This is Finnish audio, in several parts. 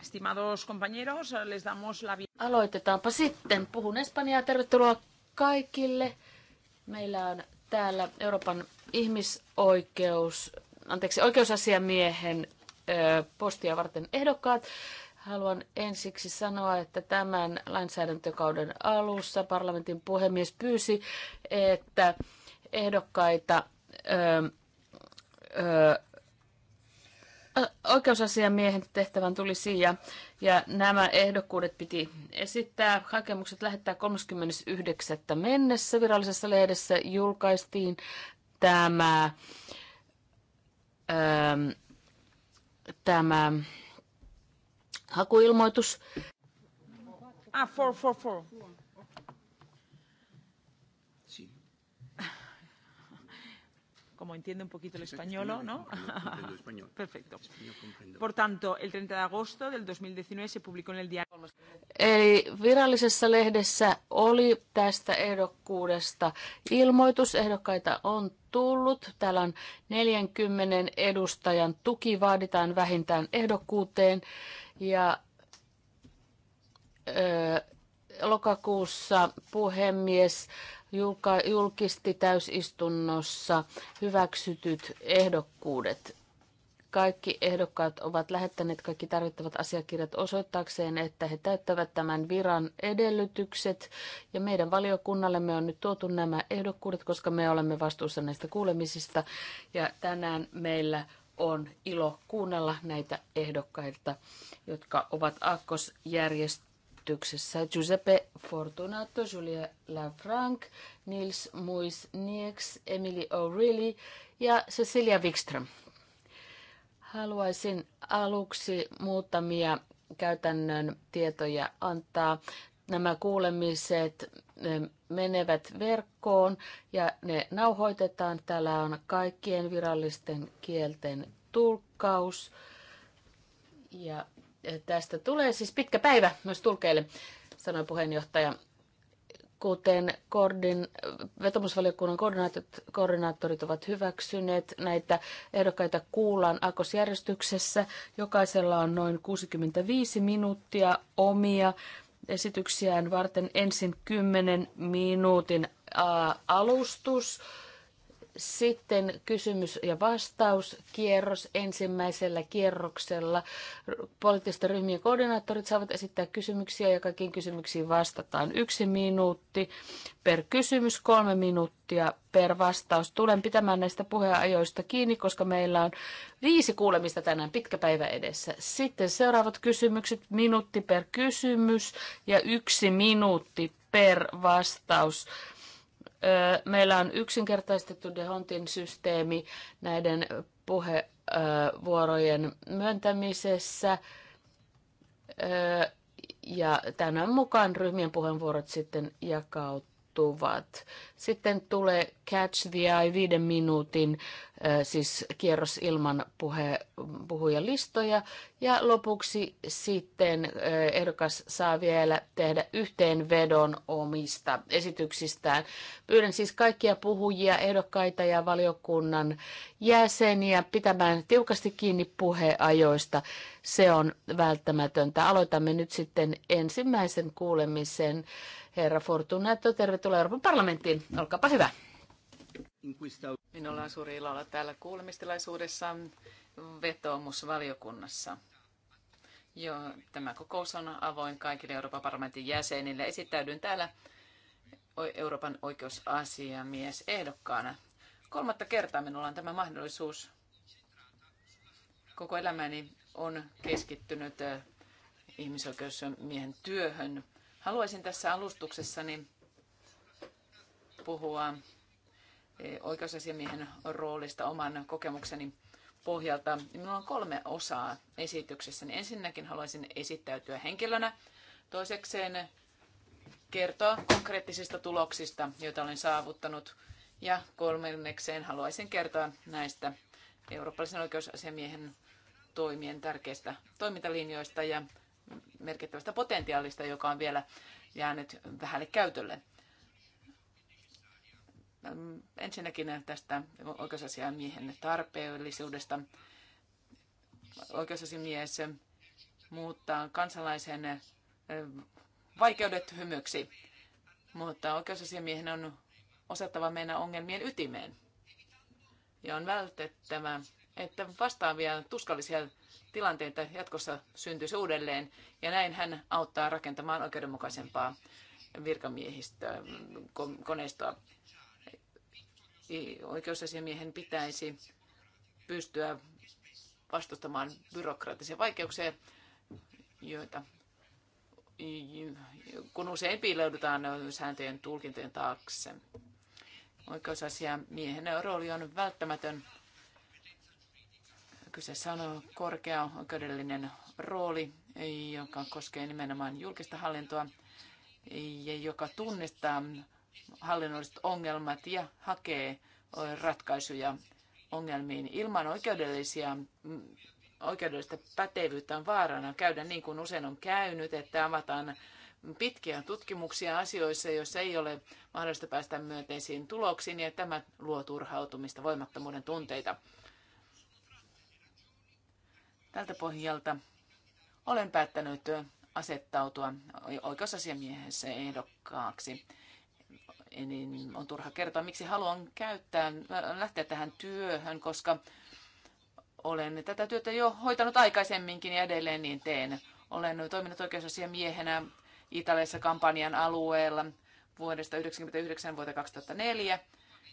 Estimados compañeros, les damos la... Aloitetaanpa sitten. Puhun Espanjaa. Tervetuloa kaikille. Meillä on täällä Euroopan ihmisoikeus, anteeksi, oikeusasiamiehen postia varten ehdokkaat. Haluan ensiksi sanoa, että tämän lainsäädäntökauden alussa parlamentin puhemies pyysi, että ehdokkaita ö, ö, oikeusasiamiehen tehtävän tuli siihen ja nämä ehdokkuudet piti esittää. Hakemukset lähettää 39. mennessä virallisessa lehdessä julkaistiin tämä, ähm, tämä hakuilmoitus. Ah, four, four, four. como entiende un poquito el español, ¿no? ¿no? Español. Perfecto. Español Por tanto, el 30 de agosto del 2019 se publicó en el diario. Eli virallisessa lehdessä oli tästä ehdokkuudesta ilmoitus. Ehdokkaita on tullut. Täällä on 40 edustajan tuki vaaditaan vähintään ehdokkuuteen. Ja ö, lokakuussa puhemies julkisti täysistunnossa hyväksytyt ehdokkuudet. Kaikki ehdokkaat ovat lähettäneet kaikki tarvittavat asiakirjat osoittaakseen, että he täyttävät tämän viran edellytykset. Ja meidän valiokunnallemme on nyt tuotu nämä ehdokkuudet, koska me olemme vastuussa näistä kuulemisista. Ja tänään meillä on ilo kuunnella näitä ehdokkaita, jotka ovat aakkosjärjestelmä esityksessä Giuseppe Fortunato, Julia Lafranc, Nils Muis Nieks, Emily O'Reilly ja Cecilia Wikström. Haluaisin aluksi muutamia käytännön tietoja antaa. Nämä kuulemiset menevät verkkoon ja ne nauhoitetaan. Täällä on kaikkien virallisten kielten tulkkaus. Ja Tästä tulee siis pitkä päivä myös tulkeille, sanoi puheenjohtaja. Kuten koordin, vetomusvaliokunnan koordinaattorit, ovat hyväksyneet, näitä ehdokkaita kuullaan akosjärjestyksessä. Jokaisella on noin 65 minuuttia omia esityksiään varten ensin 10 minuutin alustus sitten kysymys- ja vastauskierros ensimmäisellä kierroksella. Poliittisten ryhmien koordinaattorit saavat esittää kysymyksiä ja kaikkiin kysymyksiin vastataan yksi minuutti per kysymys, kolme minuuttia per vastaus. Tulen pitämään näistä puheajoista kiinni, koska meillä on viisi kuulemista tänään, pitkä päivä edessä. Sitten seuraavat kysymykset, minuutti per kysymys ja yksi minuutti per vastaus. Meillä on yksinkertaistettu Dehontin systeemi näiden puhevuorojen myöntämisessä. Ja tämän mukaan ryhmien puheenvuorot sitten jakautuvat muuttuvat. Sitten tulee Catch the Eye viiden minuutin siis kierros ilman puhe, puhujalistoja. Ja lopuksi sitten ehdokas saa vielä tehdä yhteenvedon omista esityksistään. Pyydän siis kaikkia puhujia, ehdokkaita ja valiokunnan jäseniä pitämään tiukasti kiinni puheajoista. Se on välttämätöntä. Aloitamme nyt sitten ensimmäisen kuulemisen. Herra Fortunato, tervetuloa Euroopan parlamenttiin. Olkaapa hyvä. Minulla on suuri ilo olla täällä kuulemistilaisuudessa vetoomusvaliokunnassa. Jo, tämä kokous on avoin kaikille Euroopan parlamentin jäsenille. Esittäydyn täällä Euroopan oikeusasiamies ehdokkaana. Kolmatta kertaa minulla on tämä mahdollisuus. Koko elämäni on keskittynyt eh, ihmisoikeusmiehen työhön Haluaisin tässä alustuksessani puhua e, oikeusasiamiehen roolista oman kokemukseni pohjalta. Minulla on kolme osaa esityksessäni. Ensinnäkin haluaisin esittäytyä henkilönä. Toisekseen kertoa konkreettisista tuloksista, joita olen saavuttanut. Ja kolmennekseen haluaisin kertoa näistä eurooppalaisen oikeusasiamiehen toimien tärkeistä toimintalinjoista ja merkittävästä potentiaalista, joka on vielä jäänyt vähälle käytölle. Ensinnäkin tästä oikeusasiamiehen tarpeellisuudesta. Oikeusasiamies muuttaa kansalaisen vaikeudet hymyksi, mutta oikeusasiamiehen on osattava mennä ongelmien ytimeen. Ja on vältettävä, että vastaavia tuskallisia tilanteita jatkossa syntyisi uudelleen, ja näin hän auttaa rakentamaan oikeudenmukaisempaa virkamiehistä koneistoa. Oikeusasiamiehen pitäisi pystyä vastustamaan byrokraattisia vaikeuksia, joita kun usein piileudutaan sääntöjen tulkintojen taakse. Oikeusasiamiehen rooli on välttämätön Kyseessä on korkea oikeudellinen rooli, joka koskee nimenomaan julkista hallintoa ja joka tunnistaa hallinnolliset ongelmat ja hakee ratkaisuja ongelmiin. Ilman oikeudellisia, mm, oikeudellista pätevyyttä on vaarana käydä niin kuin usein on käynyt, että avataan pitkiä tutkimuksia asioissa, joissa ei ole mahdollista päästä myönteisiin tuloksiin, ja tämä luo turhautumista, voimattomuuden tunteita. Tältä pohjalta olen päättänyt asettautua oikeusasiamiehessä ehdokkaaksi. Niin on turha kertoa, miksi haluan käyttää, lähteä tähän työhön, koska olen tätä työtä jo hoitanut aikaisemminkin ja edelleen niin teen. Olen toiminut oikeusasiamiehenä Italiassa kampanjan alueella vuodesta 1999 vuoteen 2004.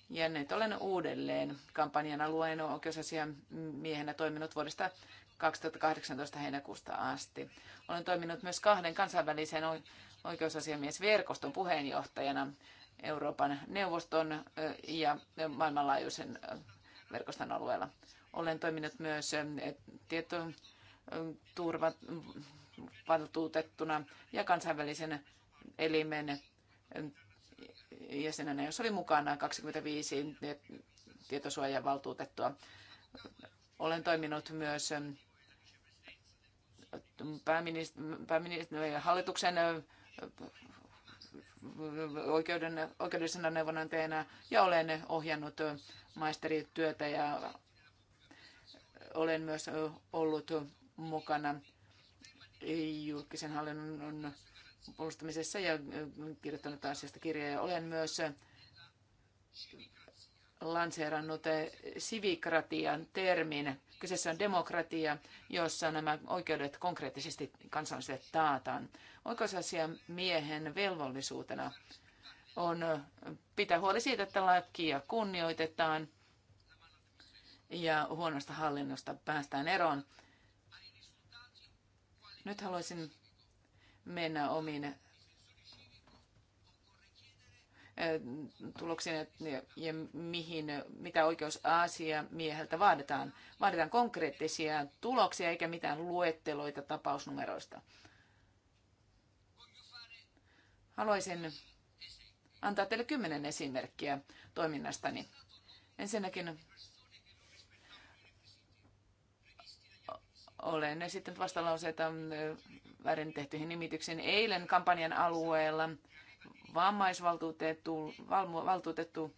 Ja nyt olen uudelleen kampanjan alueen oikeusasiamiehenä toiminut vuodesta 2018 heinäkuusta asti. Olen toiminut myös kahden kansainvälisen oikeusasiamiesverkoston puheenjohtajana Euroopan neuvoston ja maailmanlaajuisen verkoston alueella. Olen toiminut myös tietoturvavaltuutettuna ja kansainvälisen elimen jäsenenä, jos oli mukana 25 tietosuojavaltuutettua. Olen toiminut myös pääministeri, pääministeri hallituksen oikeuden, oikeudellisena neuvonantajana ja olen ohjannut maisterityötä ja olen myös ollut mukana julkisen hallinnon puolustamisessa ja kirjoittanut asiasta kirjaa. Olen myös lanseerannut eh, sivikratian termin. Kyseessä on demokratia, jossa nämä oikeudet konkreettisesti kansalaisille taataan. Oikeusasian miehen velvollisuutena on pitää huoli siitä, että lakia kunnioitetaan ja huonosta hallinnosta päästään eroon. Nyt haluaisin mennä omiin tuloksiin ja, ja mihin, mitä oikeusasia mieheltä vaaditaan. Vaaditaan konkreettisia tuloksia eikä mitään luetteloita tapausnumeroista. Haluaisin antaa teille kymmenen esimerkkiä toiminnastani. Ensinnäkin olen esittänyt vastalauseita väärin tehtyihin nimityksiin eilen kampanjan alueella – vammaisvaltuutettu valtuutettu,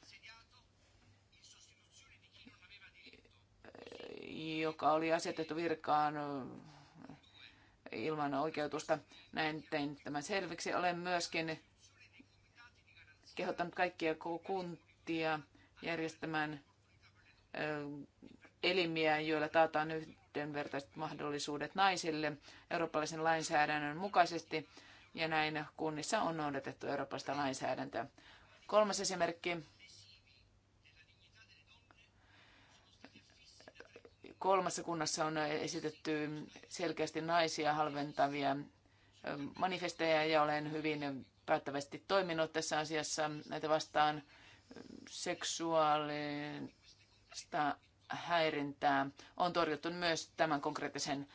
joka oli asetettu virkaan ilman oikeutusta. Näin tein tämän selviksi. Olen myöskin kehottanut kaikkia kuntia järjestämään elimiä, joilla taataan yhdenvertaiset mahdollisuudet naisille eurooppalaisen lainsäädännön mukaisesti ja näin kunnissa on noudatettu Euroopasta lainsäädäntöä. Kolmas esimerkki. Kolmassa kunnassa on esitetty selkeästi naisia halventavia manifesteja ja olen hyvin päättävästi toiminut tässä asiassa näitä vastaan seksuaalista häirintää on torjuttu myös tämän konkreettisen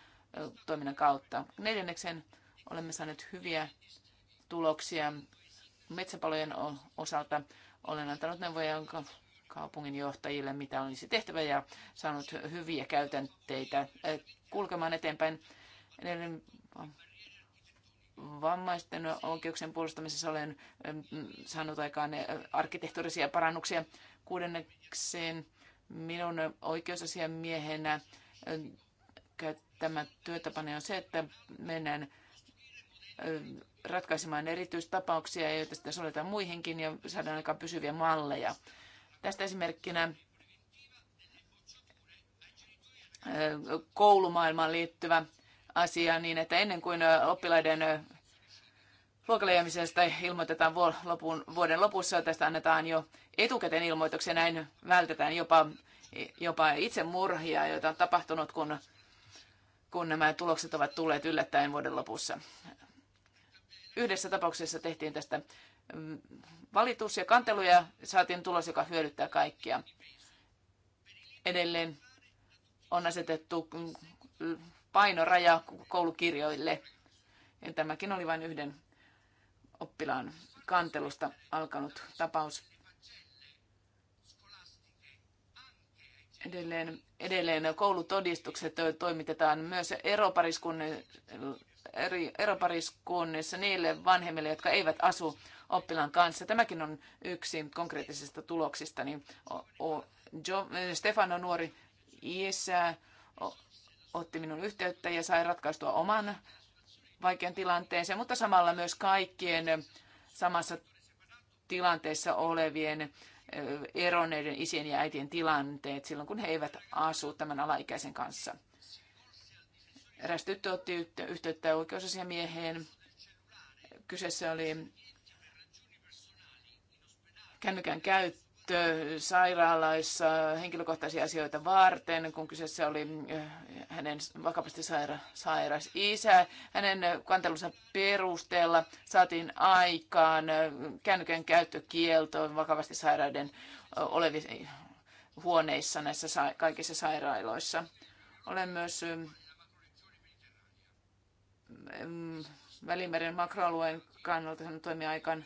toiminnan kautta. Neljänneksen Olemme saaneet hyviä tuloksia metsäpalojen osalta. Olen antanut neuvoja johtajille mitä olisi tehtävä ja saanut hyviä käytänteitä eh, kulkemaan eteenpäin. Edelleen vammaisten oikeuksien puolustamisessa olen saanut aikaan eh, arkkitehtuurisia parannuksia. Kuudennekseen minun oikeusasiamiehenä eh, käyttämä työtapani on se, että mennään ratkaisemaan erityistapauksia, joita sitten sovelletaan muihinkin ja saadaan aika pysyviä malleja. Tästä esimerkkinä koulumaailmaan liittyvä asia niin, että ennen kuin oppilaiden luokalle ilmoitetaan vuoden lopussa, tästä annetaan jo etukäteen ilmoituksia, näin vältetään jopa, jopa itsemurhia, joita on tapahtunut, kun, kun nämä tulokset ovat tulleet yllättäen vuoden lopussa yhdessä tapauksessa tehtiin tästä mm, valitus ja kanteluja, saatiin tulos, joka hyödyttää kaikkia. Edelleen on asetettu mm, painoraja koulukirjoille. Ja tämäkin oli vain yhden oppilaan kantelusta alkanut tapaus. Edelleen, edelleen koulutodistukset toimitetaan myös eropariskunnille eri, eropariskunnissa niille vanhemmille, jotka eivät asu oppilaan kanssa. Tämäkin on yksi konkreettisista tuloksista. Niin o, o, jo, Stefano nuori isä o, otti minun yhteyttä ja sai ratkaistua oman vaikean tilanteensa, mutta samalla myös kaikkien samassa tilanteessa olevien eronneiden isien ja äitien tilanteet silloin, kun he eivät asu tämän alaikäisen kanssa. Eräs tyttö otti yhteyttä oikeusasiamieheen. Kyseessä oli kännykän käyttö sairaalaissa henkilökohtaisia asioita varten, kun kyseessä oli eh, hänen vakavasti saira- sairas isä. Hänen kantelunsa perusteella saatiin aikaan eh, kännykän käyttökielto vakavasti sairaiden eh, olevissa huoneissa näissä kaikissa sairaaloissa. Olen myös Välimeren makroalueen kannalta aikaan.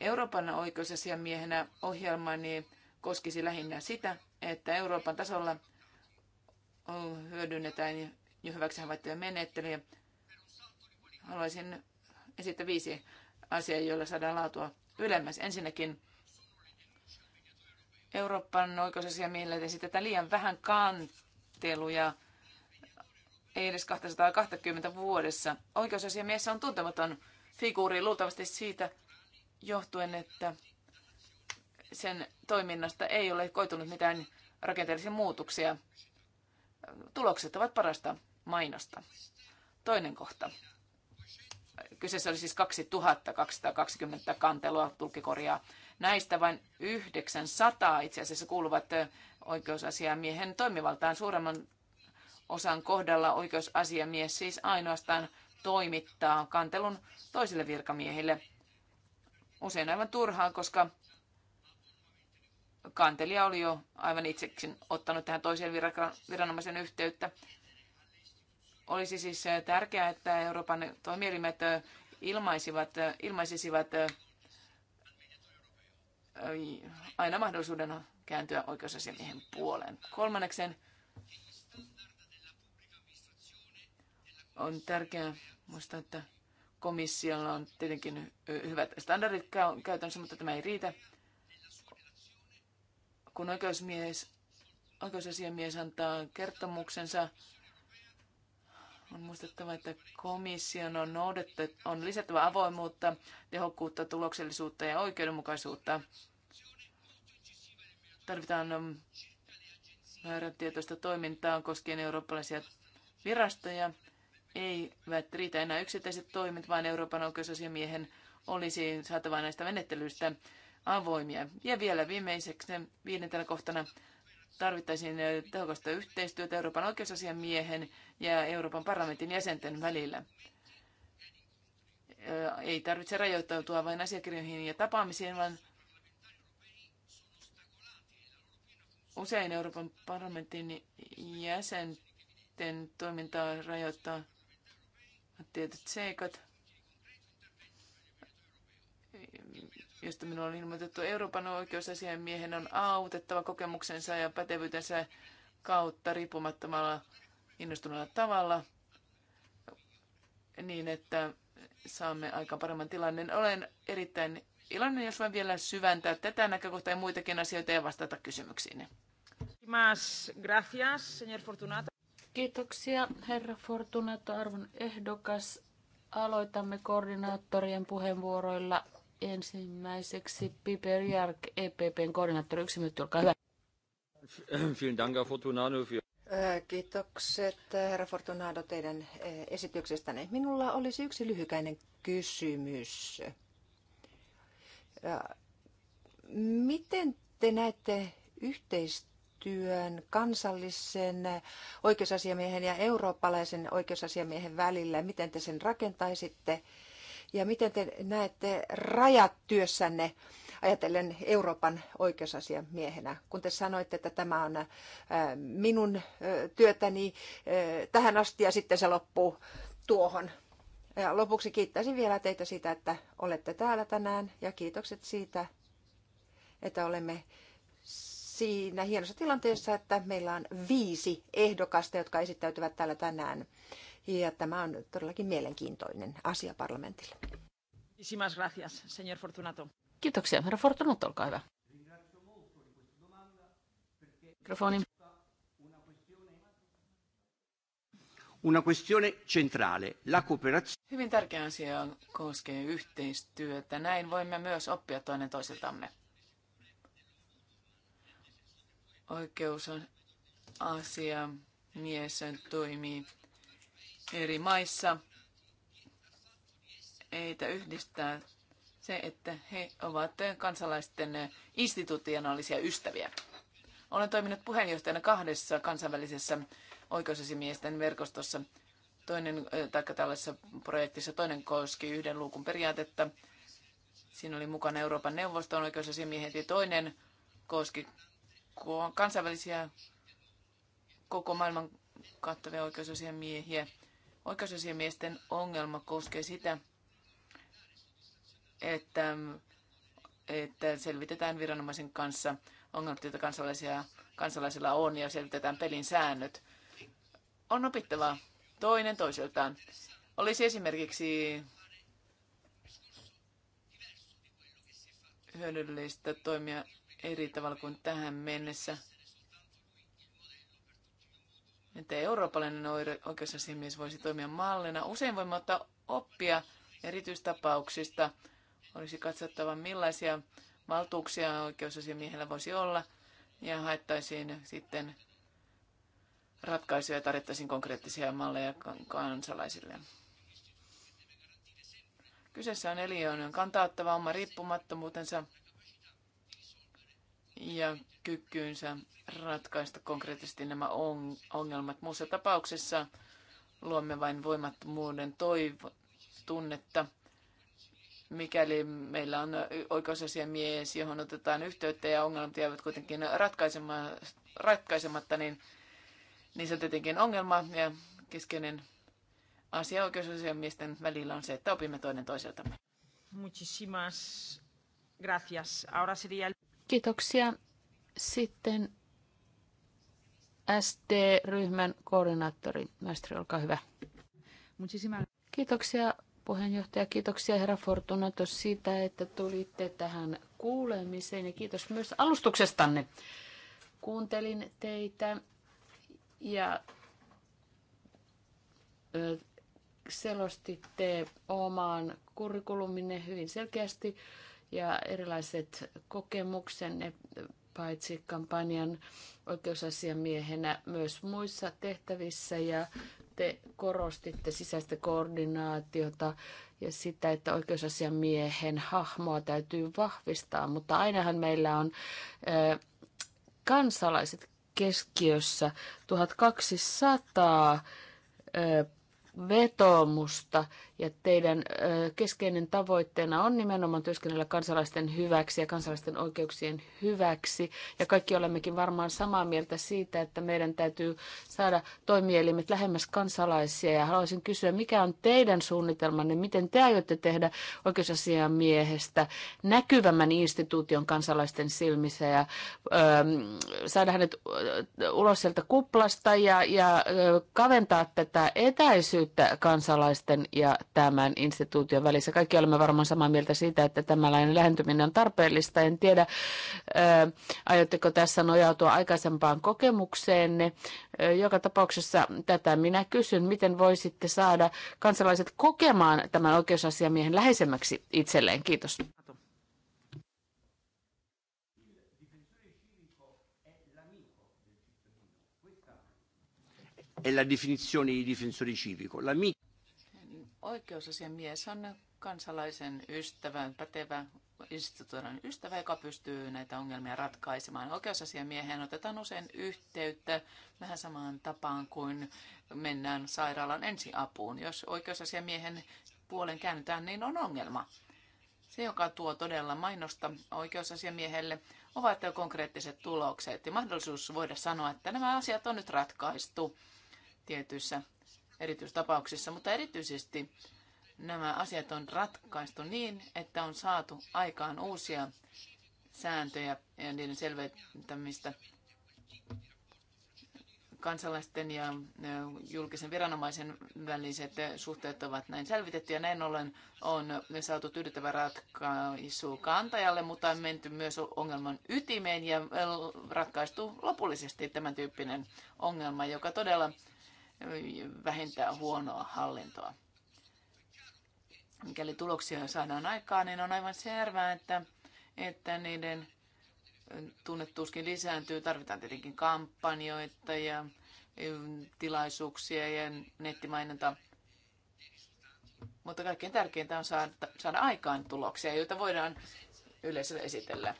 Euroopan oikeusasiamiehenä ohjelmani koskisi lähinnä sitä, että Euroopan tasolla hyödynnetään jo hyväksi havaittuja menettelyjä. Haluaisin esittää viisi asiaa, joilla saadaan laatua ylemmäs. Ensinnäkin Euroopan oikeusasiamiehelle esitetään liian vähän kanteluja ei edes 220 vuodessa. Oikeusasiamies on tuntematon figuuri luultavasti siitä johtuen, että sen toiminnasta ei ole koitunut mitään rakenteellisia muutoksia. Tulokset ovat parasta mainosta. Toinen kohta. Kyseessä oli siis 2220 kantelua tulkikorjaa. Näistä vain 900 itse asiassa kuuluvat oikeusasiamiehen toimivaltaan. Suuremman osan kohdalla oikeusasiamies siis ainoastaan toimittaa kantelun toisille virkamiehille. Usein aivan turhaan, koska kantelija oli jo aivan itsekin ottanut tähän toiseen viranomaisen yhteyttä. Olisi siis äh, tärkeää, että Euroopan toimielimet äh, ilmaisivat, äh, ilmaisisivat aina mahdollisuuden kääntyä oikeusasiamiehen puoleen. Kolmanneksen On tärkeää muistaa, että komissiolla on tietenkin hyvät standardit käytännössä, mutta tämä ei riitä. Kun oikeusmies, oikeusasiamies antaa kertomuksensa, on muistettava, että komission on, noudatet, on lisättävä avoimuutta, tehokkuutta, tuloksellisuutta ja oikeudenmukaisuutta. Tarvitaan mm, määrätietoista toimintaa koskien eurooppalaisia virastoja eivät riitä enää yksittäiset toimet, vaan Euroopan oikeusasiamiehen olisi saatava näistä menettelyistä avoimia. Ja vielä viimeiseksi viidentenä kohtana tarvittaisiin tehokasta yhteistyötä Euroopan oikeusasiamiehen ja Euroopan parlamentin jäsenten välillä. Ei tarvitse rajoittautua vain asiakirjoihin ja tapaamisiin, vaan usein Euroopan parlamentin jäsenten toimintaa rajoittaa tietyt seikat, josta minulla on ilmoitettu Euroopan oikeusasiamiehen on autettava kokemuksensa ja pätevyytensä kautta riippumattomalla innostuneella tavalla niin, että saamme aika paremman tilanteen. Olen erittäin iloinen, jos voin vielä syventää tätä näkökohtaa ja muitakin asioita ja vastata kysymyksiin. Mas gracias, señor Fortunato. Kiitoksia, herra Fortunato, arvon ehdokas. Aloitamme koordinaattorien puheenvuoroilla ensimmäiseksi Piper Jark, EPPn koordinaattori. Yksi minuutti, olkaa hyvä. Kiitokset, herra Fortunado, teidän e, esityksestänne. Minulla olisi yksi lyhykäinen kysymys. Miten te näette yhteistyötä? yhteistyön kansallisen oikeusasiamiehen ja eurooppalaisen oikeusasiamiehen välillä? Miten te sen rakentaisitte? Ja miten te näette rajat työssänne ajatellen Euroopan oikeusasiamiehenä? Kun te sanoitte, että tämä on äh, minun äh, työtäni äh, tähän asti ja sitten se loppuu tuohon. Ja lopuksi kiittäisin vielä teitä siitä, että olette täällä tänään ja kiitokset siitä, että olemme siinä hienossa tilanteessa, että meillä on viisi ehdokasta, jotka esittäytyvät täällä tänään. Ja tämä on todellakin mielenkiintoinen asia parlamentille. gracias, señor Fortunato. Kiitoksia, herra Fortunato, olkaa hyvä. Mikrofoni. Una questione centrale, la cooperazione. Hyvin tärkeä asia on, koskee yhteistyötä. Näin voimme myös oppia toinen toisiltamme oikeus on asia, mies toimii eri maissa. Heitä yhdistää se, että he ovat kansalaisten institutionaalisia ystäviä. Olen toiminut puheenjohtajana kahdessa kansainvälisessä oikeusasimiesten verkostossa toinen, taikka tällaisessa projektissa toinen koski yhden luukun periaatetta. Siinä oli mukana Euroopan neuvoston oikeusasiamiehet ja toinen koski kansainvälisiä koko maailman kattavia oikeusasiamiehiä. Oikeusasiamiesten ongelma koskee sitä, että, että selvitetään viranomaisen kanssa ongelmat, joita kansalaisia, kansalaisilla on, ja selvitetään pelin säännöt. On opittavaa toinen toiseltaan. Olisi esimerkiksi hyödyllistä toimia eri tavalla kuin tähän mennessä. Että eurooppalainen oikeusasiamies voisi toimia mallina. Usein voimme ottaa oppia erityistapauksista. Olisi katsottava, millaisia valtuuksia oikeusasiamiehellä voisi olla, ja haettaisiin sitten ratkaisuja ja tarjottaisiin konkreettisia malleja kansalaisille. Kyseessä on eli on kantaattava oma riippumattomuutensa ja kykyynsä ratkaista konkreettisesti nämä ongelmat. Muussa tapauksessa luomme vain voimattomuuden toivo, tunnetta. Mikäli meillä on oikeusasiamies, johon otetaan yhteyttä ja ongelmat jäävät kuitenkin ratkaisematta, niin, niin se on tietenkin ongelma ja keskeinen asia oikeusasiamiesten välillä on se, että opimme toinen toiseltamme. Muchísimas gracias. Ahora sería el... Kiitoksia. Sitten SD-ryhmän koordinaattori. Maestri, olkaa hyvä. Kiitoksia puheenjohtaja. Kiitoksia herra Fortunato siitä, että tulitte tähän kuulemiseen ja kiitos myös alustuksestanne. Kuuntelin teitä ja selostitte omaan kurrikuluminne hyvin selkeästi ja erilaiset kokemuksenne paitsi kampanjan oikeusasiamiehenä myös muissa tehtävissä ja te korostitte sisäistä koordinaatiota ja sitä, että oikeusasiamiehen hahmoa täytyy vahvistaa, mutta ainahan meillä on kansalaiset keskiössä 1200 vetoomusta ja teidän keskeinen tavoitteena on nimenomaan työskennellä kansalaisten hyväksi ja kansalaisten oikeuksien hyväksi. Ja kaikki olemmekin varmaan samaa mieltä siitä, että meidän täytyy saada toimielimet lähemmäs kansalaisia. Ja haluaisin kysyä, mikä on teidän suunnitelmanne, miten te aiotte tehdä miehestä näkyvämmän instituution kansalaisten silmissä ja ö, saada hänet ulos sieltä kuplasta ja, ja kaventaa tätä etäisyyttä kansalaisten ja tämän instituution välissä. Kaikki olemme varmaan samaa mieltä siitä, että tämänlainen lähentyminen on tarpeellista. En tiedä, aiotteko tässä nojautua aikaisempaan kokemukseenne. joka tapauksessa tätä minä kysyn, miten voisitte saada kansalaiset kokemaan tämän oikeusasiamiehen läheisemmäksi itselleen. Kiitos. è la definizione di difensore civico. Oikeusasiamies on kansalaisen ystävä, pätevä instituutioiden ystävä, joka pystyy näitä ongelmia ratkaisemaan. Oikeusasiamieheen otetaan usein yhteyttä vähän samaan tapaan kuin mennään sairaalan ensiapuun. Jos oikeusasiamiehen puolen käännetään, niin on ongelma. Se, joka tuo todella mainosta oikeusasiamiehelle, ovat konkreettiset tulokset ja mahdollisuus voida sanoa, että nämä asiat on nyt ratkaistu tietyissä erityistapauksissa, mutta erityisesti nämä asiat on ratkaistu niin, että on saatu aikaan uusia sääntöjä ja niiden selventämistä kansalaisten ja julkisen viranomaisen väliset suhteet ovat näin selvitetty ja näin ollen on saatu tyydyttävä ratkaisu kantajalle, mutta on menty myös ongelman ytimeen ja ratkaistu lopullisesti tämän tyyppinen ongelma, joka todella vähentää huonoa hallintoa. Mikäli tuloksia saadaan aikaan, niin on aivan selvää, että, että niiden tunnettuuskin lisääntyy. Tarvitaan tietenkin kampanjoita ja tilaisuuksia ja nettimainonta. Mutta kaikkein tärkeintä on saada, saada aikaan tuloksia, joita voidaan yleisölle esitellä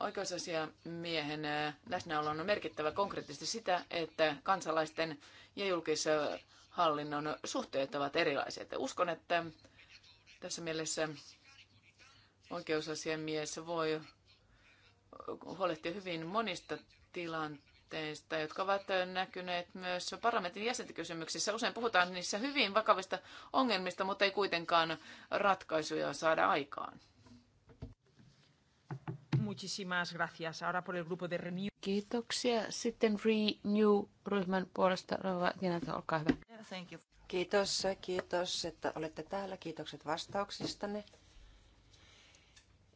oikeusasiamiehen äh, läsnäolo on merkittävä konkreettisesti sitä, että kansalaisten ja julkishallinnon suhteet ovat erilaiset. Uskon, että tässä mielessä oikeusasiamies voi huolehtia hyvin monista tilanteista, jotka ovat näkyneet myös parlamentin jäsentikysymyksissä. Usein puhutaan niissä hyvin vakavista ongelmista, mutta ei kuitenkaan ratkaisuja saada aikaan. Muchísimas gracias. Ahora por el grupo de Renew. Kiitoksia. Sitten Renew-ryhmän puolesta Rova Jenata, olkaa hyvä. Thank you. Kiitos, kiitos, että olette täällä. Kiitokset vastauksistanne.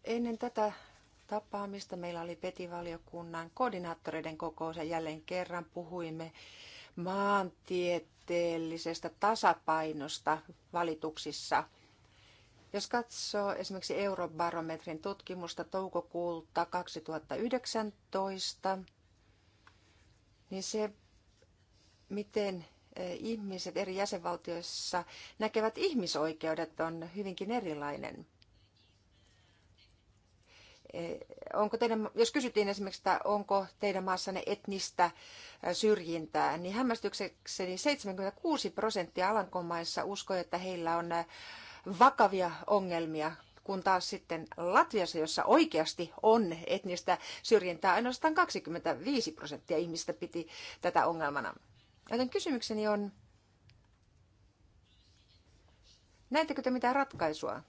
Ennen tätä tapaamista meillä oli Petivaliokunnan koordinaattoreiden kokous ja jälleen kerran puhuimme maantieteellisestä tasapainosta valituksissa – jos katsoo esimerkiksi Eurobarometrin tutkimusta toukokuulta 2019, niin se, miten e, ihmiset eri jäsenvaltioissa näkevät ihmisoikeudet, on hyvinkin erilainen. E, onko teidän, jos kysyttiin esimerkiksi, että onko teidän maassanne etnistä e, syrjintää, niin hämmästyksekseni 76 prosenttia Alankomaissa uskoi, että heillä on vakavia ongelmia, kun taas sitten Latviassa, jossa oikeasti on etnistä syrjintää, ainoastaan 25 prosenttia ihmistä piti tätä ongelmana. Joten kysymykseni on, näettekö te mitään ratkaisua?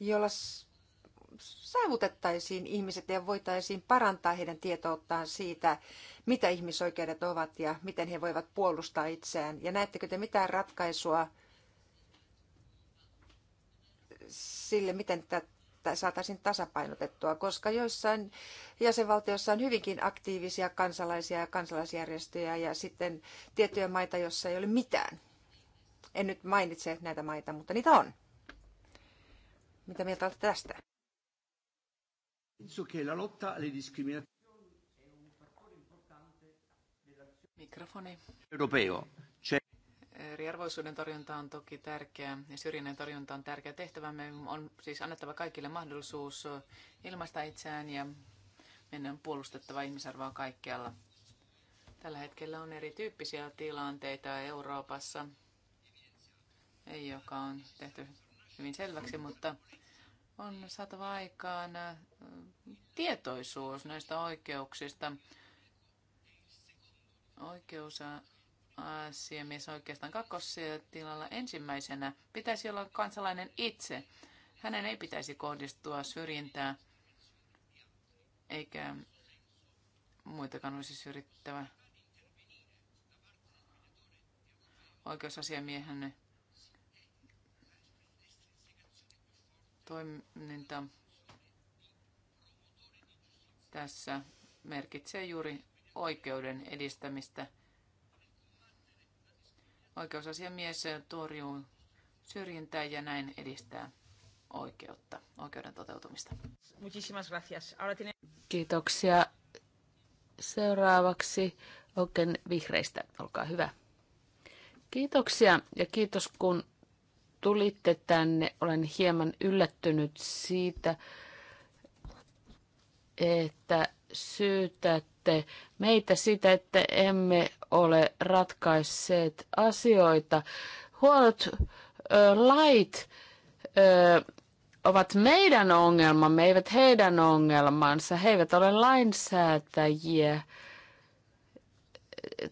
jolla saavutettaisiin ihmiset ja voitaisiin parantaa heidän tietouttaan siitä, mitä ihmisoikeudet ovat ja miten he voivat puolustaa itseään. Ja näettekö te mitään ratkaisua sille, miten tätä saataisiin tasapainotettua, koska joissain jäsenvaltioissa on hyvinkin aktiivisia kansalaisia ja kansalaisjärjestöjä ja sitten tiettyjä maita, joissa ei ole mitään. En nyt mainitse näitä maita, mutta niitä on. Mitä mieltä olette tästä? la lotta alle discriminazioni Mikrofoni. Europeo. Eriarvoisuuden torjunta on toki tärkeä ja syrjinnän torjunta on tärkeä Me On siis annettava kaikille mahdollisuus ilmaista itseään ja meidän on puolustettava ihmisarvoa kaikkialla. Tällä hetkellä on erityyppisiä tilanteita Euroopassa, ei joka on tehty hyvin selväksi, mutta on saatava aikaan tietoisuus näistä oikeuksista oikeusasiamies oikeastaan kakkostilalla ensimmäisenä pitäisi olla kansalainen itse. Hänen ei pitäisi kohdistua syrjintää eikä muitakaan olisi syrjittävä. Oikeusasiamiehen toiminta tässä merkitsee juuri oikeuden edistämistä. Oikeusasiamies torjuu syrjintää ja näin edistää oikeutta, oikeuden toteutumista. Kiitoksia. Seuraavaksi Oken vihreistä, olkaa hyvä. Kiitoksia ja kiitos kun tulitte tänne. Olen hieman yllättynyt siitä, että syytätte meitä sitä, että emme ole ratkaisseet asioita. Huonot ö, lait ö, ovat meidän ongelmamme, eivät heidän ongelmansa. He eivät ole lainsäätäjiä.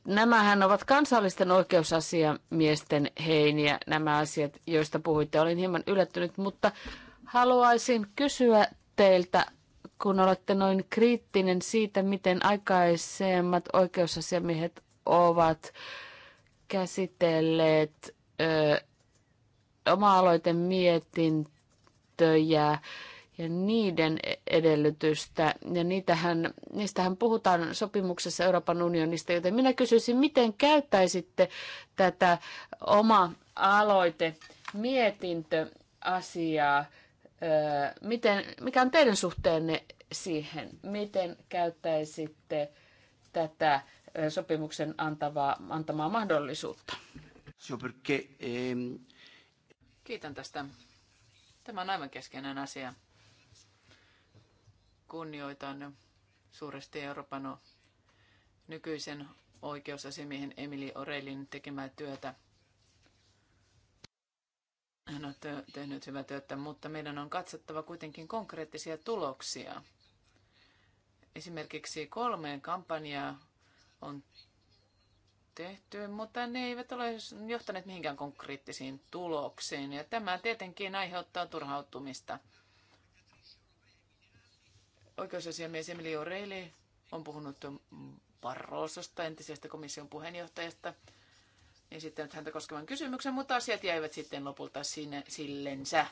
Nämähän ovat kansallisten oikeusasiamiesten heiniä, nämä asiat, joista puhuitte. Olin hieman yllättynyt, mutta haluaisin kysyä teiltä, kun olette noin kriittinen siitä, miten aikaisemmat oikeusasiamiehet ovat käsitelleet ö, oma-aloiten mietintöjä ja niiden edellytystä. Ja niitähän, niistähän puhutaan sopimuksessa Euroopan unionista, joten minä kysyisin, miten käyttäisitte tätä oma-aloite mietintöasiaa miten, mikä on teidän suhteenne siihen, miten käyttäisitte tätä sopimuksen antavaa, antamaa mahdollisuutta? Kiitän tästä. Tämä on aivan keskeinen asia. Kunnioitan suuresti Euroopan nykyisen oikeusasiamiehen Emili Orelin tekemää työtä – hän on tehnyt hyvää työtä, mutta meidän on katsottava kuitenkin konkreettisia tuloksia. Esimerkiksi kolmeen kampanjaa on tehty, mutta ne eivät ole johtaneet mihinkään konkreettisiin tuloksiin. Ja tämä tietenkin aiheuttaa turhautumista. Oikeusasiamies Emilio Reili on puhunut Barrososta, entisestä komission puheenjohtajasta, esittänyt häntä koskevan kysymyksen, mutta asiat jäivät sitten lopulta sinne, sillensä.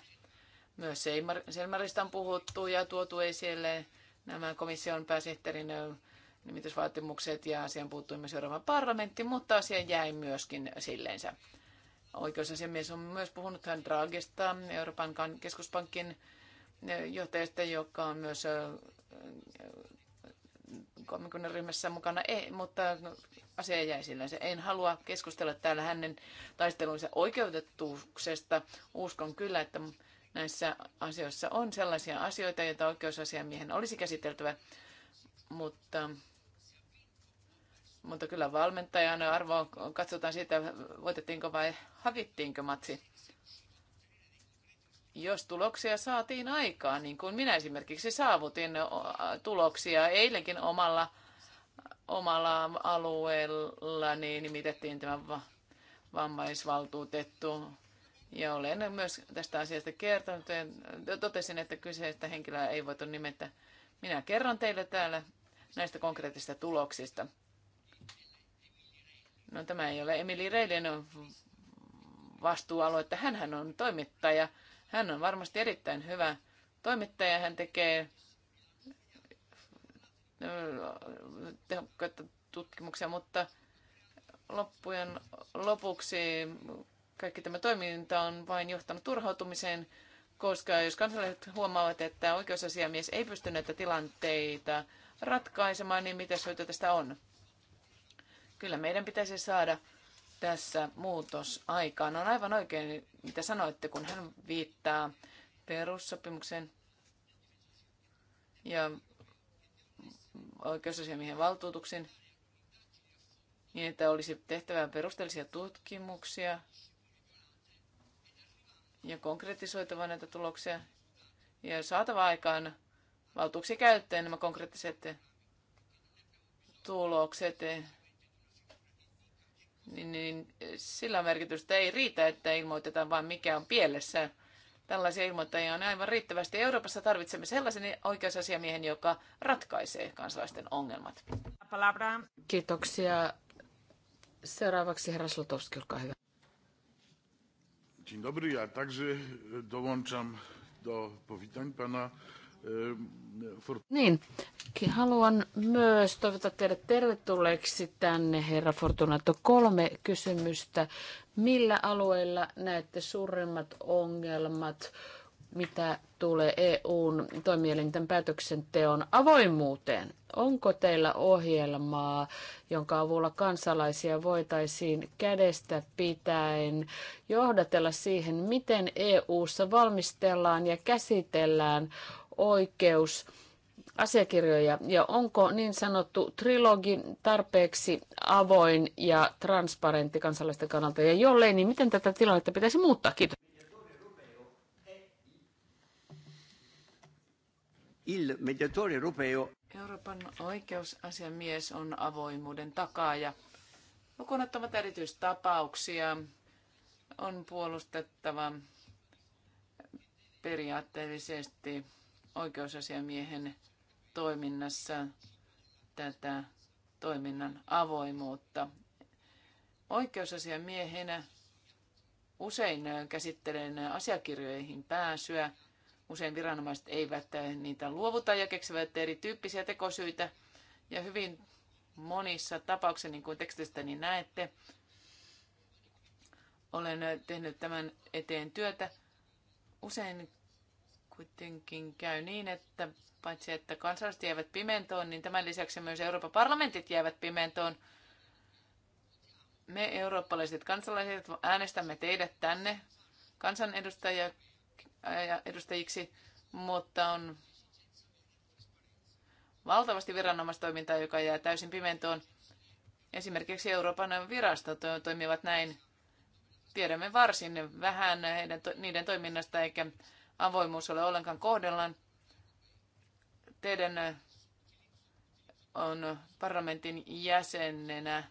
Myös Selmarista on puhuttu ja tuotu esille nämä komission pääsihteerin nimitysvaatimukset ja asian puuttui myös Euroopan parlamentti, mutta asia jäi myöskin sillensä. Oikeusasiamies on myös puhunut hän Draghista, Euroopan keskuspankin johtajasta, joka on myös komikunnan ryhmässä mukana, ei, mutta no, asia jäi sillänsä. En halua keskustella täällä hänen taistelunsa oikeutetuksesta. Uskon kyllä, että näissä asioissa on sellaisia asioita, joita oikeusasiamiehen olisi käsiteltävä, mutta mutta kyllä valmentajana arvoa katsotaan siitä, voitettiinko vai hävittiinkö matsi. Jos tuloksia saatiin aikaan, niin kuin minä esimerkiksi saavutin tuloksia eilenkin omalla, omalla alueella, niin nimitettiin tämä vammaisvaltuutettu. Ja olen myös tästä asiasta kertonut ja totesin, että kyseistä henkilöä ei voitu nimetä. Minä kerron teille täällä näistä konkreettisista tuloksista. No tämä ei ole Emili Reilin vastuualue, että hän on toimittaja hän on varmasti erittäin hyvä toimittaja. Hän tekee äh, tehokkaita tutkimuksia, mutta loppujen lopuksi kaikki tämä toiminta on vain johtanut turhautumiseen, koska jos kansalaiset huomaavat, että oikeusasiamies ei pysty näitä tilanteita ratkaisemaan, niin mitä syytä tästä on? Kyllä meidän pitäisi saada tässä muutos aikaan. On aivan oikein, mitä sanoitte, kun hän viittaa perussopimuksen ja oikeusasiamiehen valtuutuksen niin, että olisi tehtävä perusteellisia tutkimuksia ja konkretisoitava näitä tuloksia ja saatava aikaan valtuuksia käyttöön nämä konkreettiset tulokset niin, niin sillä merkitystä ei riitä, että ilmoitetaan vain mikä on pielessä. Tällaisia ilmoittajia on aivan riittävästi. Euroopassa tarvitsemme sellaisen oikeusasiamiehen, joka ratkaisee kansalaisten ongelmat. Kiitoksia. Seuraavaksi herra Slotowski, olkaa hyvä. Dzień dobry, ja także dołączam do powitań pana Ehm, niin, haluan myös toivottaa teidät tervetulleeksi tänne, herra Fortunato. Kolme kysymystä. Millä alueilla näette suurimmat ongelmat, mitä tulee EUn toimielinten päätöksenteon avoimuuteen? Onko teillä ohjelmaa, jonka avulla kansalaisia voitaisiin kädestä pitäen johdatella siihen, miten EUssa valmistellaan ja käsitellään oikeus asiakirjoja ja onko niin sanottu trilogi tarpeeksi avoin ja transparentti kansalaisten kannalta ja jollei, niin miten tätä tilannetta pitäisi muuttaa? Kiitos. Il Euroopan oikeusasiamies on avoimuuden takaaja. Lukuun ottamat erityistapauksia on puolustettava periaatteellisesti oikeusasiamiehen toiminnassa tätä toiminnan avoimuutta. Oikeusasiamiehenä usein käsittelee asiakirjoihin pääsyä. Usein viranomaiset eivät niitä luovuta ja keksivät erityyppisiä tekosyitä. Ja hyvin monissa tapauksissa, niin kuin tekstistäni niin näette, olen tehnyt tämän eteen työtä. Usein kuitenkin käy niin, että paitsi että kansalaiset jäävät pimentoon, niin tämän lisäksi myös Euroopan parlamentit jäävät pimentoon. Me eurooppalaiset kansalaiset äänestämme teidät tänne kansanedustajiksi, mutta on valtavasti viranomaistoimintaa, joka jää täysin pimentoon. Esimerkiksi Euroopan virastot toimivat näin. Tiedämme varsin vähän heidän, niiden toiminnasta, eikä avoimuus ole ollenkaan kohdellaan. Teidän on parlamentin jäsenenä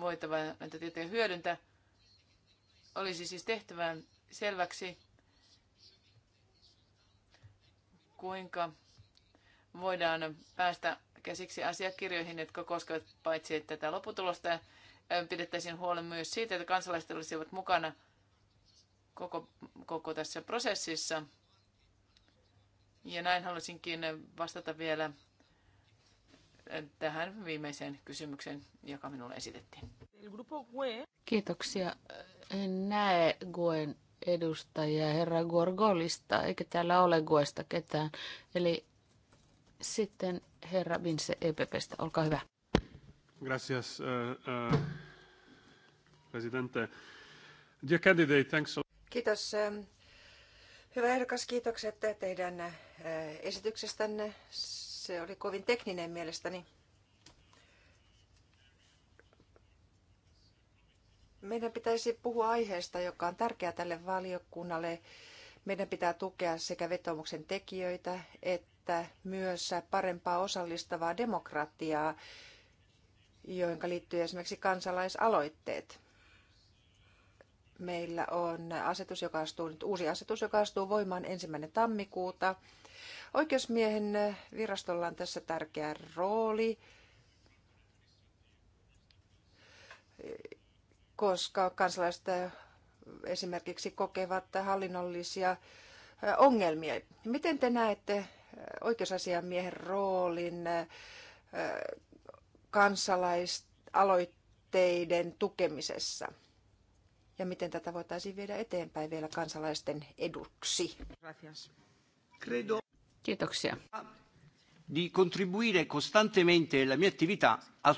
voitava näitä tietoja hyödyntää. Olisi siis tehtävä selväksi, kuinka voidaan päästä käsiksi asiakirjoihin, jotka koskevat paitsi tätä lopputulosta, pidettäisiin huolen myös siitä, että kansalaiset olisivat mukana – koko, koko tässä prosessissa. Ja näin haluaisinkin vastata vielä tähän viimeiseen kysymykseen, joka minulle esitettiin. Kiitoksia. En näe Guen edustajia herra Gorgolista, eikä täällä ole Guesta ketään. Eli sitten herra Vince EPPstä, olkaa hyvä. Gracias, uh, uh, presidente. Dear candidate, thanks a Kiitos. Ähm, hyvä ehdokas, kiitokset teidän äh, esityksestänne. Se oli kovin tekninen mielestäni. Meidän pitäisi puhua aiheesta, joka on tärkeä tälle valiokunnalle. Meidän pitää tukea sekä vetomuksen tekijöitä että myös parempaa osallistavaa demokratiaa, joihin liittyy esimerkiksi kansalaisaloitteet meillä on asetus, joka astuu, nyt uusi asetus, joka astuu voimaan ensimmäinen tammikuuta. Oikeusmiehen virastolla on tässä tärkeä rooli, koska kansalaiset esimerkiksi kokevat hallinnollisia ongelmia. Miten te näette oikeusasiamiehen roolin kansalaisaloitteiden tukemisessa? ja miten tätä voitaisiin viedä eteenpäin vielä kansalaisten eduksi. Kiitoksia. Di contribuire costantemente la mia attività al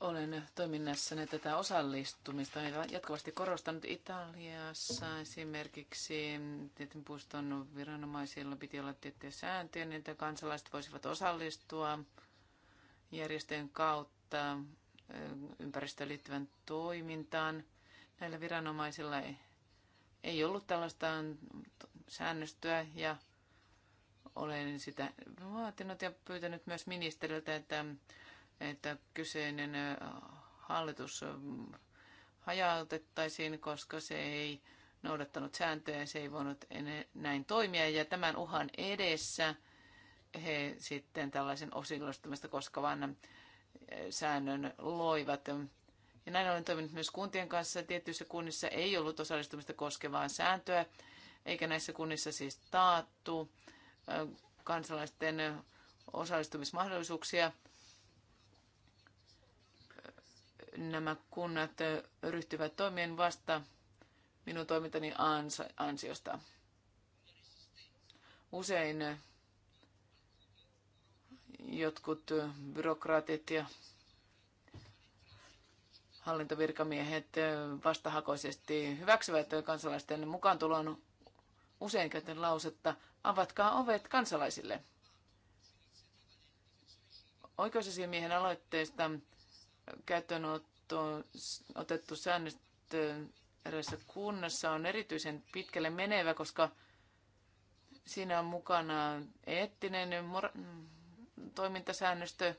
olen toiminnassani tätä osallistumista jatkuvasti korostanut Italiassa. Esimerkiksi tietyn puiston viranomaisilla piti olla tiettyjä sääntöjä, niin että kansalaiset voisivat osallistua järjestöjen kautta ympäristöön liittyvän toimintaan näillä viranomaisilla ei, ei ollut tällaista säännöstöä ja olen sitä vaatinut ja pyytänyt myös ministeriltä, että, että kyseinen hallitus hajautettaisiin, koska se ei noudattanut sääntöjä, se ei voinut näin toimia. Ja tämän uhan edessä he sitten tällaisen osillistumista koskevan säännön loivat. Ja näin olen toiminut myös kuntien kanssa. Tietyissä kunnissa ei ollut osallistumista koskevaa sääntöä, eikä näissä kunnissa siis taattu kansalaisten osallistumismahdollisuuksia. Nämä kunnat ryhtyvät toimien vasta minun toimintani ansiosta. Usein jotkut byrokraatit ja hallintovirkamiehet vastahakoisesti hyväksyvät kansalaisten mukaantulon usein käytän lausetta, avatkaa ovet kansalaisille. Oikeusasiamiehen aloitteesta käyttöön otettu säännöt erässä kunnassa on erityisen pitkälle menevä, koska siinä on mukana eettinen toimintasäännöstö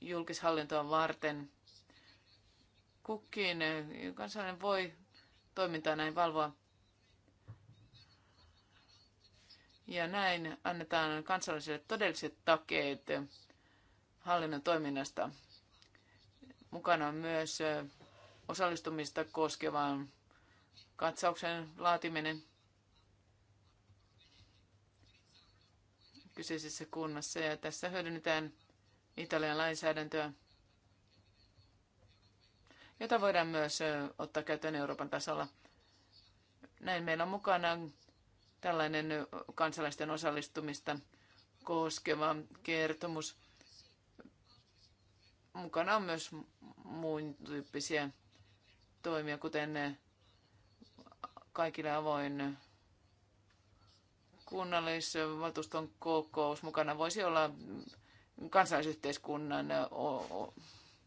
julkishallintoa varten – kukin eh, kansalainen voi toimintaa näin valvoa. Ja näin annetaan kansalaisille todelliset takeet hallinnon toiminnasta. Mukana on myös eh, osallistumista koskevan katsauksen laatiminen kyseisessä kunnassa. Ja tässä hyödynnetään Italian lainsäädäntöä jota voidaan myös ottaa käyttöön Euroopan tasolla. Näin meillä on mukana tällainen kansalaisten osallistumista koskeva kertomus. Mukana on myös muun tyyppisiä toimia, kuten kaikille avoin kunnallisvaltuuston kokous. Mukana voisi olla kansalaisyhteiskunnan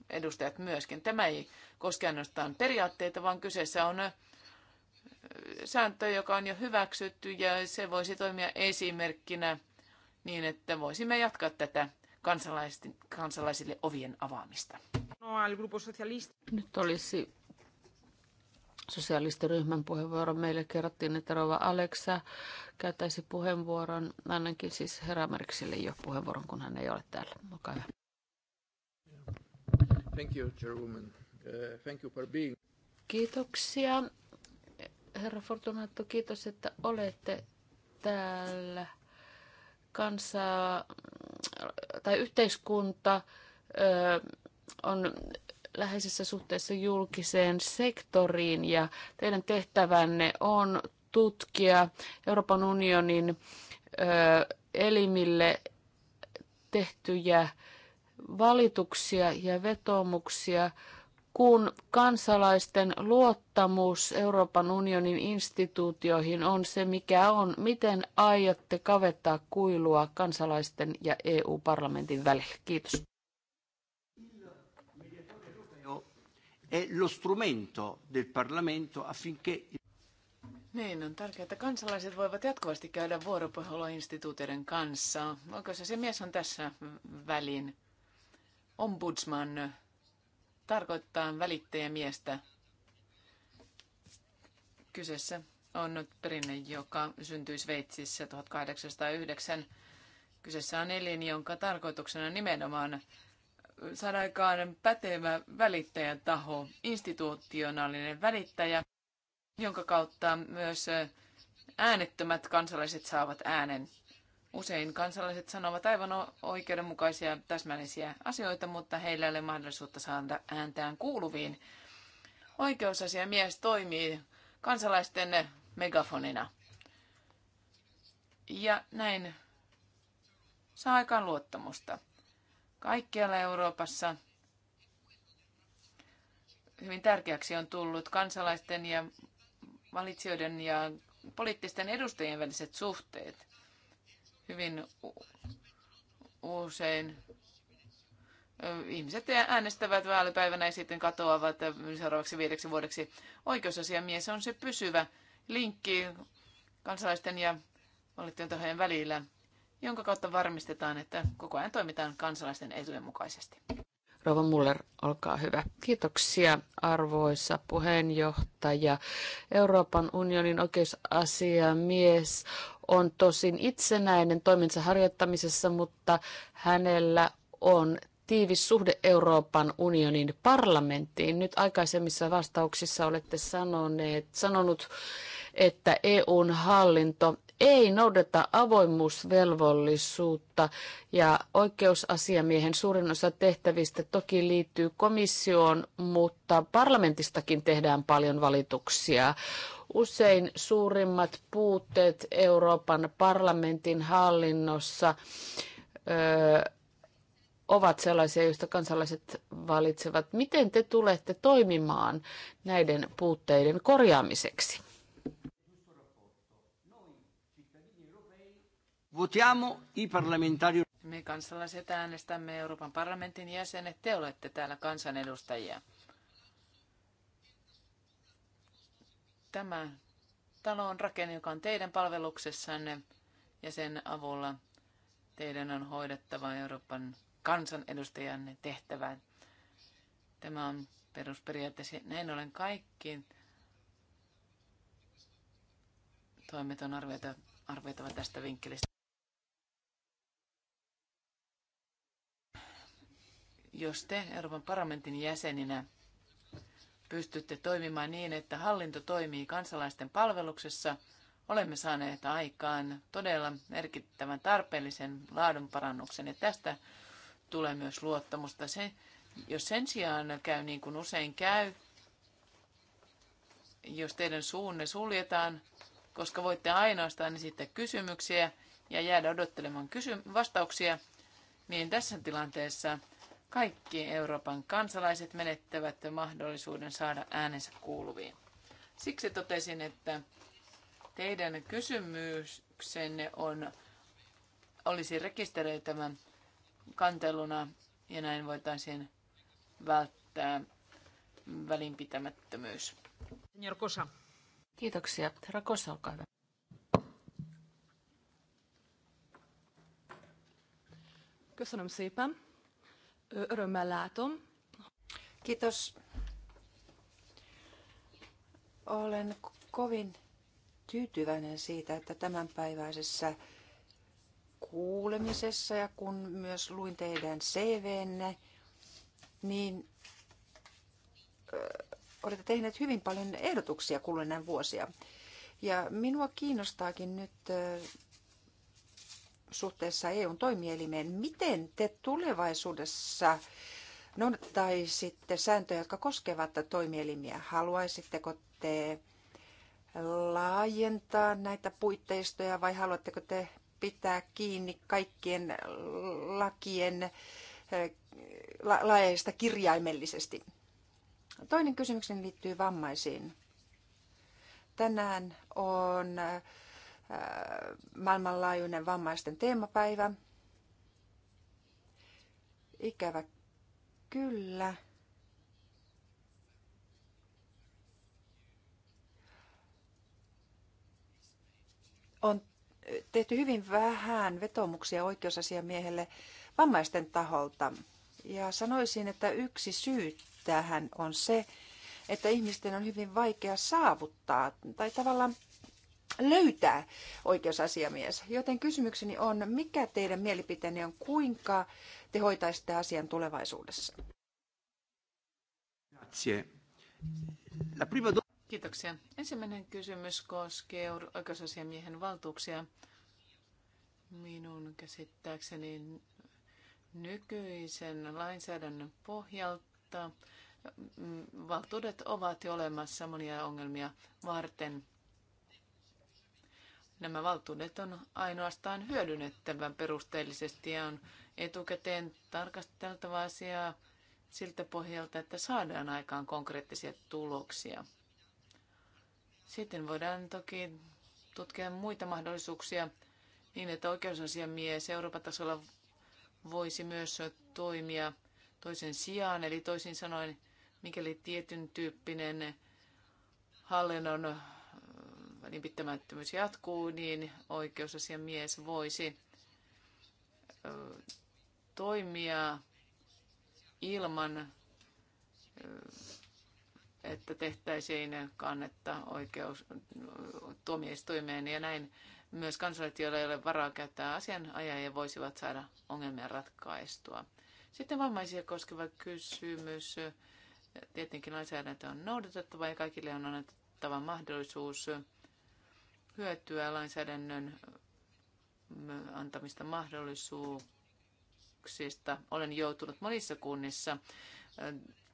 edustajat myöskin. Tämä ei koske ainoastaan periaatteita, vaan kyseessä on sääntö, joka on jo hyväksytty ja se voisi toimia esimerkkinä niin, että voisimme jatkaa tätä kansalaisille ovien avaamista. No, Nyt olisi sosialistiryhmän puheenvuoro. Meille kerrottiin, että Rova Aleksa käyttäisi puheenvuoron, ainakin siis herra Merksille jo puheenvuoron, kun hän ei ole täällä. Olkaa hyvä. Thank you, Chairwoman. Eh, thank you for being. Kiitoksia, herra Fortunato. Kiitos, että olette täällä kanssa tai yhteiskunta eh, on läheisessä suhteessa julkiseen sektoriin ja teidän tehtävänne on tutkia Euroopan unionin eh, elimille tehtyjä valituksia ja vetomuksia kun kansalaisten luottamus Euroopan unionin instituutioihin on se, mikä on, miten aiotte kavettaa kuilua kansalaisten ja EU-parlamentin välillä? Kiitos. Niin, on tärkeää, että kansalaiset voivat jatkuvasti käydä vuoropuhelua instituutioiden kanssa. Oikeus se mies on tässä välin ombudsman tarkoittaa välittäjämiestä. Kyseessä on nyt perinne, joka syntyi Sveitsissä 1809. Kyseessä on elin, jonka tarkoituksena nimenomaan saada aikaan pätevä välittäjätaho, institutionaalinen välittäjä, jonka kautta myös äänettömät kansalaiset saavat äänen. Usein kansalaiset sanovat aivan oikeudenmukaisia täsmällisiä asioita, mutta heillä ei ole mahdollisuutta saada ääntään kuuluviin. Oikeusasiamies toimii kansalaisten megafonina. Ja näin saa aikaan luottamusta. Kaikkialla Euroopassa hyvin tärkeäksi on tullut kansalaisten ja valitsijoiden ja poliittisten edustajien väliset suhteet hyvin usein ihmiset äänestävät vaalipäivänä ja sitten katoavat seuraavaksi viideksi vuodeksi. Oikeusasiamies on se pysyvä linkki kansalaisten ja valittujen tahojen välillä, jonka kautta varmistetaan, että koko ajan toimitaan kansalaisten etujen mukaisesti. Rova Muller, olkaa hyvä. Kiitoksia arvoisa puheenjohtaja. Euroopan unionin oikeusasiamies on tosin itsenäinen toiminsa harjoittamisessa, mutta hänellä on tiivis suhde Euroopan unionin parlamenttiin. Nyt aikaisemmissa vastauksissa olette sanoneet, sanonut, että EUn hallinto ei noudata avoimuusvelvollisuutta ja oikeusasiamiehen suurin osa tehtävistä toki liittyy komissioon, mutta parlamentistakin tehdään paljon valituksia. Usein suurimmat puutteet Euroopan parlamentin hallinnossa ö, ovat sellaisia, joista kansalaiset valitsevat. Miten te tulette toimimaan näiden puutteiden korjaamiseksi? Votiamo i parlamentari. Me kansalaiset äänestämme Euroopan parlamentin jäsenet. Te olette täällä kansanedustajia. Tämä talo on rakenne, joka on teidän palveluksessanne ja sen avulla teidän on hoidettava Euroopan kansanedustajanne tehtävää. Tämä on perusperiaate. Näin ollen kaikki toimet on arvioitava tästä vinkkelistä. Jos te Euroopan parlamentin jäseninä pystytte toimimaan niin, että hallinto toimii kansalaisten palveluksessa, olemme saaneet aikaan todella merkittävän tarpeellisen laadunparannuksen. Ja tästä tulee myös luottamusta. Se, jos sen sijaan käy niin kuin usein käy, jos teidän suunne suljetaan, koska voitte ainoastaan esittää kysymyksiä ja jäädä odottelemaan kysy- vastauksia, niin tässä tilanteessa kaikki Euroopan kansalaiset menettävät mahdollisuuden saada äänensä kuuluviin. Siksi totesin, että teidän kysymyksenne on, olisi rekisteröitävä kanteluna ja näin voitaisiin välttää välinpitämättömyys. Senior Kosa. Kiitoksia. Herra Kosa, olkaa hyvä. Köszönöm szépen. Örömmel látom. Kiitos. Olen kovin tyytyväinen siitä, että tämänpäiväisessä kuulemisessa ja kun myös luin teidän CVnne, niin ö, olette tehneet hyvin paljon ehdotuksia kuluneen vuosia. Ja minua kiinnostaakin nyt suhteessa EUn toimielimeen. Miten te tulevaisuudessa noudattaisitte sääntöjä, jotka koskevat toimielimiä? Haluaisitteko te laajentaa näitä puitteistoja vai haluatteko te pitää kiinni kaikkien lakien eh, laeista kirjaimellisesti? Toinen kysymykseni liittyy vammaisiin. Tänään on Äh, maailmanlaajuinen vammaisten teemapäivä. Ikävä kyllä. On tehty hyvin vähän vetomuksia oikeusasiamiehelle vammaisten taholta. Ja sanoisin, että yksi syy tähän on se, että ihmisten on hyvin vaikea saavuttaa tai tavallaan löytää oikeusasiamies. Joten kysymykseni on, mikä teidän mielipiteenne on, kuinka te hoitaisitte asian tulevaisuudessa? Kiitoksia. Ensimmäinen kysymys koskee oikeusasiamiehen valtuuksia. Minun käsittääkseni nykyisen lainsäädännön pohjalta mm, valtuudet ovat jo olemassa monia ongelmia varten – Nämä valtuudet on ainoastaan hyödynnettävän perusteellisesti ja on etukäteen tarkasteltava asiaa siltä pohjalta, että saadaan aikaan konkreettisia tuloksia. Sitten voidaan toki tutkia muita mahdollisuuksia niin, että oikeusasiamies Euroopan tasolla voisi myös toimia toisen sijaan, eli toisin sanoen, mikäli tietyn tyyppinen hallinnon välinpittämättömyys niin jatkuu, niin oikeusasiamies voisi toimia ilman, että tehtäisiin kannetta oikeus tuomioistuimeen ja näin myös kansalaiset, joilla ei ole varaa käyttää asianajajia, voisivat saada ongelmia ratkaistua. Sitten vammaisia koskeva kysymys. Tietenkin lainsäädäntö on noudatettava ja kaikille on annettava mahdollisuus hyötyä lainsäädännön antamista mahdollisuuksista. Olen joutunut monissa kunnissa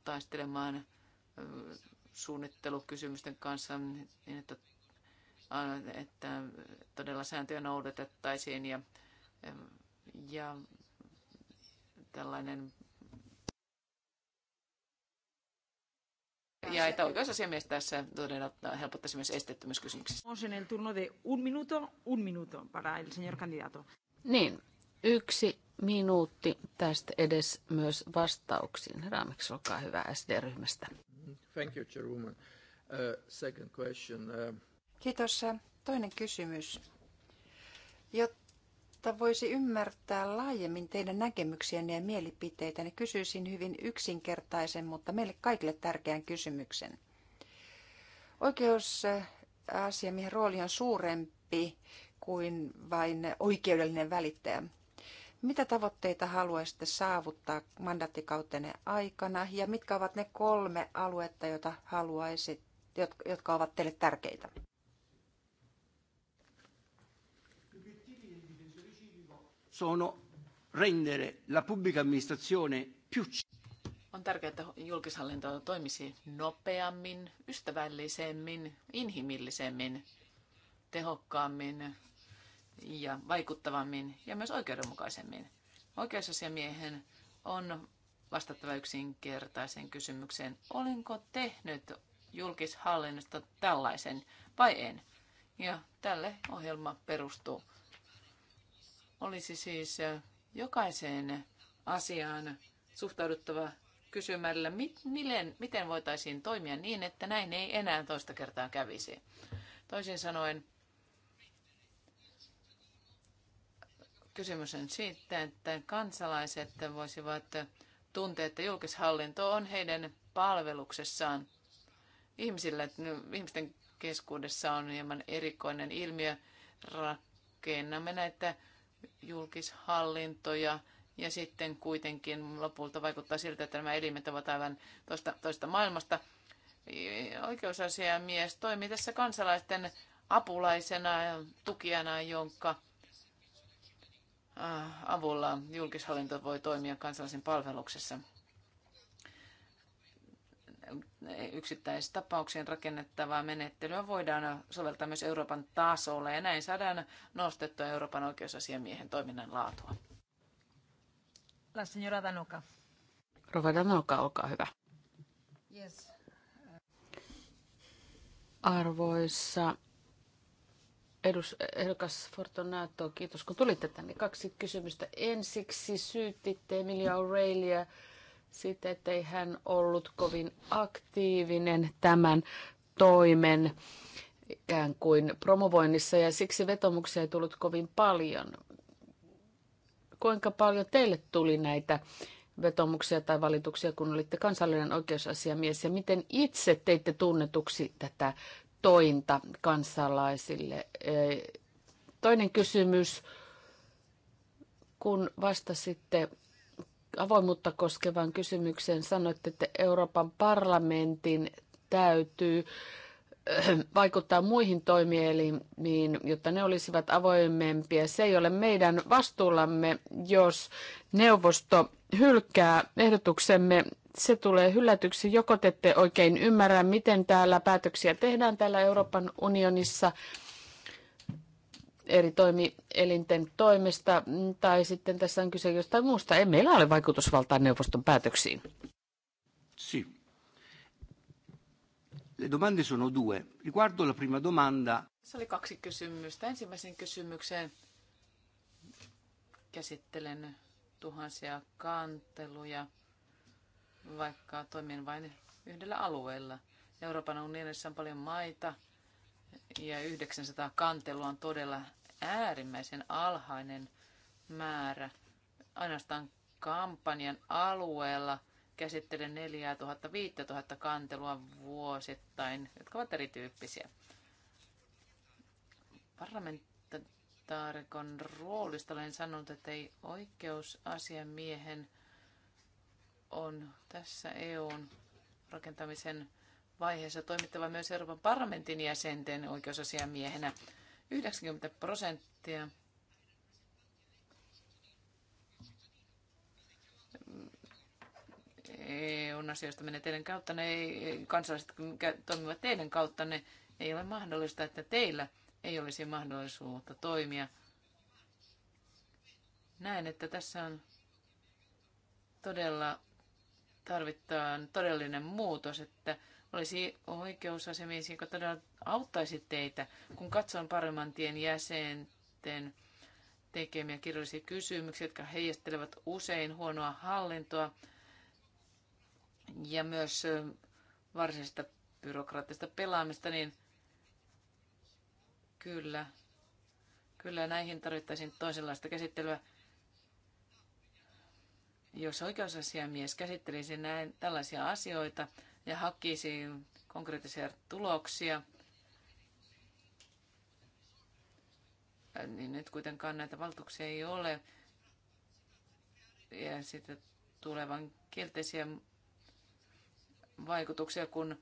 taistelemaan suunnittelukysymysten kanssa niin, että, että todella sääntöjä noudatettaisiin ja, ja tällainen ja että oikeusasiamies tässä todella helpottaisi myös esteettömyyskysymyksissä. On sen turno de un minuto, un minuto para el señor candidato. Niin, yksi minuutti tästä edes myös vastauksiin. Raameks, olkaa hyvä SD-ryhmästä. Thank you, Chairwoman. Uh, second question. Uh... Kiitos. Toinen kysymys. Jotta jotta voisi ymmärtää laajemmin teidän näkemyksiänne ja mielipiteitänne, kysyisin hyvin yksinkertaisen, mutta meille kaikille tärkeän kysymyksen. Oikeusasiamiehen rooli on suurempi kuin vain oikeudellinen välittäjä. Mitä tavoitteita haluaisitte saavuttaa mandaattikautenne aikana ja mitkä ovat ne kolme aluetta, joita haluaisit, jotka ovat teille tärkeitä? sono rendere la pubblica amministrazione più on tärkeää, että julkishallinto toimisi nopeammin, ystävällisemmin, inhimillisemmin, tehokkaammin ja vaikuttavammin ja myös oikeudenmukaisemmin. Oikeusasiamiehen on vastattava yksinkertaisen kysymykseen, olenko tehnyt julkishallinnosta tällaisen vai en. Ja tälle ohjelma perustuu. Olisi siis äh, jokaiseen asiaan suhtauduttava kysymällä, miten, miten voitaisiin toimia niin, että näin ei enää toista kertaa kävisi. Toisin sanoen, kysymys on siitä, että kansalaiset voisivat tuntea, että julkishallinto on heidän palveluksessaan. Ihmisillä, ihmisten keskuudessa on hieman erikoinen ilmiö. Rakennamme näitä julkishallintoja ja sitten kuitenkin lopulta vaikuttaa siltä, että nämä elimet ovat aivan toista, toista maailmasta. Oikeusasiamies toimii tässä kansalaisten apulaisena ja tukijana, jonka äh, avulla julkishallinto voi toimia kansalaisen palveluksessa yksittäistapauksien rakennettavaa menettelyä voidaan soveltaa myös Euroopan tasolla ja näin saadaan nostettua Euroopan oikeusasiamiehen toiminnan laatua. La señora Danoka. Rova Danoka, olkaa hyvä. Yes. Arvoisa edus, ehdokas Fortunato, kiitos kun tulitte tänne. Kaksi kysymystä. Ensiksi syytitte Emilia Aurelia sitten ettei hän ollut kovin aktiivinen tämän toimen ikään kuin promovoinnissa ja siksi vetomuksia ei tullut kovin paljon. Kuinka paljon teille tuli näitä vetomuksia tai valituksia, kun olitte kansallinen oikeusasiamies ja miten itse teitte tunnetuksi tätä tointa kansalaisille? E, toinen kysymys, kun vastasitte avoimuutta koskevan kysymyksen sanoitte, että Euroopan parlamentin täytyy äh, vaikuttaa muihin toimielimiin, jotta ne olisivat avoimempia. Se ei ole meidän vastuullamme, jos neuvosto hylkää ehdotuksemme. Se tulee hyllätyksi, joko te ette oikein ymmärrä, miten täällä päätöksiä tehdään täällä Euroopan unionissa – eri toimielinten toimesta, mm, tai sitten tässä on kyse jostain muusta. Ei meillä ole vaikutusvaltaa neuvoston päätöksiin. Si. Le domande sono due. Riguardo la prima domanda... Se oli kaksi kysymystä. Ensimmäisen kysymykseen käsittelen tuhansia kanteluja, vaikka toimin vain yhdellä alueella. Euroopan unionissa on paljon maita ja 900 kantelua on todella äärimmäisen alhainen määrä. Ainoastaan kampanjan alueella käsittelen 4000-5000 kantelua vuosittain, jotka ovat erityyppisiä. Parlamentaarikon roolista olen sanonut, että ei oikeusasiamiehen on tässä EUn rakentamisen vaiheessa toimittava myös Euroopan parlamentin jäsenten oikeusasiamiehenä. 90 prosenttia EUn asioista menee teidän kautta, ne kansalaiset toimivat teidän kautta, ne ei ole mahdollista, että teillä ei olisi mahdollisuutta toimia. Näen, että tässä on todella tarvittaan todellinen muutos, että olisi oikeusasemies, joka todella auttaisi teitä, kun katson tien jäsenten tekemiä kirjallisia kysymyksiä, jotka heijastelevat usein huonoa hallintoa ja myös varsinaista byrokraattista pelaamista, niin kyllä, kyllä näihin tarvittaisiin toisenlaista käsittelyä. Jos oikeusasiamies käsittelisi näin tällaisia asioita, ja hakisi konkreettisia tuloksia. Äh, niin nyt kuitenkaan näitä valtuuksia ei ole. Ja sitten tulevan kielteisiä vaikutuksia, kun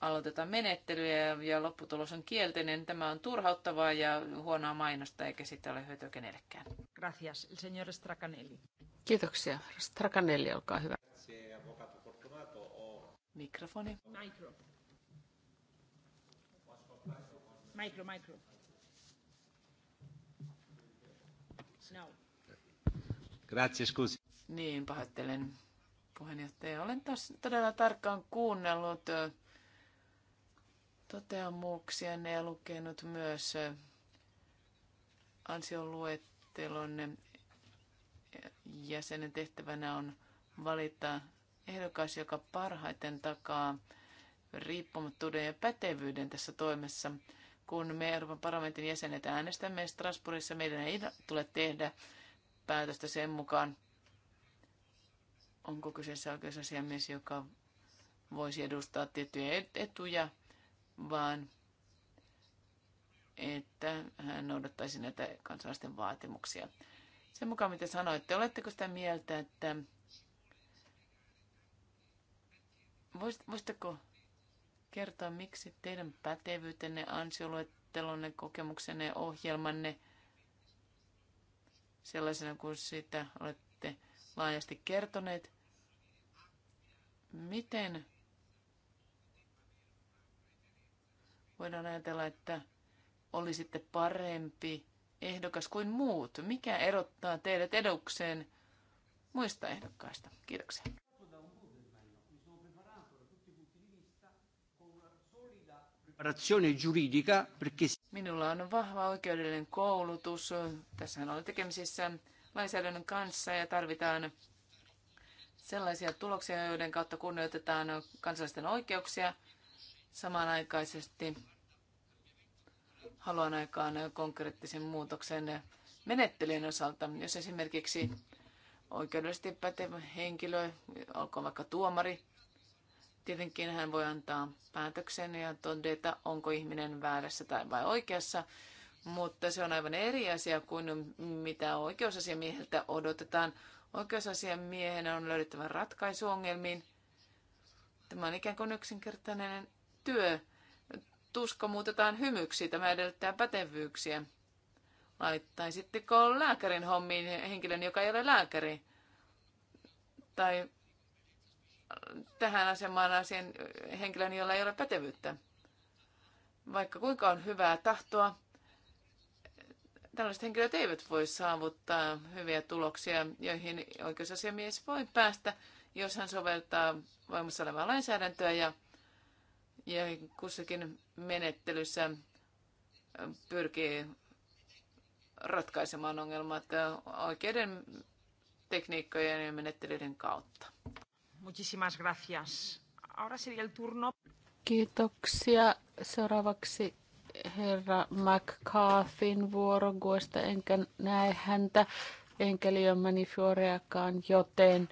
aloitetaan menettelyä ja lopputulos on kielteinen. Tämä on turhauttavaa ja huonoa mainosta, eikä sitä ole hyötyä kenellekään. Gracias, señor Stracanelli. Kiitoksia. Stracanelli, olkaa hyvä. Mikrofoni. Mikro. Mikro, mikro. No. Grazie, scusi. Niin, pahoittelen puheenjohtaja. Olen taas todella tarkkaan kuunnellut toteamuksia ja lukenut myös ansioluettelon jäsenen tehtävänä on valita ehdokas, joka parhaiten takaa riippumattomuuden ja pätevyyden tässä toimessa. Kun me Euroopan parlamentin jäsenet äänestämme Strasbourgissa, meidän ei tule tehdä päätöstä sen mukaan, onko kyseessä oikeusasiamies, joka voisi edustaa tiettyjä etuja, vaan että hän noudattaisi näitä kansalaisten vaatimuksia. Sen mukaan, mitä sanoitte, oletteko sitä mieltä, että Voisitteko kertoa, miksi teidän pätevyytenne, ansioluettelonne, kokemuksenne, ohjelmanne sellaisena kuin sitä olette laajasti kertoneet, miten voidaan ajatella, että olisitte parempi ehdokas kuin muut? Mikä erottaa teidät edukseen muista ehdokkaista? Kiitoksia. preparazione giuridica perché... Minulla on vahva oikeudellinen koulutus. Tässähän olen tekemisissä lainsäädännön kanssa ja tarvitaan sellaisia tuloksia, joiden kautta kunnioitetaan kansalaisten oikeuksia. Samanaikaisesti haluan aikaan konkreettisen muutoksen menettelyjen osalta. Jos esimerkiksi oikeudellisesti pätevä henkilö, olkoon vaikka tuomari, Tietenkin hän voi antaa päätöksen ja todeta, onko ihminen väärässä tai vai oikeassa, mutta se on aivan eri asia kuin mitä oikeusasiamieheltä odotetaan. Oikeusasiamiehen on löydettävä ratkaisu ongelmiin. Tämä on ikään kuin yksinkertainen työ. Tuska muutetaan hymyksi, tämä edellyttää pätevyyksiä. Laittaisitteko lääkärin hommiin henkilön, joka ei ole lääkäri? Tai tähän asemaan asian henkilön, jolla ei ole pätevyyttä. Vaikka kuinka on hyvää tahtoa, tällaiset henkilöt eivät voi saavuttaa hyviä tuloksia, joihin oikeusasiamies voi päästä, jos hän soveltaa voimassa olevaa lainsäädäntöä ja, ja kussakin menettelyssä pyrkii ratkaisemaan ongelmat oikeiden tekniikkojen ja menettelyiden kautta. Muchísimas gracias. Ahora sería el turno. Kiitoksia. Seuraavaksi herra McCarthyn vuorokuesta, enkä näe häntä enkä liian Fioreakaan, joten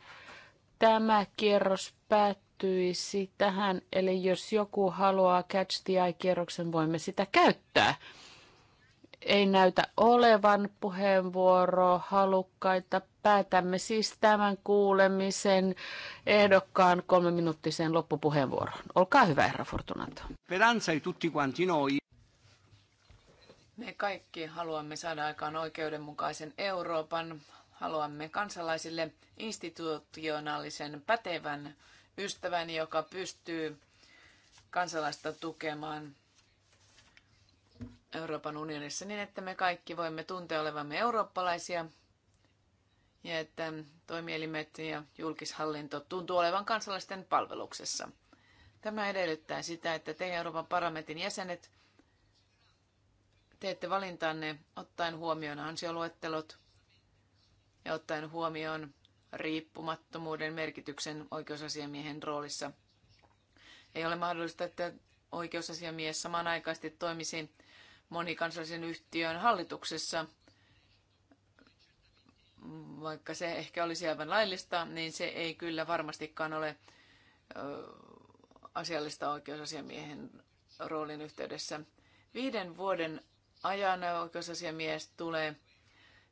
tämä kierros päättyisi tähän. Eli jos joku haluaa Catch the Eye-kierroksen, voimme sitä käyttää ei näytä olevan puheenvuoroa halukkaita. Päätämme siis tämän kuulemisen ehdokkaan kolmeminuuttiseen loppupuheenvuoroon. Olkaa hyvä, herra Fortunato. tutti Me kaikki haluamme saada aikaan oikeudenmukaisen Euroopan. Haluamme kansalaisille institutionaalisen pätevän ystävän, joka pystyy kansalaista tukemaan Euroopan unionissa niin, että me kaikki voimme tuntea olevamme eurooppalaisia ja että toimielimet ja julkishallinto tuntuu olevan kansalaisten palveluksessa. Tämä edellyttää sitä, että te Euroopan parlamentin jäsenet teette valintanne ottaen huomioon ansioluettelot ja ottaen huomioon riippumattomuuden merkityksen oikeusasiamiehen roolissa. Ei ole mahdollista, että oikeusasiamies samanaikaisesti toimisi monikansallisen yhtiön hallituksessa, vaikka se ehkä olisi aivan laillista, niin se ei kyllä varmastikaan ole asiallista oikeusasiamiehen roolin yhteydessä. Viiden vuoden ajan oikeusasiamies tulee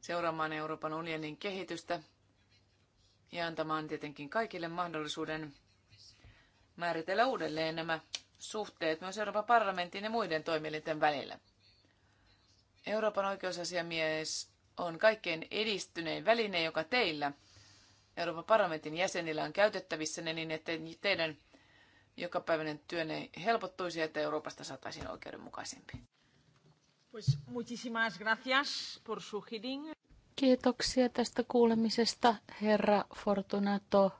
seuraamaan Euroopan unionin kehitystä ja antamaan tietenkin kaikille mahdollisuuden määritellä uudelleen nämä suhteet myös Euroopan parlamentin ja muiden toimielinten välillä. Euroopan oikeusasiamies on kaikkein edistynein väline, joka teillä Euroopan parlamentin jäsenillä on käytettävissä, niin että teidän jokapäiväinen työnne helpottuisi että Euroopasta saataisiin oikeudenmukaisempi. Pues muchísimas gracias por su hearing. Kiitoksia tästä kuulemisesta, herra Fortunato.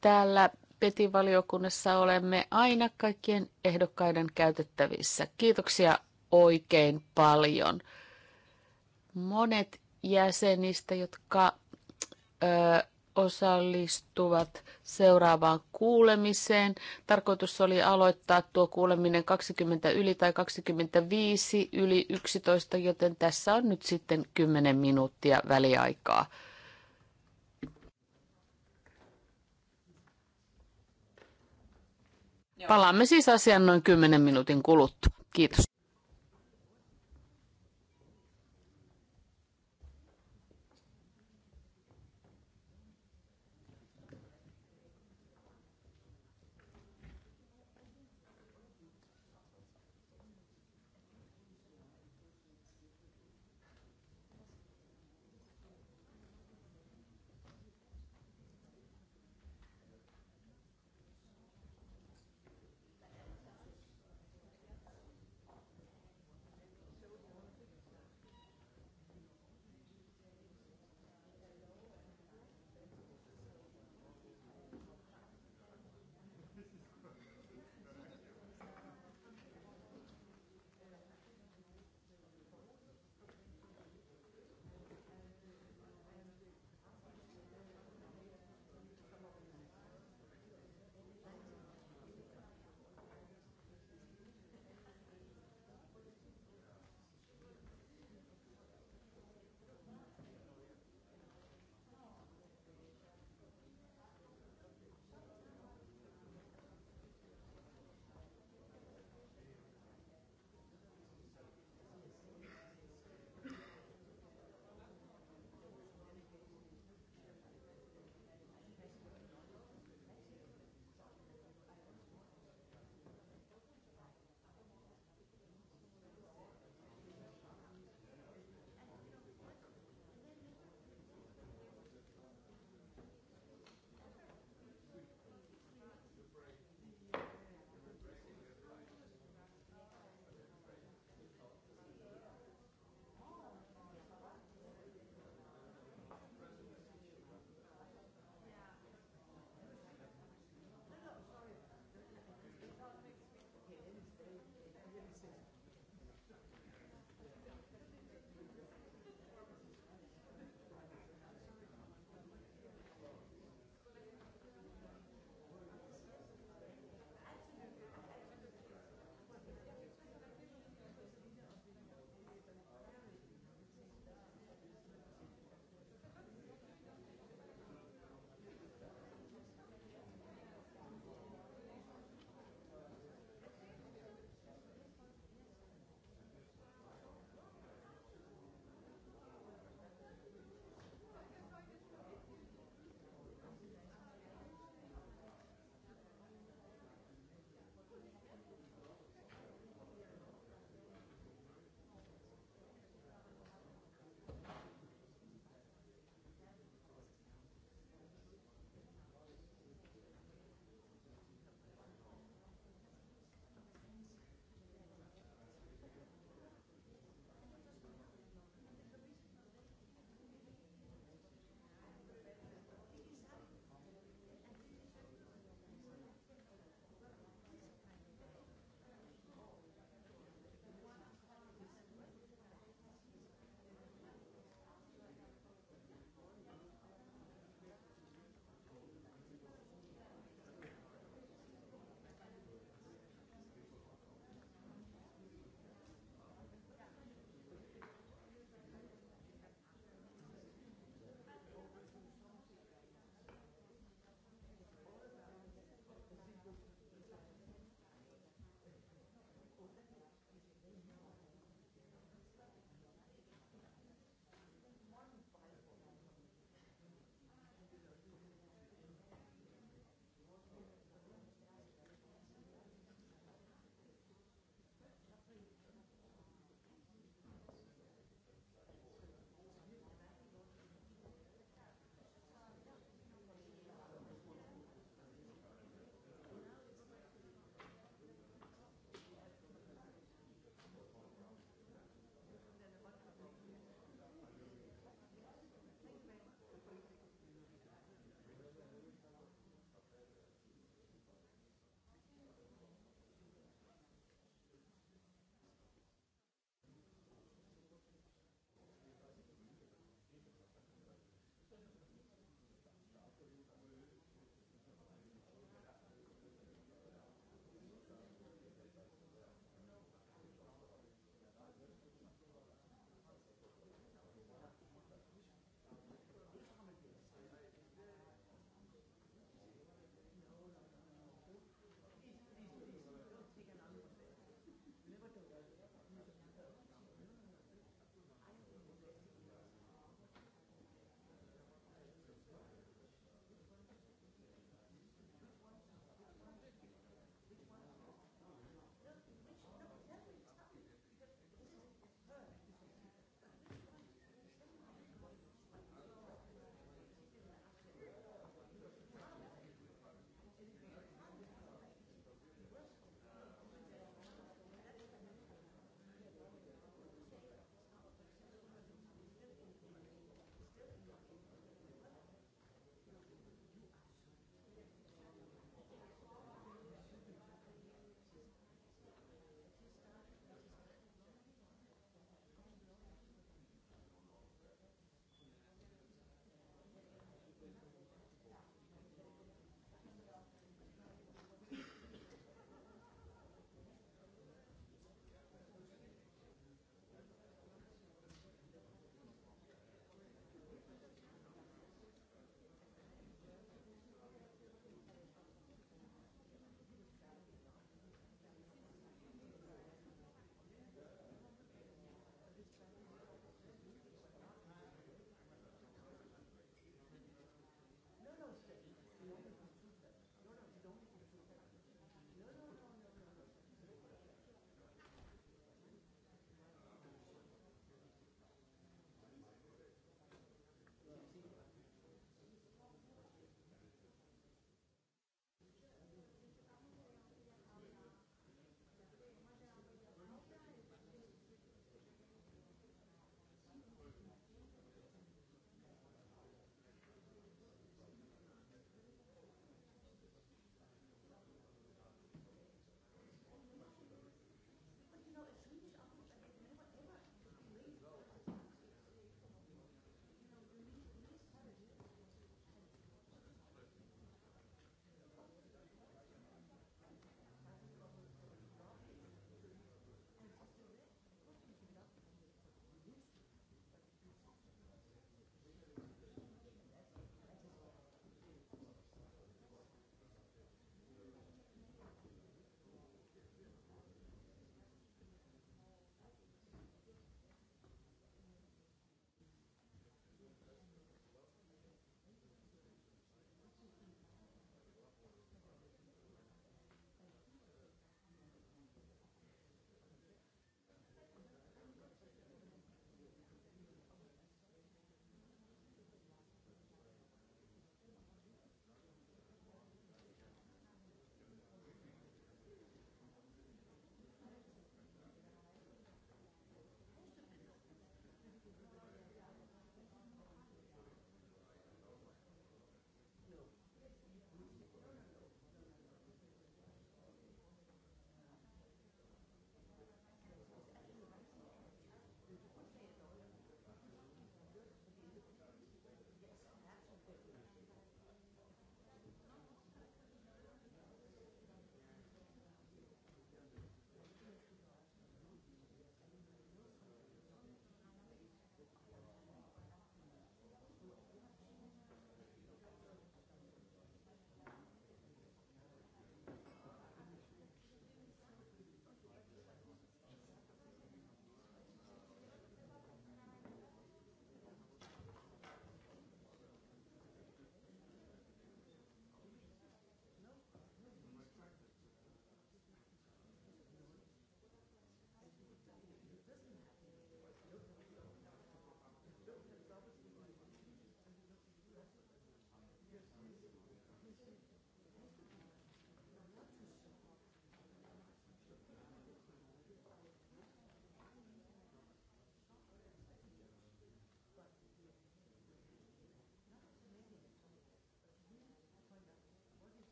Täällä Petin valiokunnassa olemme aina kaikkien ehdokkaiden käytettävissä. Kiitoksia oikein paljon. Monet jäsenistä, jotka ö, osallistuvat seuraavaan kuulemiseen. Tarkoitus oli aloittaa tuo kuuleminen 20 yli tai 25 yli 11, joten tässä on nyt sitten 10 minuuttia väliaikaa. Palaamme siis asian noin 10 minuutin kuluttua. Kiitos.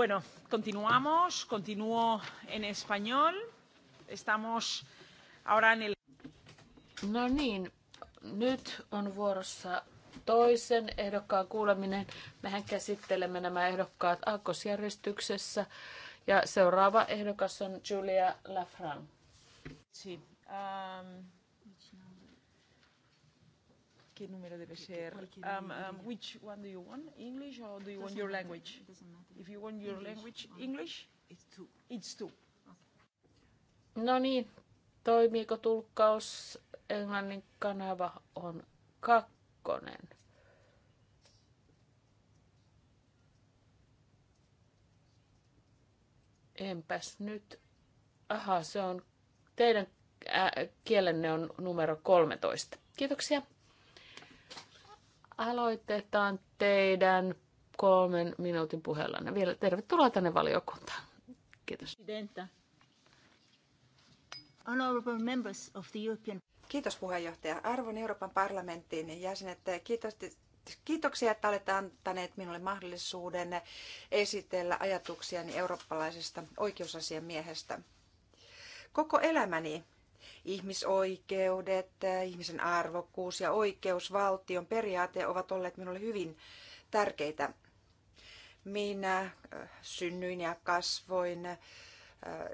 Bueno, continuamos, continúo en español. Estamos ahora en el... No niin, nyt on vuorossa toisen ehdokkaan kuuleminen. Mehän käsittelemme nämä ehdokkaat aakkosjärjestyksessä. Ja seuraava ehdokas on Julia Lafran. Sí. Um che numero debe ser. Um, um, which one do you want? English or do you want your language? If you want your language, ah. English? It's two. It's two. No niin, toimiiko tulkkaus? Englannin kanava on kakkonen. Enpäs nyt. Aha, se on teidän ää, kielenne on numero 13. Kiitoksia. Aloitetaan teidän kolmen minuutin puheella. Vielä tervetuloa tänne valiokuntaan. Kiitos. Kiitos puheenjohtaja. Arvon Euroopan parlamenttiin jäsenet, kiitos, kiitoksia, että olette antaneet minulle mahdollisuuden esitellä ajatuksiani eurooppalaisesta oikeusasiamiehestä. Koko elämäni Ihmisoikeudet, ihmisen arvokkuus ja oikeusvaltion periaate ovat olleet minulle hyvin tärkeitä. Minä äh, synnyin ja kasvoin äh,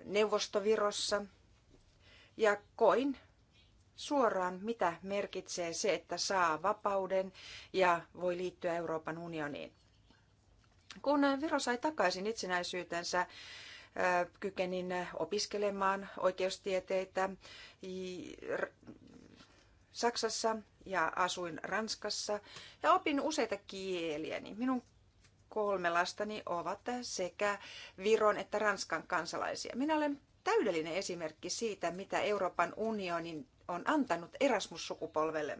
Neuvostovirossa ja koin suoraan, mitä merkitsee se, että saa vapauden ja voi liittyä Euroopan unioniin. Kun Viro sai takaisin itsenäisyytensä kykenin opiskelemaan oikeustieteitä Saksassa ja asuin Ranskassa ja opin useita kieliä. Niin minun kolme lastani ovat sekä Viron että Ranskan kansalaisia. Minä olen täydellinen esimerkki siitä, mitä Euroopan unionin on antanut Erasmus-sukupolvelle.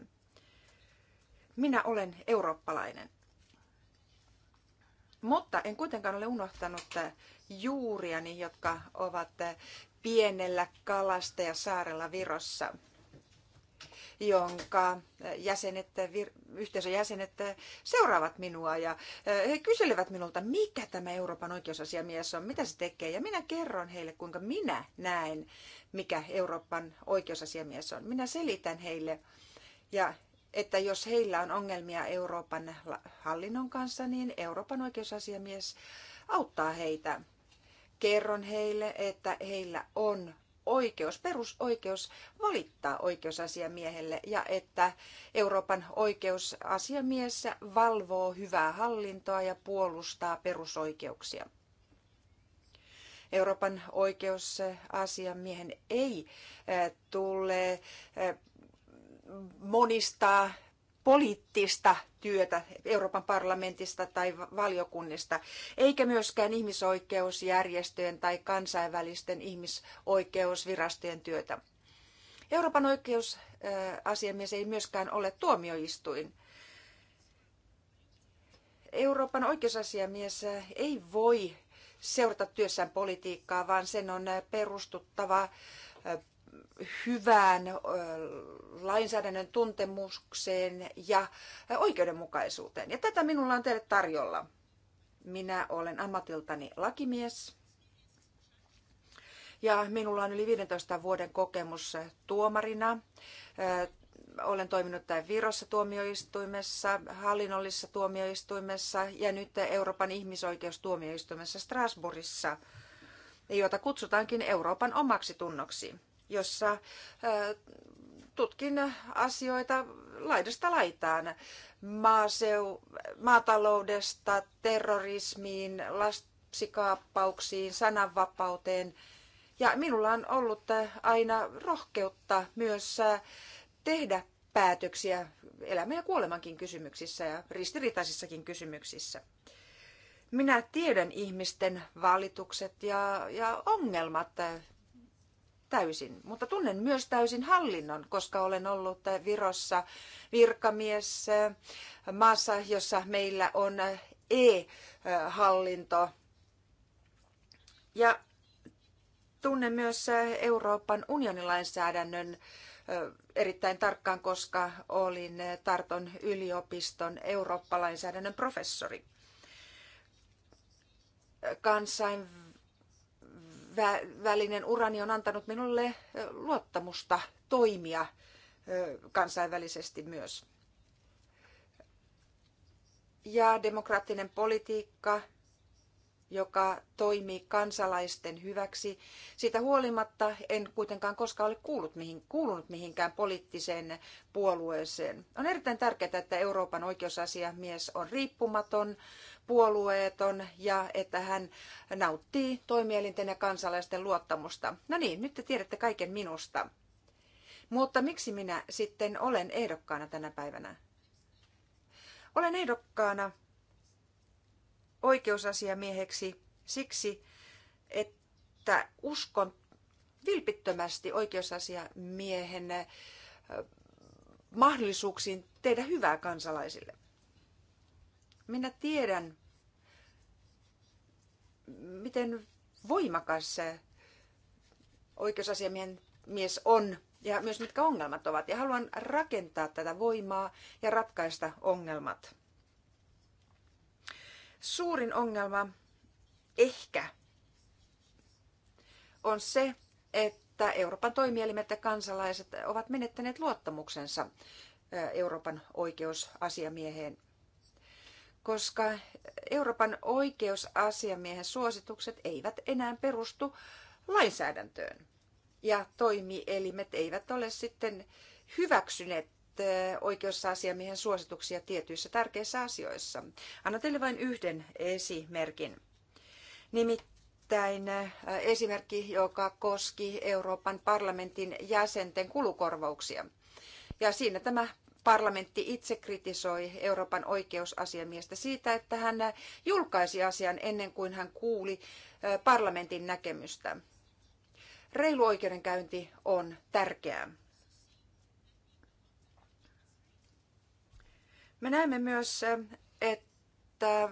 Minä olen eurooppalainen. Mutta en kuitenkaan ole unohtanut eh, juuriani, jotka ovat eh, pienellä saarella Virossa, jonka eh, jäsenet, yhteisön jäsenet seuraavat minua ja he kyselevät minulta, mikä tämä Euroopan oikeusasiamies on, mitä se tekee. Ja minä kerron heille, kuinka minä näen, mikä Euroopan oikeusasiamies on. Minä selitän heille ja että jos heillä on ongelmia Euroopan hallinnon kanssa, niin Euroopan oikeusasiamies auttaa heitä. Kerron heille, että heillä on oikeus, perusoikeus valittaa oikeusasiamiehelle ja että Euroopan oikeusasiamies valvoo hyvää hallintoa ja puolustaa perusoikeuksia. Euroopan oikeusasiamiehen ei eh, tule eh, monista poliittista työtä Euroopan parlamentista tai valiokunnista, eikä myöskään ihmisoikeusjärjestöjen tai kansainvälisten ihmisoikeusvirastojen työtä. Euroopan oikeusasiamies ei myöskään ole tuomioistuin. Euroopan oikeusasiamies ei voi seurata työssään politiikkaa, vaan sen on perustuttava hyvään lainsäädännön tuntemukseen ja oikeudenmukaisuuteen. Ja tätä minulla on teille tarjolla. Minä olen ammatiltani lakimies ja minulla on yli 15 vuoden kokemus tuomarina. Olen toiminut täällä Virossa tuomioistuimessa, hallinnollisessa tuomioistuimessa ja nyt Euroopan ihmisoikeustuomioistuimessa Strasbourgissa, jota kutsutaankin Euroopan omaksi tunnoksi jossa äh, tutkin asioita laidasta laitaan. Maaseu, maataloudesta, terrorismiin, lapsikaappauksiin, sananvapauteen. Ja minulla on ollut äh, aina rohkeutta myös äh, tehdä päätöksiä elämän ja kuolemankin kysymyksissä ja ristiriitaisissakin kysymyksissä. Minä tiedän ihmisten valitukset ja, ja ongelmat, täysin, mutta tunnen myös täysin hallinnon, koska olen ollut Virossa virkamies maassa, jossa meillä on e-hallinto. Ja tunnen myös Euroopan unionin lainsäädännön erittäin tarkkaan, koska olin Tarton yliopiston eurooppalainsäädännön professori. Kansainvälinen välinen urani on antanut minulle luottamusta toimia kansainvälisesti myös. Ja demokraattinen politiikka, joka toimii kansalaisten hyväksi. Siitä huolimatta en kuitenkaan koskaan ole kuullut mihin, kuulunut mihinkään poliittiseen puolueeseen. On erittäin tärkeää, että Euroopan oikeusasiamies on riippumaton, puolueeton ja että hän nauttii toimielinten ja kansalaisten luottamusta. No niin, nyt te tiedätte kaiken minusta. Mutta miksi minä sitten olen ehdokkaana tänä päivänä? Olen ehdokkaana oikeusasiamieheksi siksi, että uskon vilpittömästi oikeusasiamiehen eh, mahdollisuuksiin tehdä hyvää kansalaisille. Minä tiedän, miten voimakas oikeusasiamiehen mies on ja myös mitkä ongelmat ovat. Ja haluan rakentaa tätä voimaa ja ratkaista ongelmat. Suurin ongelma ehkä on se, että Euroopan toimielimet ja kansalaiset ovat menettäneet luottamuksensa Euroopan oikeusasiamieheen koska Euroopan oikeusasiamiehen suositukset eivät enää perustu lainsäädäntöön. Ja toimielimet eivät ole sitten hyväksyneet oikeusasiamiehen suosituksia tietyissä tärkeissä asioissa. Anna teille vain yhden esimerkin. Nimittäin esimerkki, joka koski Euroopan parlamentin jäsenten kulukorvauksia. Ja siinä tämä parlamentti itse kritisoi Euroopan oikeusasiamiestä siitä, että hän julkaisi asian ennen kuin hän kuuli parlamentin näkemystä. Reilu oikeudenkäynti on tärkeää. Me näemme myös, että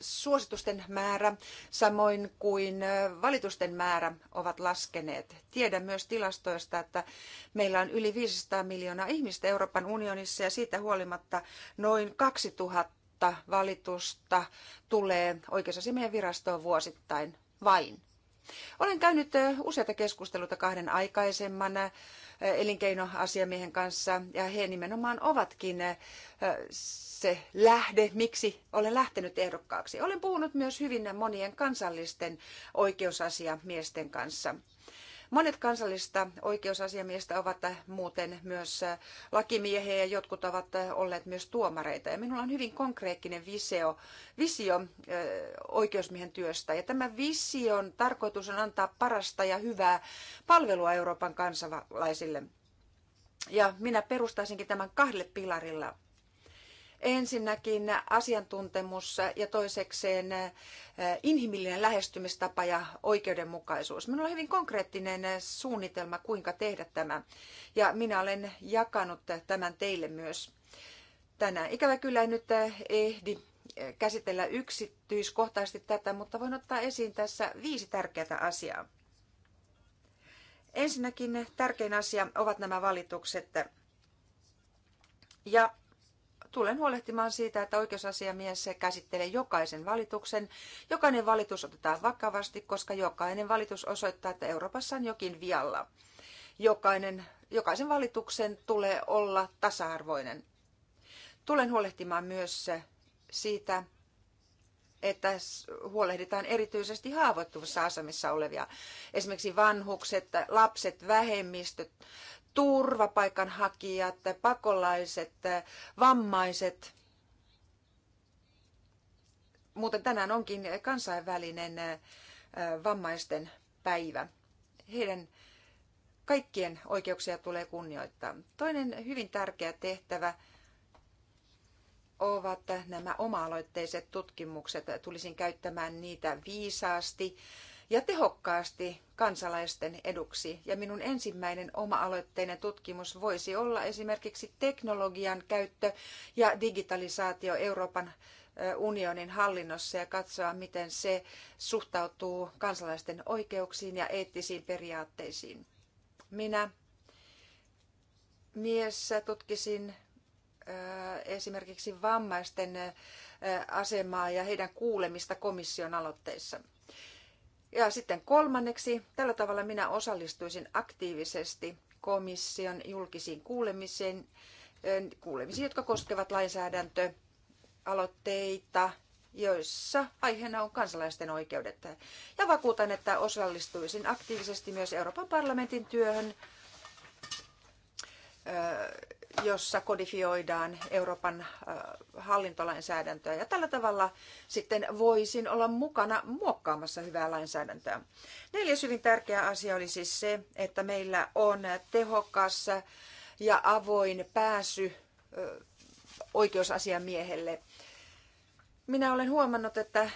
suositusten määrä, samoin kuin valitusten määrä ovat laskeneet. Tiedän myös tilastoista, että meillä on yli 500 miljoonaa ihmistä Euroopan unionissa ja siitä huolimatta noin 2000 valitusta tulee oikeusasiamiehen virastoon vuosittain vain. Olen käynyt useita keskusteluita kahden aikaisemman elinkeinoasiamiehen kanssa ja he nimenomaan ovatkin se lähde, miksi olen lähtenyt ehdokkaaksi. Olen puhunut myös hyvin monien kansallisten oikeusasiamiesten kanssa. Monet kansallista oikeusasiamiestä ovat muuten myös lakimiehiä ja jotkut ovat olleet myös tuomareita. Ja minulla on hyvin konkreettinen visio, visio oikeusmiehen työstä. Ja tämä vision tarkoitus on antaa parasta ja hyvää palvelua Euroopan kansalaisille. Ja minä perustaisinkin tämän kahdelle pilarilla. Ensinnäkin asiantuntemus ja toisekseen eh, inhimillinen lähestymistapa ja oikeudenmukaisuus. Minulla on hyvin konkreettinen eh, suunnitelma, kuinka tehdä tämä. Ja minä olen jakanut tämän teille myös tänään. Ikävä kyllä en nyt eh, ehdi käsitellä yksityiskohtaisesti tätä, mutta voin ottaa esiin tässä viisi tärkeää asiaa. Ensinnäkin tärkein asia ovat nämä valitukset. Ja tulen huolehtimaan siitä, että oikeusasiamies käsittelee jokaisen valituksen. Jokainen valitus otetaan vakavasti, koska jokainen valitus osoittaa, että Euroopassa on jokin vialla. Jokainen, jokaisen valituksen tulee olla tasa-arvoinen. Tulen huolehtimaan myös siitä, että huolehditaan erityisesti haavoittuvassa asemassa olevia, esimerkiksi vanhukset, lapset, vähemmistöt, turvapaikanhakijat, pakolaiset, vammaiset. Muuten tänään onkin kansainvälinen vammaisten päivä. Heidän kaikkien oikeuksia tulee kunnioittaa. Toinen hyvin tärkeä tehtävä ovat nämä oma-aloitteiset tutkimukset. Tulisin käyttämään niitä viisaasti ja tehokkaasti kansalaisten eduksi. Ja minun ensimmäinen oma-aloitteinen tutkimus voisi olla esimerkiksi teknologian käyttö ja digitalisaatio Euroopan unionin hallinnossa ja katsoa, miten se suhtautuu kansalaisten oikeuksiin ja eettisiin periaatteisiin. Minä mies tutkisin esimerkiksi vammaisten asemaa ja heidän kuulemista komission aloitteissa – ja sitten kolmanneksi, tällä tavalla minä osallistuisin aktiivisesti komission julkisiin kuulemisiin, kuulemisiin, jotka koskevat lainsäädäntöaloitteita, joissa aiheena on kansalaisten oikeudet. Ja vakuutan, että osallistuisin aktiivisesti myös Euroopan parlamentin työhön jossa kodifioidaan Euroopan äh, hallintolainsäädäntöä. Ja tällä tavalla sitten voisin olla mukana muokkaamassa hyvää lainsäädäntöä. Neljäs hyvin tärkeä asia oli siis se, että meillä on tehokas ja avoin pääsy oikeusasiamiehelle. Minä olen huomannut, että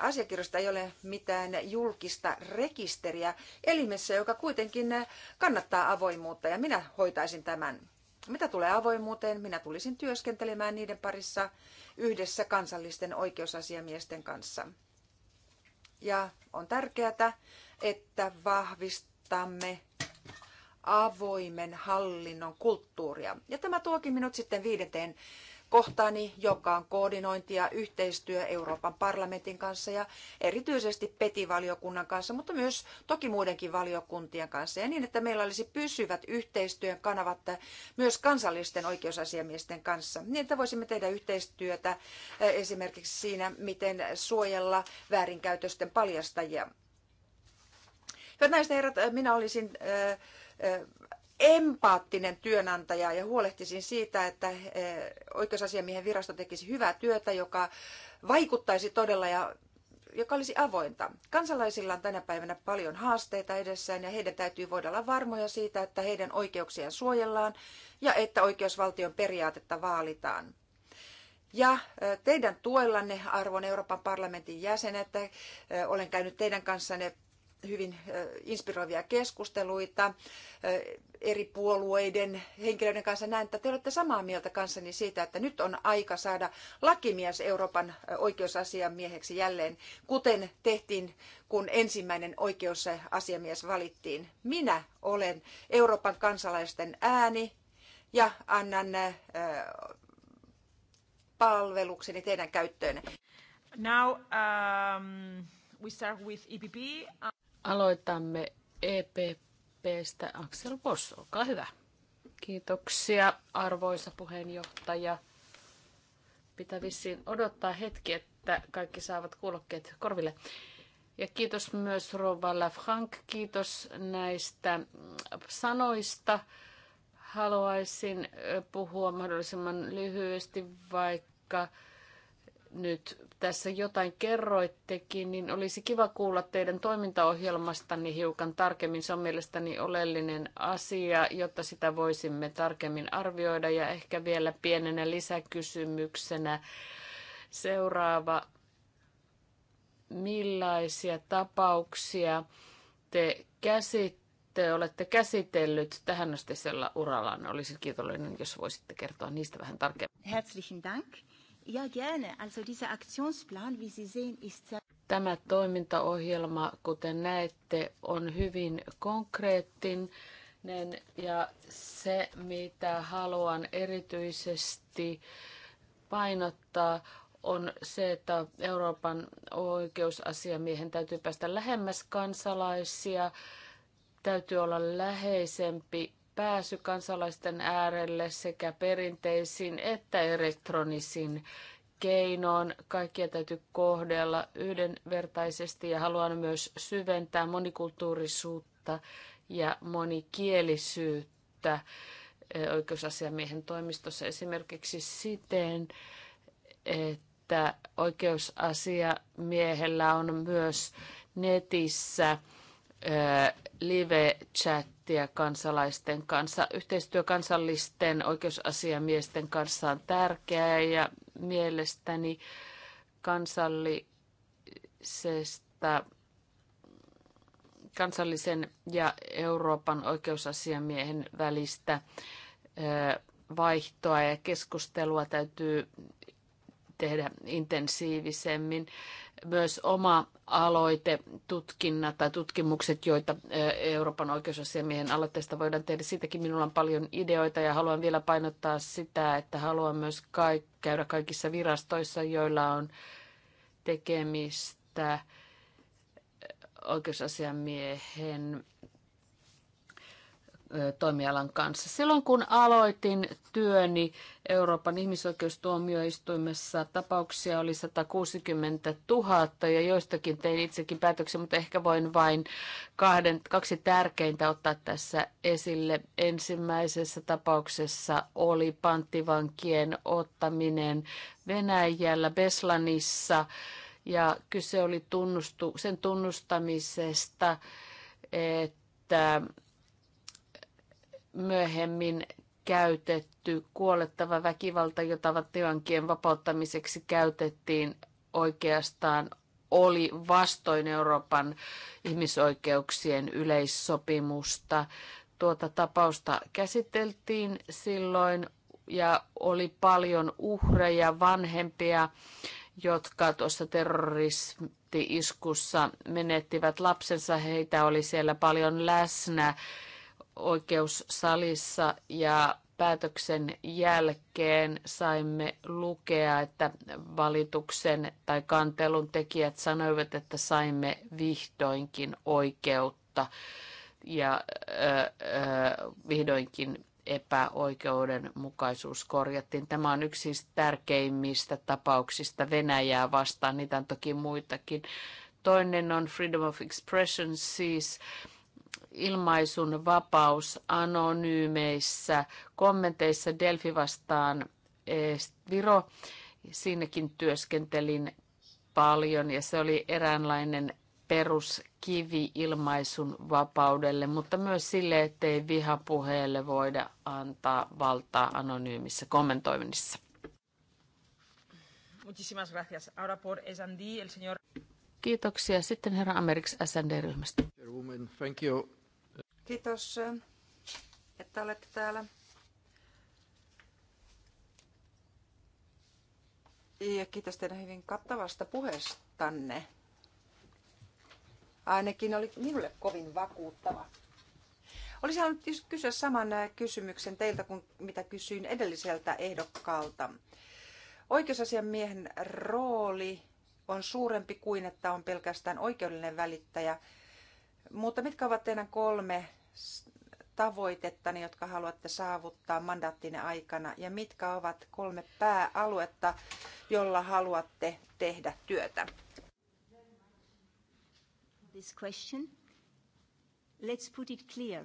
asiakirjoista ei ole mitään julkista rekisteriä elimessä, joka kuitenkin kannattaa avoimuutta ja minä hoitaisin tämän. Mitä tulee avoimuuteen, minä tulisin työskentelemään niiden parissa yhdessä kansallisten oikeusasiamiesten kanssa. Ja on tärkeää, että vahvistamme avoimen hallinnon kulttuuria. Ja tämä tuokin minut sitten viidenteen kohtaani, joka on koordinointi ja yhteistyö Euroopan parlamentin kanssa ja erityisesti PETI-valiokunnan kanssa, mutta myös toki muidenkin valiokuntien kanssa. Ja niin, että meillä olisi pysyvät yhteistyön kanavat myös kansallisten oikeusasiamiesten kanssa, niin että voisimme tehdä yhteistyötä eh, esimerkiksi siinä, miten suojella väärinkäytösten paljastajia. Hyvät naiset ja herrat, eh, minä olisin eh, empaattinen työnantaja ja huolehtisin siitä, että eh, oikeusasiamiehen virasto tekisi hyvää työtä, joka vaikuttaisi todella ja joka olisi avointa. Kansalaisilla on tänä päivänä paljon haasteita edessään ja heidän täytyy voida olla varmoja siitä, että heidän oikeuksiaan suojellaan ja että oikeusvaltion periaatetta vaalitaan. Ja eh, teidän tuellanne, arvon Euroopan parlamentin jäsenet, eh, olen käynyt teidän kanssanne hyvin inspiroivia keskusteluita eri puolueiden henkilöiden kanssa. Näen, että te olette samaa mieltä kanssani siitä, että nyt on aika saada lakimies Euroopan oikeusasiamieheksi jälleen, kuten tehtiin, kun ensimmäinen oikeusasiamies valittiin. Minä olen Euroopan kansalaisten ääni ja annan palvelukseni teidän käyttöön. Now, um, we start with EPP. Aloitamme EPPstä Axel Voss, olkaa hyvä. Kiitoksia arvoisa puheenjohtaja. Pitää vissiin odottaa hetki, että kaikki saavat kuulokkeet korville. Ja kiitos myös Rova Lafranc, kiitos näistä sanoista. Haluaisin puhua mahdollisimman lyhyesti, vaikka nyt tässä jotain kerroittekin, niin olisi kiva kuulla teidän toimintaohjelmastani hiukan tarkemmin. Se on mielestäni oleellinen asia, jotta sitä voisimme tarkemmin arvioida. Ja ehkä vielä pienenä lisäkysymyksenä seuraava. Millaisia tapauksia te käsitte? te olette käsitellyt tähän asti uralla? Olisin kiitollinen, jos voisitte kertoa niistä vähän tarkemmin. Herzlichen Dank. Tämä toimintaohjelma, kuten näette, on hyvin konkreettinen ja se, mitä haluan erityisesti painottaa, on se, että Euroopan oikeusasiamiehen täytyy päästä lähemmäs kansalaisia, täytyy olla läheisempi pääsy kansalaisten äärelle sekä perinteisin että elektronisin keinoin. Kaikkia täytyy kohdella yhdenvertaisesti ja haluan myös syventää monikulttuurisuutta ja monikielisyyttä eh, oikeusasiamiehen toimistossa esimerkiksi siten, että oikeusasiamiehellä on myös netissä live-chattia kansalaisten kanssa. Yhteistyö kansallisten oikeusasiamiesten kanssa on tärkeää ja mielestäni kansallisesta kansallisen ja Euroopan oikeusasiamiehen välistä vaihtoa ja keskustelua täytyy tehdä intensiivisemmin myös oma aloite, tutkinnat tai tutkimukset, joita Euroopan oikeusasiamiehen aloitteesta voidaan tehdä. Siitäkin minulla on paljon ideoita ja haluan vielä painottaa sitä, että haluan myös käydä kaikissa virastoissa, joilla on tekemistä oikeusasiamiehen toimialan kanssa. Silloin kun aloitin työni Euroopan ihmisoikeustuomioistuimessa, tapauksia oli 160 000 ja joistakin tein itsekin päätöksen, mutta ehkä voin vain kahden, kaksi tärkeintä ottaa tässä esille. Ensimmäisessä tapauksessa oli panttivankien ottaminen Venäjällä Beslanissa ja kyse oli tunnustu, sen tunnustamisesta, että että myöhemmin käytetty kuolettava väkivalta, jota vankien vapauttamiseksi käytettiin oikeastaan oli vastoin Euroopan ihmisoikeuksien yleissopimusta. Tuota tapausta käsiteltiin silloin ja oli paljon uhreja, vanhempia, jotka tuossa terroristi-iskussa menettivät lapsensa. Heitä oli siellä paljon läsnä oikeussalissa ja päätöksen jälkeen saimme lukea, että valituksen tai kantelun tekijät sanoivat, että saimme vihdoinkin oikeutta ja ö, ö, vihdoinkin epäoikeudenmukaisuus korjattiin. Tämä on yksi siis tärkeimmistä tapauksista Venäjää vastaan, niitä on toki muitakin. Toinen on Freedom of Expression, siis ö, ilmaisun vapaus anonyymeissä kommenteissa Delfi vastaan eh, Viro. Siinäkin työskentelin paljon ja se oli eräänlainen peruskivi ilmaisun vapaudelle, mutta myös sille, ettei vihapuheelle voida antaa valtaa anonyymissä kommentoinnissa. Muchísimas gracias. Ahora por el señor... Kiitoksia. Sitten herra Ameriks SND-ryhmästä. Thank you. Kiitos, että olette täällä. Ja kiitos teidän hyvin kattavasta puheestanne. Ainakin oli minulle kovin vakuuttava. Olisin halunnut kysyä saman äh, kysymyksen teiltä kuin mitä kysyin edelliseltä ehdokkaalta. Oikeusasiamiehen rooli on suurempi kuin että on pelkästään oikeudellinen välittäjä. Mutta mitkä ovat teidän kolme Tavoitettani, jotka haluatte saavuttaa mandaattinen aikana ja mitkä ovat kolme pääaluetta, jolla haluatte tehdä työtä? This question. Let's put it clear.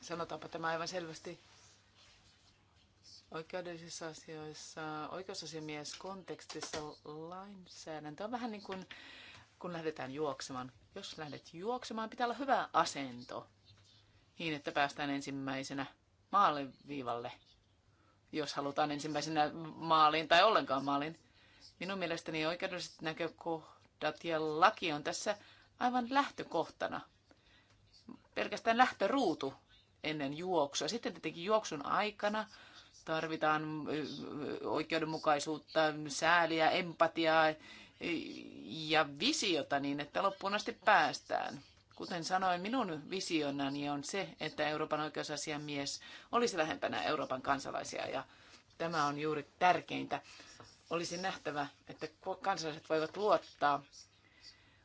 Sanotaanpa tämä aivan selvästi. Oikeudellisissa asioissa, oikeusasiamies kontekstissa lainsäädäntö on vähän niin kuin kun lähdetään juoksemaan. Jos lähdet juoksemaan, pitää olla hyvä asento niin, että päästään ensimmäisenä maaliviivalle, jos halutaan ensimmäisenä maaliin tai ollenkaan maaliin. Minun mielestäni oikeudelliset näkökohdat ja laki on tässä aivan lähtökohtana. Pelkästään lähtöruutu ennen juoksua. Sitten tietenkin juoksun aikana tarvitaan oikeudenmukaisuutta, sääliä, empatiaa ja visiota niin, että loppuun asti päästään. Kuten sanoin, minun visionani on se, että Euroopan oikeusasiamies olisi lähempänä Euroopan kansalaisia ja tämä on juuri tärkeintä. Olisi nähtävä, että kansalaiset voivat luottaa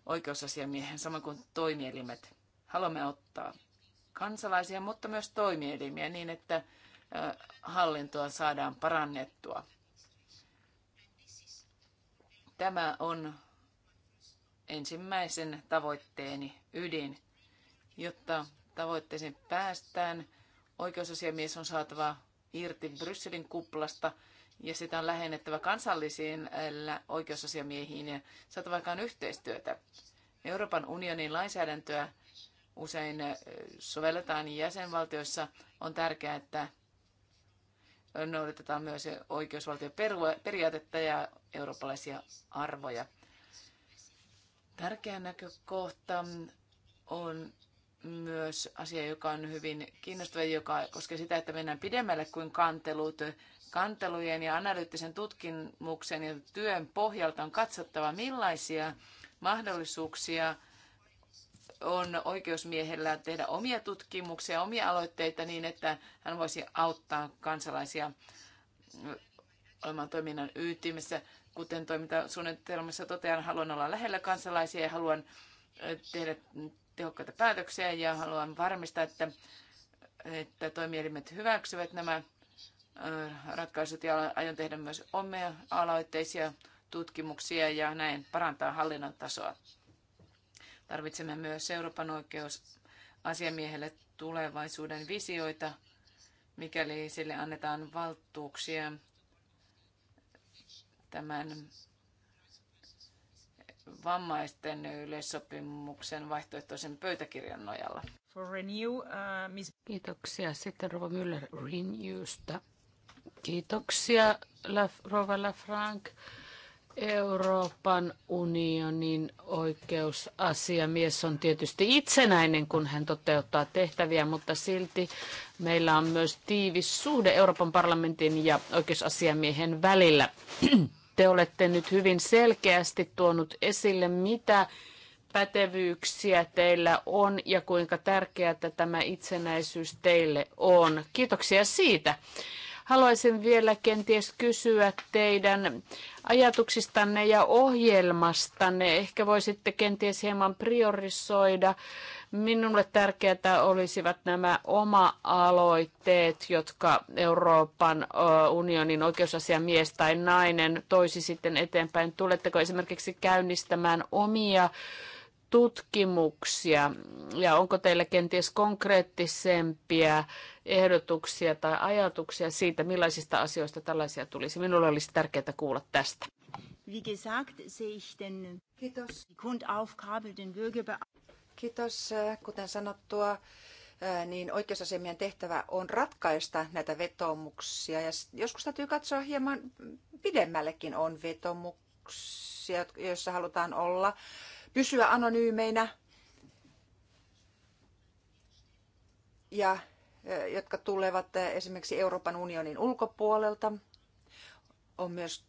oikeusasiamiehen samoin kuin toimielimet. Haluamme ottaa kansalaisia, mutta myös toimielimiä niin, että hallintoa saadaan parannettua. Tämä on ensimmäisen tavoitteeni ydin. Jotta tavoitteeseen päästään, oikeusasiamies on saatava irti Brysselin kuplasta ja sitä on lähennettävä kansallisiin oikeusasiamiehiin ja saatava aikaan yhteistyötä. Euroopan unionin lainsäädäntöä usein sovelletaan jäsenvaltioissa. On tärkeää, että noudatetaan myös oikeusvaltioperiaatetta ja eurooppalaisia arvoja. Tärkeä näkökohta on myös asia, joka on hyvin kiinnostava, joka koskee sitä, että mennään pidemmälle kuin kantelut. Kantelujen ja analyyttisen tutkimuksen ja työn pohjalta on katsottava, millaisia mahdollisuuksia – on oikeusmiehellä tehdä omia tutkimuksia, omia aloitteita niin, että hän voisi auttaa kansalaisia olemaan toiminnan ytimessä. Kuten toimintasuunnitelmassa totean, haluan olla lähellä kansalaisia ja haluan tehdä tehokkaita päätöksiä ja haluan varmistaa, että, että toimielimet hyväksyvät nämä ratkaisut ja aion tehdä myös omia aloitteisia tutkimuksia ja näin parantaa hallinnon tasoa. Tarvitsemme myös Euroopan oikeusasiamiehelle tulevaisuuden visioita, mikäli sille annetaan valtuuksia tämän vammaisten yleissopimuksen vaihtoehtoisen pöytäkirjan nojalla. For renew, uh, miss... Kiitoksia. Sitten Rova Müller Renewsta. Kiitoksia, Rova LaFranc. Euroopan unionin oikeusasiamies on tietysti itsenäinen, kun hän toteuttaa tehtäviä, mutta silti meillä on myös tiivis suhde Euroopan parlamentin ja oikeusasiamiehen välillä. Te olette nyt hyvin selkeästi tuonut esille, mitä pätevyyksiä teillä on ja kuinka tärkeää tämä itsenäisyys teille on. Kiitoksia siitä. Haluaisin vielä kenties kysyä teidän ajatuksistanne ja ohjelmastanne. Ehkä voisitte kenties hieman priorisoida. Minulle tärkeätä olisivat nämä oma-aloitteet, jotka Euroopan unionin oikeusasiamies tai nainen toisi sitten eteenpäin. Tuletteko esimerkiksi käynnistämään omia tutkimuksia ja onko teillä kenties konkreettisempia ehdotuksia tai ajatuksia siitä, millaisista asioista tällaisia tulisi? Minulle olisi tärkeää kuulla tästä. Wie gesagt, sehe ich den Kiitos. den Kiitos. Kuten sanottua, niin oikeusasiamiehen tehtävä on ratkaista näitä vetoomuksia. Ja joskus täytyy katsoa hieman pidemmällekin on vetomuksia, joissa halutaan olla pysyä anonyymeinä ja eh, jotka tulevat eh, esimerkiksi Euroopan unionin ulkopuolelta. On myös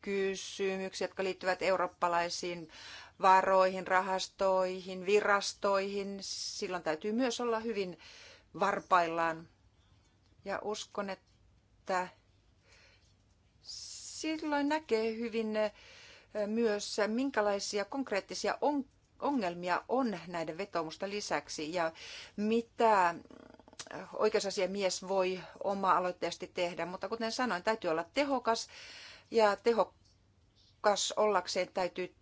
kysymyksiä, jotka liittyvät eurooppalaisiin varoihin, rahastoihin, virastoihin. Silloin täytyy myös olla hyvin varpaillaan. Ja uskon, että silloin näkee hyvin eh, myös, minkälaisia konkreettisia ongelmia on näiden vetoomusten lisäksi ja mitä mm, oikeusasiamies voi oma-aloitteisesti tehdä. Mutta kuten sanoin, täytyy olla tehokas ja tehokas ollakseen täytyy,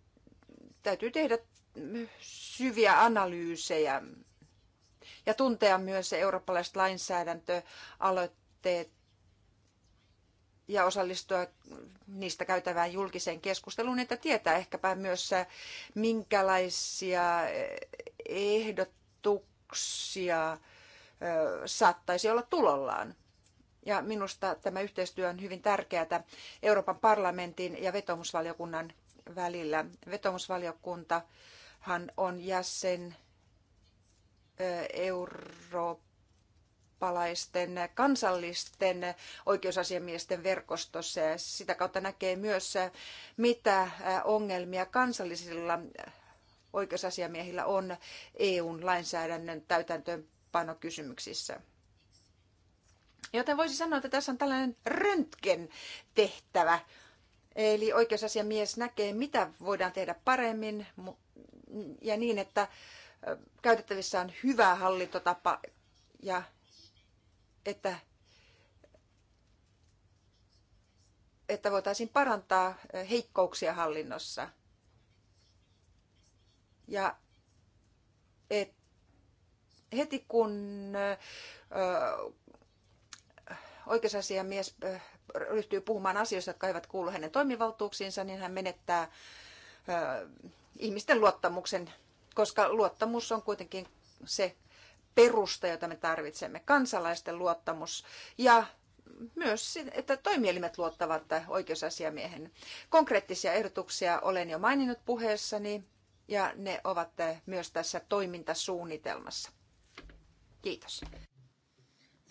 täytyy tehdä mm, syviä analyysejä ja tuntea myös eurooppalaiset lainsäädäntöaloitteet ja osallistua niistä käytävään julkiseen keskusteluun, että tietää ehkäpä myös äh, minkälaisia äh, ehdotuksia äh, saattaisi olla tulollaan. Ja minusta tämä yhteistyö on hyvin tärkeää Euroopan parlamentin ja vetomusvaliokunnan välillä. Vetomusvaliokuntahan on jäsen Euroopan eurooppalaisten kansallisten oikeusasiamiesten verkostossa ja sitä kautta näkee myös, mitä ongelmia kansallisilla oikeusasiamiehillä on EUn lainsäädännön täytäntöönpanokysymyksissä. Joten voisi sanoa, että tässä on tällainen röntgen tehtävä. Eli oikeusasiamies näkee, mitä voidaan tehdä paremmin ja niin, että käytettävissä on hyvä hallintotapa ja että, että voitaisiin parantaa eh, heikkouksia hallinnossa ja et, heti kun ö, eh, eh, oikeusasiamies ryhtyy puhumaan asioista, jotka eivät kuulu hänen toimivaltuuksiinsa, niin hän menettää ö, ihmisten luottamuksen, koska luottamus on kuitenkin se perusta, jota me tarvitsemme, kansalaisten luottamus ja myös, että toimielimet luottavat oikeusasiamiehen. Konkreettisia ehdotuksia olen jo maininnut puheessani ja ne ovat myös tässä toimintasuunnitelmassa. Kiitos.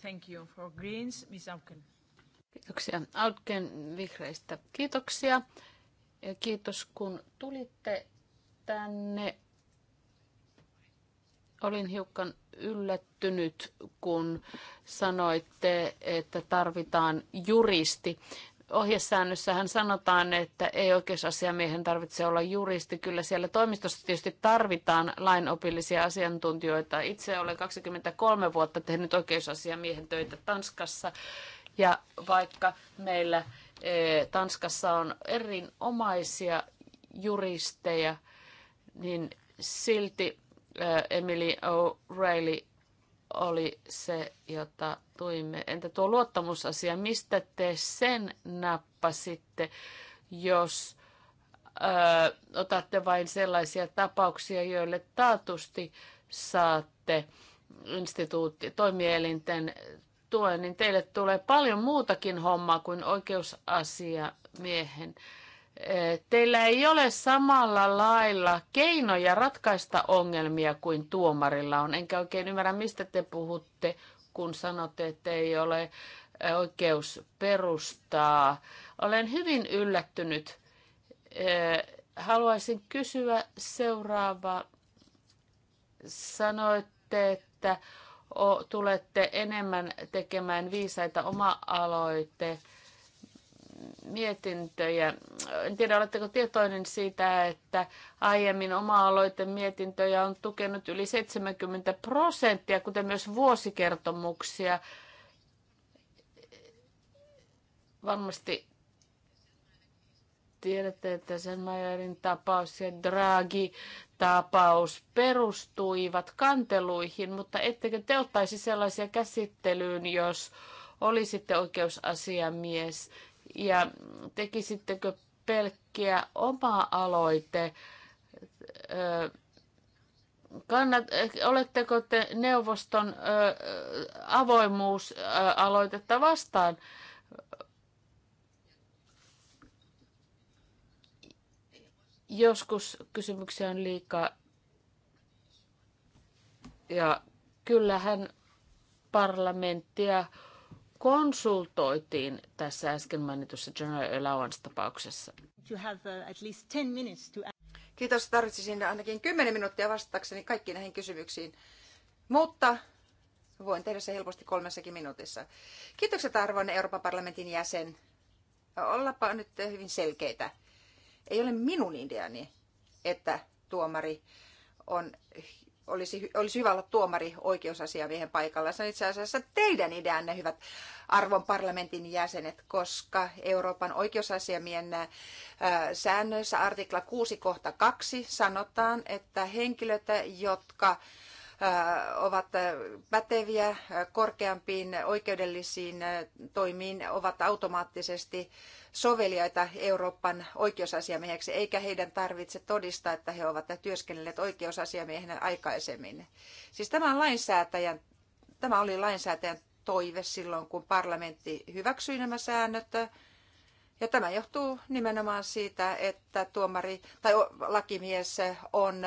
Thank you for Greens, Ms Auken. Kiitoksia Autken vihreistä. Kiitoksia. Ja kiitos kun tulitte tänne. Olin hiukan yllättynyt, kun sanoitte, että tarvitaan juristi ohjesäännössähän sanotaan, että ei oikeusasiamiehen tarvitse olla juristi. Kyllä siellä toimistossa tietysti tarvitaan lainopillisia asiantuntijoita. Itse olen 23 vuotta tehnyt oikeusasiamiehen töitä Tanskassa. Ja vaikka meillä e, Tanskassa on erinomaisia juristeja, niin silti Emily O'Reilly oli se, jota tuimme. Entä tuo luottamusasia, mistä te sen nappasitte, jos ö, otatte vain sellaisia tapauksia, joille taatusti saatte instituutti, toimielinten tuen, niin teille tulee paljon muutakin hommaa kuin oikeusasiamiehen miehen teillä ei ole samalla lailla keinoja ratkaista ongelmia kuin tuomarilla on. Enkä oikein ymmärrä, mistä te puhutte, kun sanotte, että ei ole oikeus perustaa. Olen hyvin yllättynyt. Haluaisin kysyä seuraavaa. Sanoitte, että tulette enemmän tekemään viisaita oma-aloitteita mietintöjä. En tiedä, oletteko tietoinen siitä, että aiemmin oma-aloite mietintöjä on tukenut yli 70 prosenttia, kuten myös vuosikertomuksia. Varmasti tiedätte, että sen Majerin tapaus ja Draghi tapaus perustuivat kanteluihin, mutta ettekö te ottaisi sellaisia käsittelyyn, jos olisitte oikeusasiamies ja tekisittekö pelkkiä oma aloite? Kannat, oletteko te neuvoston avoimuusaloitetta vastaan? Joskus kysymyksiä on liikaa. Ja kyllähän parlamenttia konsultoitiin tässä äsken mainitussa General Allowance-tapauksessa? Uh, Kiitos, tarvitsisin ainakin 10 minuuttia vastatakseni kaikkiin näihin kysymyksiin, mutta voin tehdä se helposti kolmessakin minuutissa. Kiitokset arvoinen Euroopan parlamentin jäsen. Ollapa nyt hyvin selkeitä. Ei ole minun ideani, että tuomari on olisi, olisi hyvä olla tuomari oikeusasiamiehen paikalla. Se on itse asiassa teidän ideanne, hyvät arvon parlamentin jäsenet, koska Euroopan oikeusasiamien äh, säännöissä artikla 6 kohta 2 sanotaan, että henkilöt, jotka ovat päteviä korkeampiin oikeudellisiin toimiin, ovat automaattisesti soveliaita Euroopan oikeusasiamieheksi, eikä heidän tarvitse todistaa, että he ovat työskennelleet oikeusasiamiehenä aikaisemmin. Siis tämä, on lainsäätäjän, tämä oli lainsäätäjän toive silloin, kun parlamentti hyväksyi nämä säännöt. Ja tämä johtuu nimenomaan siitä, että tuomari tai lakimies on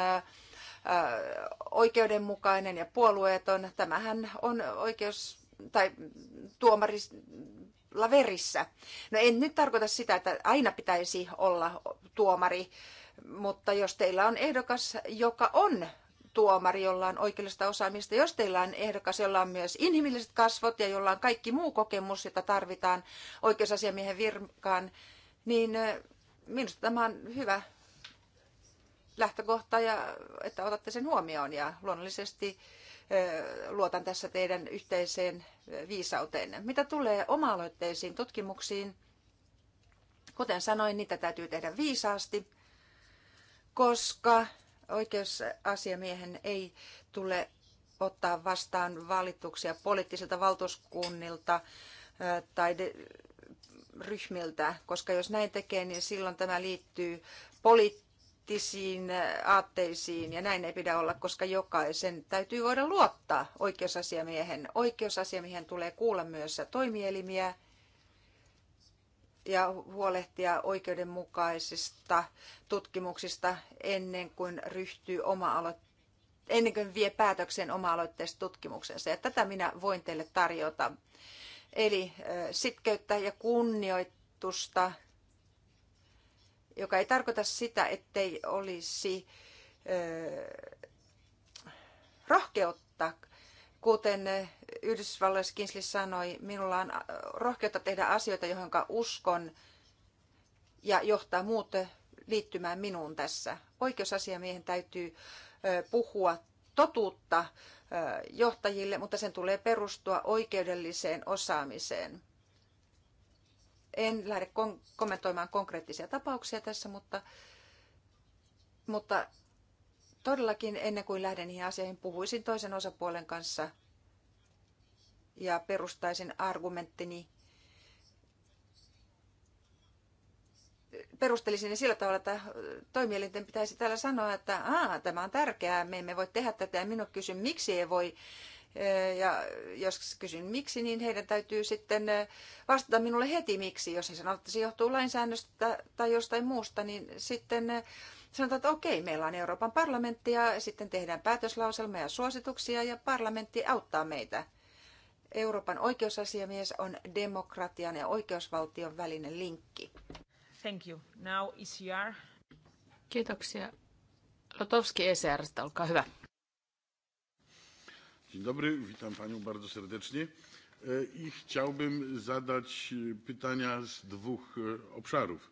oikeudenmukainen ja puolueeton. Tämähän on oikeus tai tuomarilla laverissä. No en nyt tarkoita sitä, että aina pitäisi olla tuomari, mutta jos teillä on ehdokas, joka on tuomari, jolla on oikeudellista osaamista, jos teillä on ehdokas, jolla on myös inhimilliset kasvot ja jolla on kaikki muu kokemus, jota tarvitaan oikeusasiamiehen virkaan, niin minusta tämä on hyvä lähtökohta ja että otatte sen huomioon ja luonnollisesti luotan tässä teidän yhteiseen viisauteen Mitä tulee oma-aloitteisiin tutkimuksiin, kuten sanoin, niitä täytyy tehdä viisaasti, koska oikeusasiamiehen ei tule ottaa vastaan valituksia poliittisilta valtuuskunnilta tai ryhmiltä, koska jos näin tekee, niin silloin tämä liittyy poliittiseen poliittisiin aatteisiin ja näin ei pidä olla, koska jokaisen täytyy voida luottaa oikeusasiamiehen. Oikeusasiamiehen tulee kuulla myös toimielimiä ja huolehtia oikeudenmukaisista tutkimuksista ennen kuin ryhtyy oma aloitteeseen ennen kuin vie päätöksen oma-aloitteesta tutkimuksensa. Ja tätä minä voin teille tarjota. Eli sitkeyttä ja kunnioitusta joka ei tarkoita sitä, ettei olisi rohkeutta. Kuten Yhdysvalloissa Kinsley sanoi, minulla on rohkeutta tehdä asioita, johon uskon ja johtaa muut liittymään minuun tässä. Oikeusasiamiehen täytyy puhua totuutta johtajille, mutta sen tulee perustua oikeudelliseen osaamiseen. En lähde kommentoimaan konkreettisia tapauksia tässä, mutta, mutta todellakin ennen kuin lähden niihin asioihin, puhuisin toisen osapuolen kanssa ja perustaisin argumenttini. Perustelisin ne sillä tavalla, että toimielinten pitäisi täällä sanoa, että Aa, tämä on tärkeää, me emme voi tehdä tätä. Ja minun kysyn, miksi ei voi Eh, ja jos kysyn miksi, niin heidän täytyy sitten eh, vastata minulle heti miksi. Jos he sanovat, että se johtuu lainsäännöstä tai jostain muusta, niin sitten eh, sanotaan, että okei, meillä on Euroopan parlamentti ja sitten tehdään päätöslauselma ja suosituksia ja parlamentti auttaa meitä. Euroopan oikeusasiamies on demokratian ja oikeusvaltion välinen linkki. Thank you. Now ECR. Kiitoksia. Lotowski ecr olkaa hyvä. Dzień dobry, witam panią bardzo serdecznie e, i chciałbym zadać e, pytania z dwóch e, obszarów.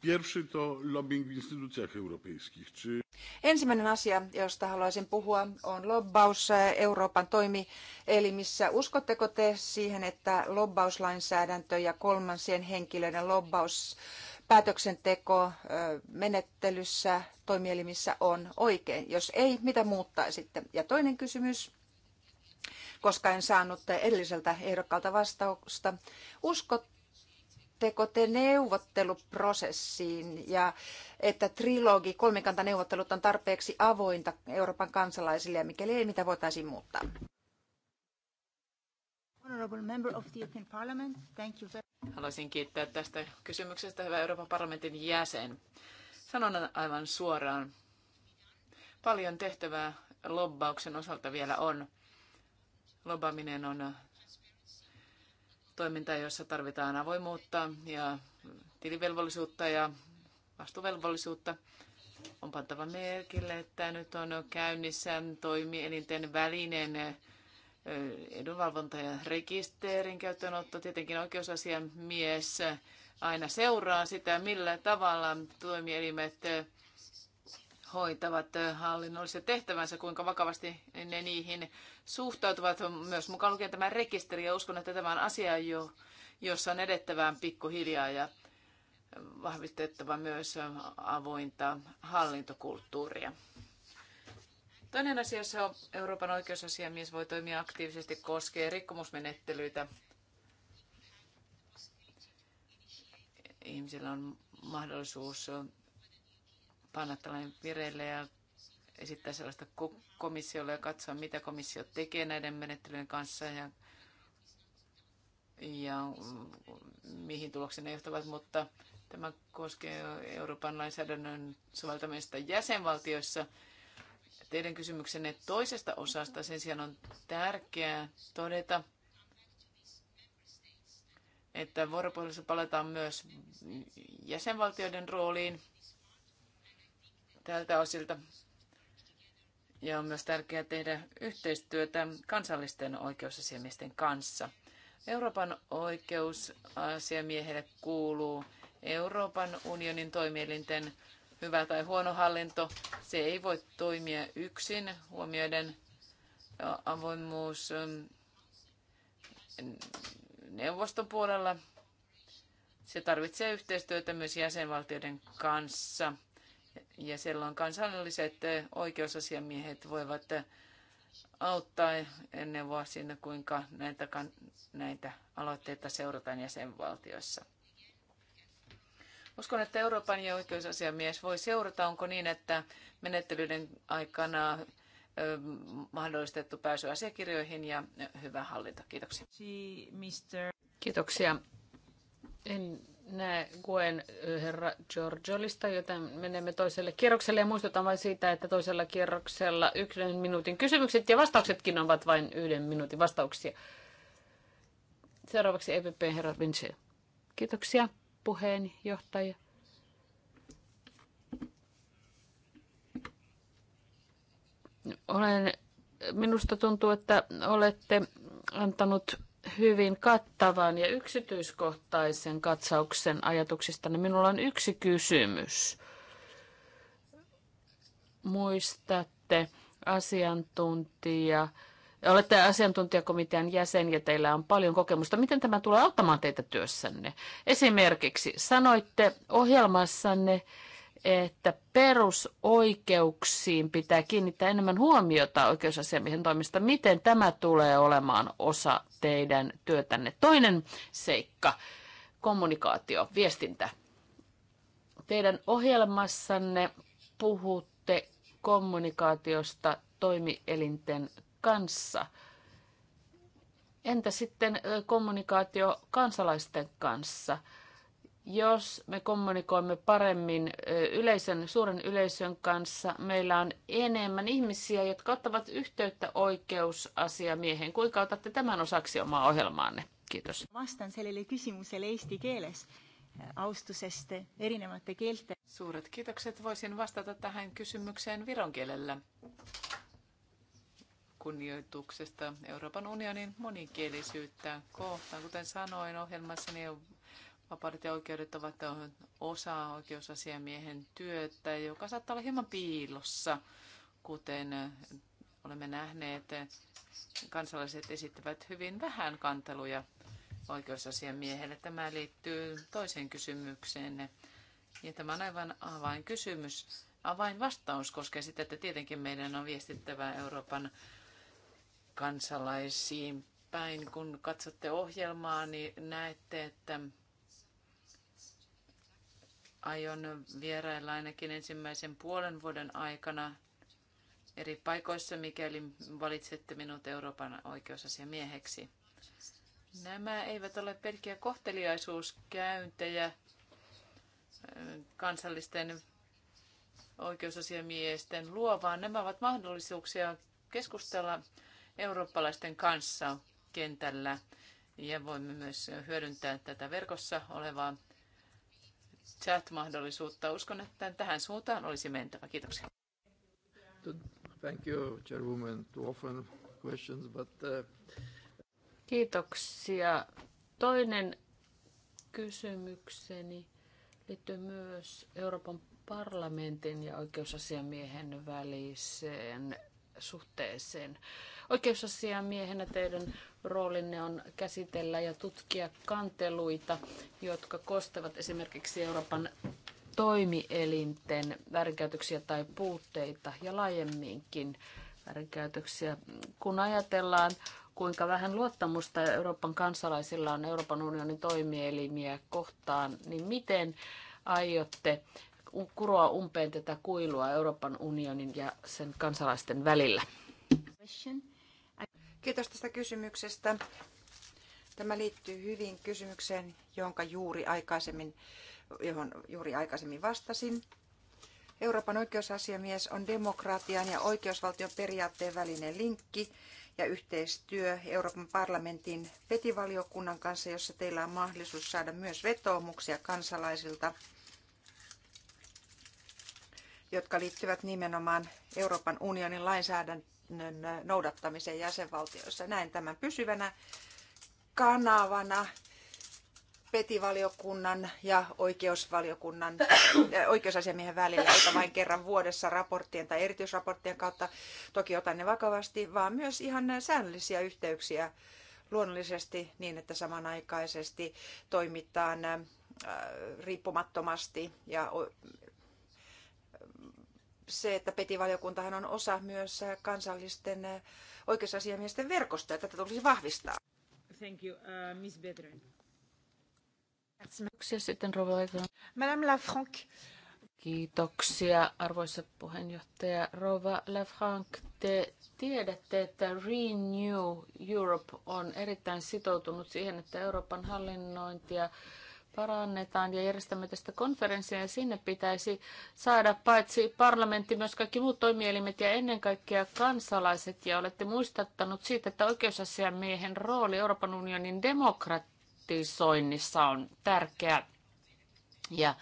Pierwszy to lobbying w instytucjach europejskich. Czy... Ensimmäinen asia, josta haluaisin puhua, on lobbaus Euroopan toimielimissä. Uskotteko te siihen, että lobbauslainsäädäntö ja kolmansien henkilöiden lobbaus päätöksenteko menettelyssä toimielimissä on oikein. Jos ei, mitä muuttaisitte? Ja toinen kysymys, koska en saanut edelliseltä ehdokkaalta vastausta. Uskotteko te neuvotteluprosessiin ja että trilogi, kolmikantaneuvottelut on tarpeeksi avointa Euroopan kansalaisille ja mikäli ei, mitä voitaisiin muuttaa? Haluaisin kiittää tästä kysymyksestä, hyvä Euroopan parlamentin jäsen. Sanon aivan suoraan, paljon tehtävää lobbauksen osalta vielä on. Lobbaaminen on toimintaa, jossa tarvitaan avoimuutta ja tilivelvollisuutta ja vastuvelvollisuutta. On pantava merkille, että nyt on käynnissä toimielinten välinen edunvalvonta- ja rekisterin käyttöönotto. Tietenkin oikeusasiamies aina seuraa sitä, millä tavalla toimielimet hoitavat hallinnollisia tehtävänsä, kuinka vakavasti ne niihin suhtautuvat, myös mukaan lukien tämä rekisteri, ja uskon, että tämä on asia, jo, jossa on edettävään pikkuhiljaa ja vahvistettava myös avointa hallintokulttuuria. Toinen asia, jossa Euroopan oikeusasiamies voi toimia aktiivisesti, koskee rikkomusmenettelyitä. Ihmisillä on mahdollisuus panna tällainen vireille ja esittää sellaista komissiolle ja katsoa, mitä komissio tekee näiden menettelyjen kanssa ja, ja mihin tuloksen ne johtavat, mutta tämä koskee Euroopan lainsäädännön soveltamista jäsenvaltioissa – teidän kysymyksenne toisesta osasta. Sen sijaan on tärkeää todeta, että vuoropuhelussa palataan myös jäsenvaltioiden rooliin tältä osilta. Ja on myös tärkeää tehdä yhteistyötä kansallisten oikeusasiamiesten kanssa. Euroopan oikeusasiamiehelle kuuluu Euroopan unionin toimielinten hyvä tai huono hallinto, se ei voi toimia yksin huomioiden avoimuus neuvoston puolella. Se tarvitsee yhteistyötä myös jäsenvaltioiden kanssa. Ja silloin kansalliset oikeusasiamiehet voivat auttaa ja neuvoa siinä, kuinka näitä, näitä aloitteita seurataan jäsenvaltioissa. Uskon, että Euroopan ja oikeusasiamies voi seurata, onko niin, että menettelyiden aikana mahdollistettu pääsy asiakirjoihin ja hyvä hallinta. Kiitoksia. Kiitoksia. En näe Guen herra Georgiolista, joten menemme toiselle kierrokselle ja muistutan vain siitä, että toisella kierroksella yhden minuutin kysymykset ja vastauksetkin ovat vain yhden minuutin vastauksia. Seuraavaksi EPP herra Vinci. Kiitoksia puheenjohtaja. Olen, minusta tuntuu, että olette antanut hyvin kattavan ja yksityiskohtaisen katsauksen ajatuksista, niin minulla on yksi kysymys. Muistatte asiantuntija Olette asiantuntijakomitean jäsen ja teillä on paljon kokemusta. Miten tämä tulee auttamaan teitä työssänne? Esimerkiksi sanoitte ohjelmassanne, että perusoikeuksiin pitää kiinnittää enemmän huomiota oikeusasiamiehen toimista. Miten tämä tulee olemaan osa teidän työtänne? Toinen seikka, kommunikaatio, viestintä. Teidän ohjelmassanne puhutte kommunikaatiosta toimielinten kanssa? Entä sitten kommunikaatio kansalaisten kanssa? Jos me kommunikoimme paremmin yleisön, suuren yleisön kanssa, meillä on enemmän ihmisiä, jotka ottavat yhteyttä oikeusasiamiehen. Kuinka otatte tämän osaksi omaa ohjelmaanne? Kiitos. Vastaan sellele kysymykselle eesti keeles äh, austusesta erinevate keelte. Suuret kiitokset. Voisin vastata tähän kysymykseen viron kielellä kunnioituksesta Euroopan unionin monikielisyyttä kohtaan. Kuten sanoin ohjelmassani, vapaudet ja oikeudet ovat osa oikeusasiamiehen työtä, joka saattaa olla hieman piilossa, kuten olemme nähneet. Kansalaiset esittävät hyvin vähän kanteluja oikeusasiamiehelle. Tämä liittyy toiseen kysymykseen. Ja tämä on aivan avainkysymys. Avainvastaus koskee sitä, että tietenkin meidän on viestittävä Euroopan kansalaisiin päin. Kun katsotte ohjelmaa, niin näette, että aion vierailla ainakin ensimmäisen puolen vuoden aikana eri paikoissa, mikäli valitsette minut Euroopan oikeusasiamieheksi. Nämä eivät ole pelkkiä kohteliaisuuskäyntejä äh, kansallisten oikeusasiamiesten luo, vaan nämä ovat mahdollisuuksia keskustella eurooppalaisten kanssa kentällä ja voimme myös hyödyntää tätä verkossa olevaa chat-mahdollisuutta. Uskon, että tähän suuntaan olisi mentävä. Kiitoksia. Thank you, Chairwoman. Too often questions, but, uh... Kiitoksia. Toinen kysymykseni liittyy myös Euroopan parlamentin ja oikeusasiamiehen väliseen suhteeseen. Oikeusasiamiehenä teidän roolinne on käsitellä ja tutkia kanteluita, jotka koskevat esimerkiksi Euroopan toimielinten väärinkäytöksiä tai puutteita ja laajemminkin väärinkäytöksiä. Kun ajatellaan, kuinka vähän luottamusta Euroopan kansalaisilla on Euroopan unionin toimielimiä kohtaan, niin miten aiotte kuroa umpeen tätä kuilua Euroopan unionin ja sen kansalaisten välillä? Kiitos tästä kysymyksestä. Tämä liittyy hyvin kysymykseen, jonka juuri aikaisemmin, johon juuri aikaisemmin vastasin. Euroopan oikeusasiamies on demokratian ja oikeusvaltion periaatteen välinen linkki ja yhteistyö Euroopan parlamentin petivaliokunnan kanssa, jossa teillä on mahdollisuus saada myös vetoomuksia kansalaisilta jotka liittyvät nimenomaan Euroopan unionin lainsäädännön noudattamiseen jäsenvaltioissa. Näen tämän pysyvänä kanavana petivaliokunnan ja oikeusvaliokunnan ja oikeusasiamiehen välillä, eikä vain kerran vuodessa raporttien tai erityisraporttien kautta. Toki otan ne vakavasti, vaan myös ihan säännöllisiä yhteyksiä luonnollisesti niin, että samanaikaisesti toimitaan äh, riippumattomasti ja se, että petivaliokuntahan on osa myös kansallisten oikeusasiamiesten verkostoa, että tätä tulisi vahvistaa. Thank you, uh, Miss Bedren. Sitten Rovaiva. Madame Lafranc. Kiitoksia, arvoisa puheenjohtaja Rova Lafranc. Te tiedätte, että Renew Europe on erittäin sitoutunut siihen, että Euroopan hallinnointia ja parannetaan ja järjestämme tästä konferenssia ja sinne pitäisi saada paitsi parlamentti, myös kaikki muut toimielimet ja ennen kaikkea kansalaiset. Ja olette muistattanut siitä, että oikeusasiamiehen rooli Euroopan unionin demokratisoinnissa on tärkeä. Ja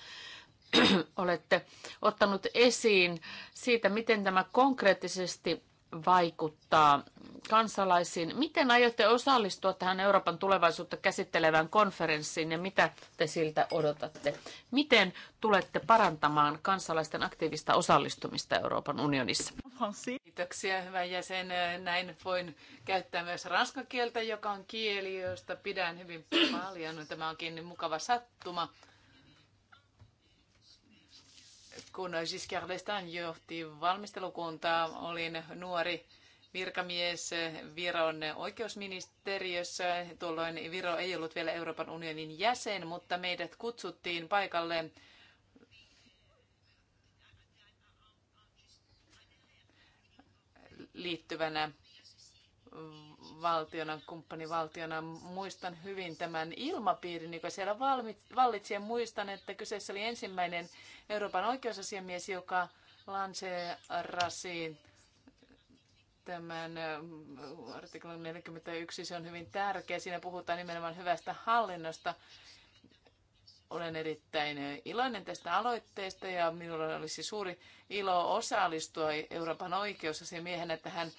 olette ottanut esiin siitä, miten tämä konkreettisesti vaikuttaa kansalaisiin. Miten aiotte osallistua tähän Euroopan tulevaisuutta käsittelevään konferenssiin ja mitä te siltä odotatte? Miten tulette parantamaan kansalaisten aktiivista osallistumista Euroopan unionissa? Kiitoksia, hyvä jäsen. Näin voin käyttää myös ranskan kieltä, joka on kieli, josta pidän hyvin paljon. Tämä onkin mukava sattuma kun Giscard d'Estaing johti valmistelukuntaa, olin nuori virkamies Viron oikeusministeriössä. Tuolloin Viro ei ollut vielä Euroopan unionin jäsen, mutta meidät kutsuttiin paikalle liittyvänä valtiona, kumppanivaltiona. Muistan hyvin tämän ilmapiirin, joka siellä vallitsi ja muistan, että kyseessä oli ensimmäinen Euroopan oikeusasiamies, joka lanseerasi tämän artiklan 41. Se on hyvin tärkeä. Siinä puhutaan nimenomaan hyvästä hallinnosta. Olen erittäin iloinen tästä aloitteesta ja minulla olisi suuri ilo osallistua Euroopan oikeusasiamiehenä tähän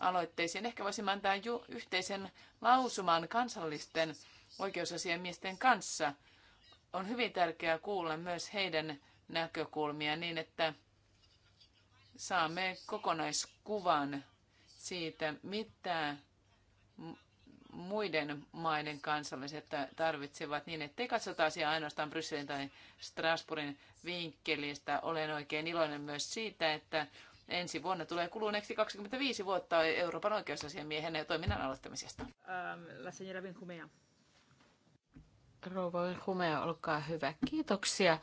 aloitteeseen. Ehkä voisimme antaa ju- yhteisen lausuman kansallisten oikeusasiamiesten kanssa. On hyvin tärkeää kuulla myös heidän näkökulmia niin, että saamme kokonaiskuvan siitä, mitä muiden maiden kansalaiset tarvitsevat niin, ettei katsota asiaa ainoastaan Brysselin tai Strasbourgin vinkkelistä. Olen oikein iloinen myös siitä, että ensi vuonna tulee kuluneeksi 25 vuotta Euroopan oikeusasiamiehen ja toiminnan aloittamisesta. Ähm, la señora Rouva Benjumea, olkaa hyvä. Kiitoksia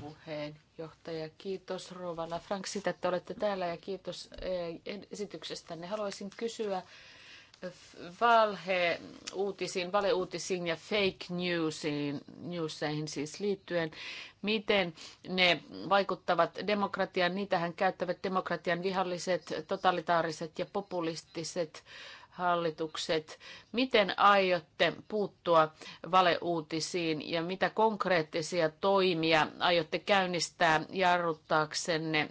puheenjohtaja. Kiitos Rovala Frank sitä että olette täällä ja kiitos eh, esityksestänne. Haluaisin kysyä eh, valheuutisiin, valeuutisiin ja fake newsiin, newseihin siis liittyen, miten ne vaikuttavat demokratiaan. Niitähän käyttävät demokratian viholliset, totalitaariset ja populistiset hallitukset. Miten aiotte puuttua valeuutisiin ja mitä konkreettisia toimia aiotte käynnistää jarruttaaksenne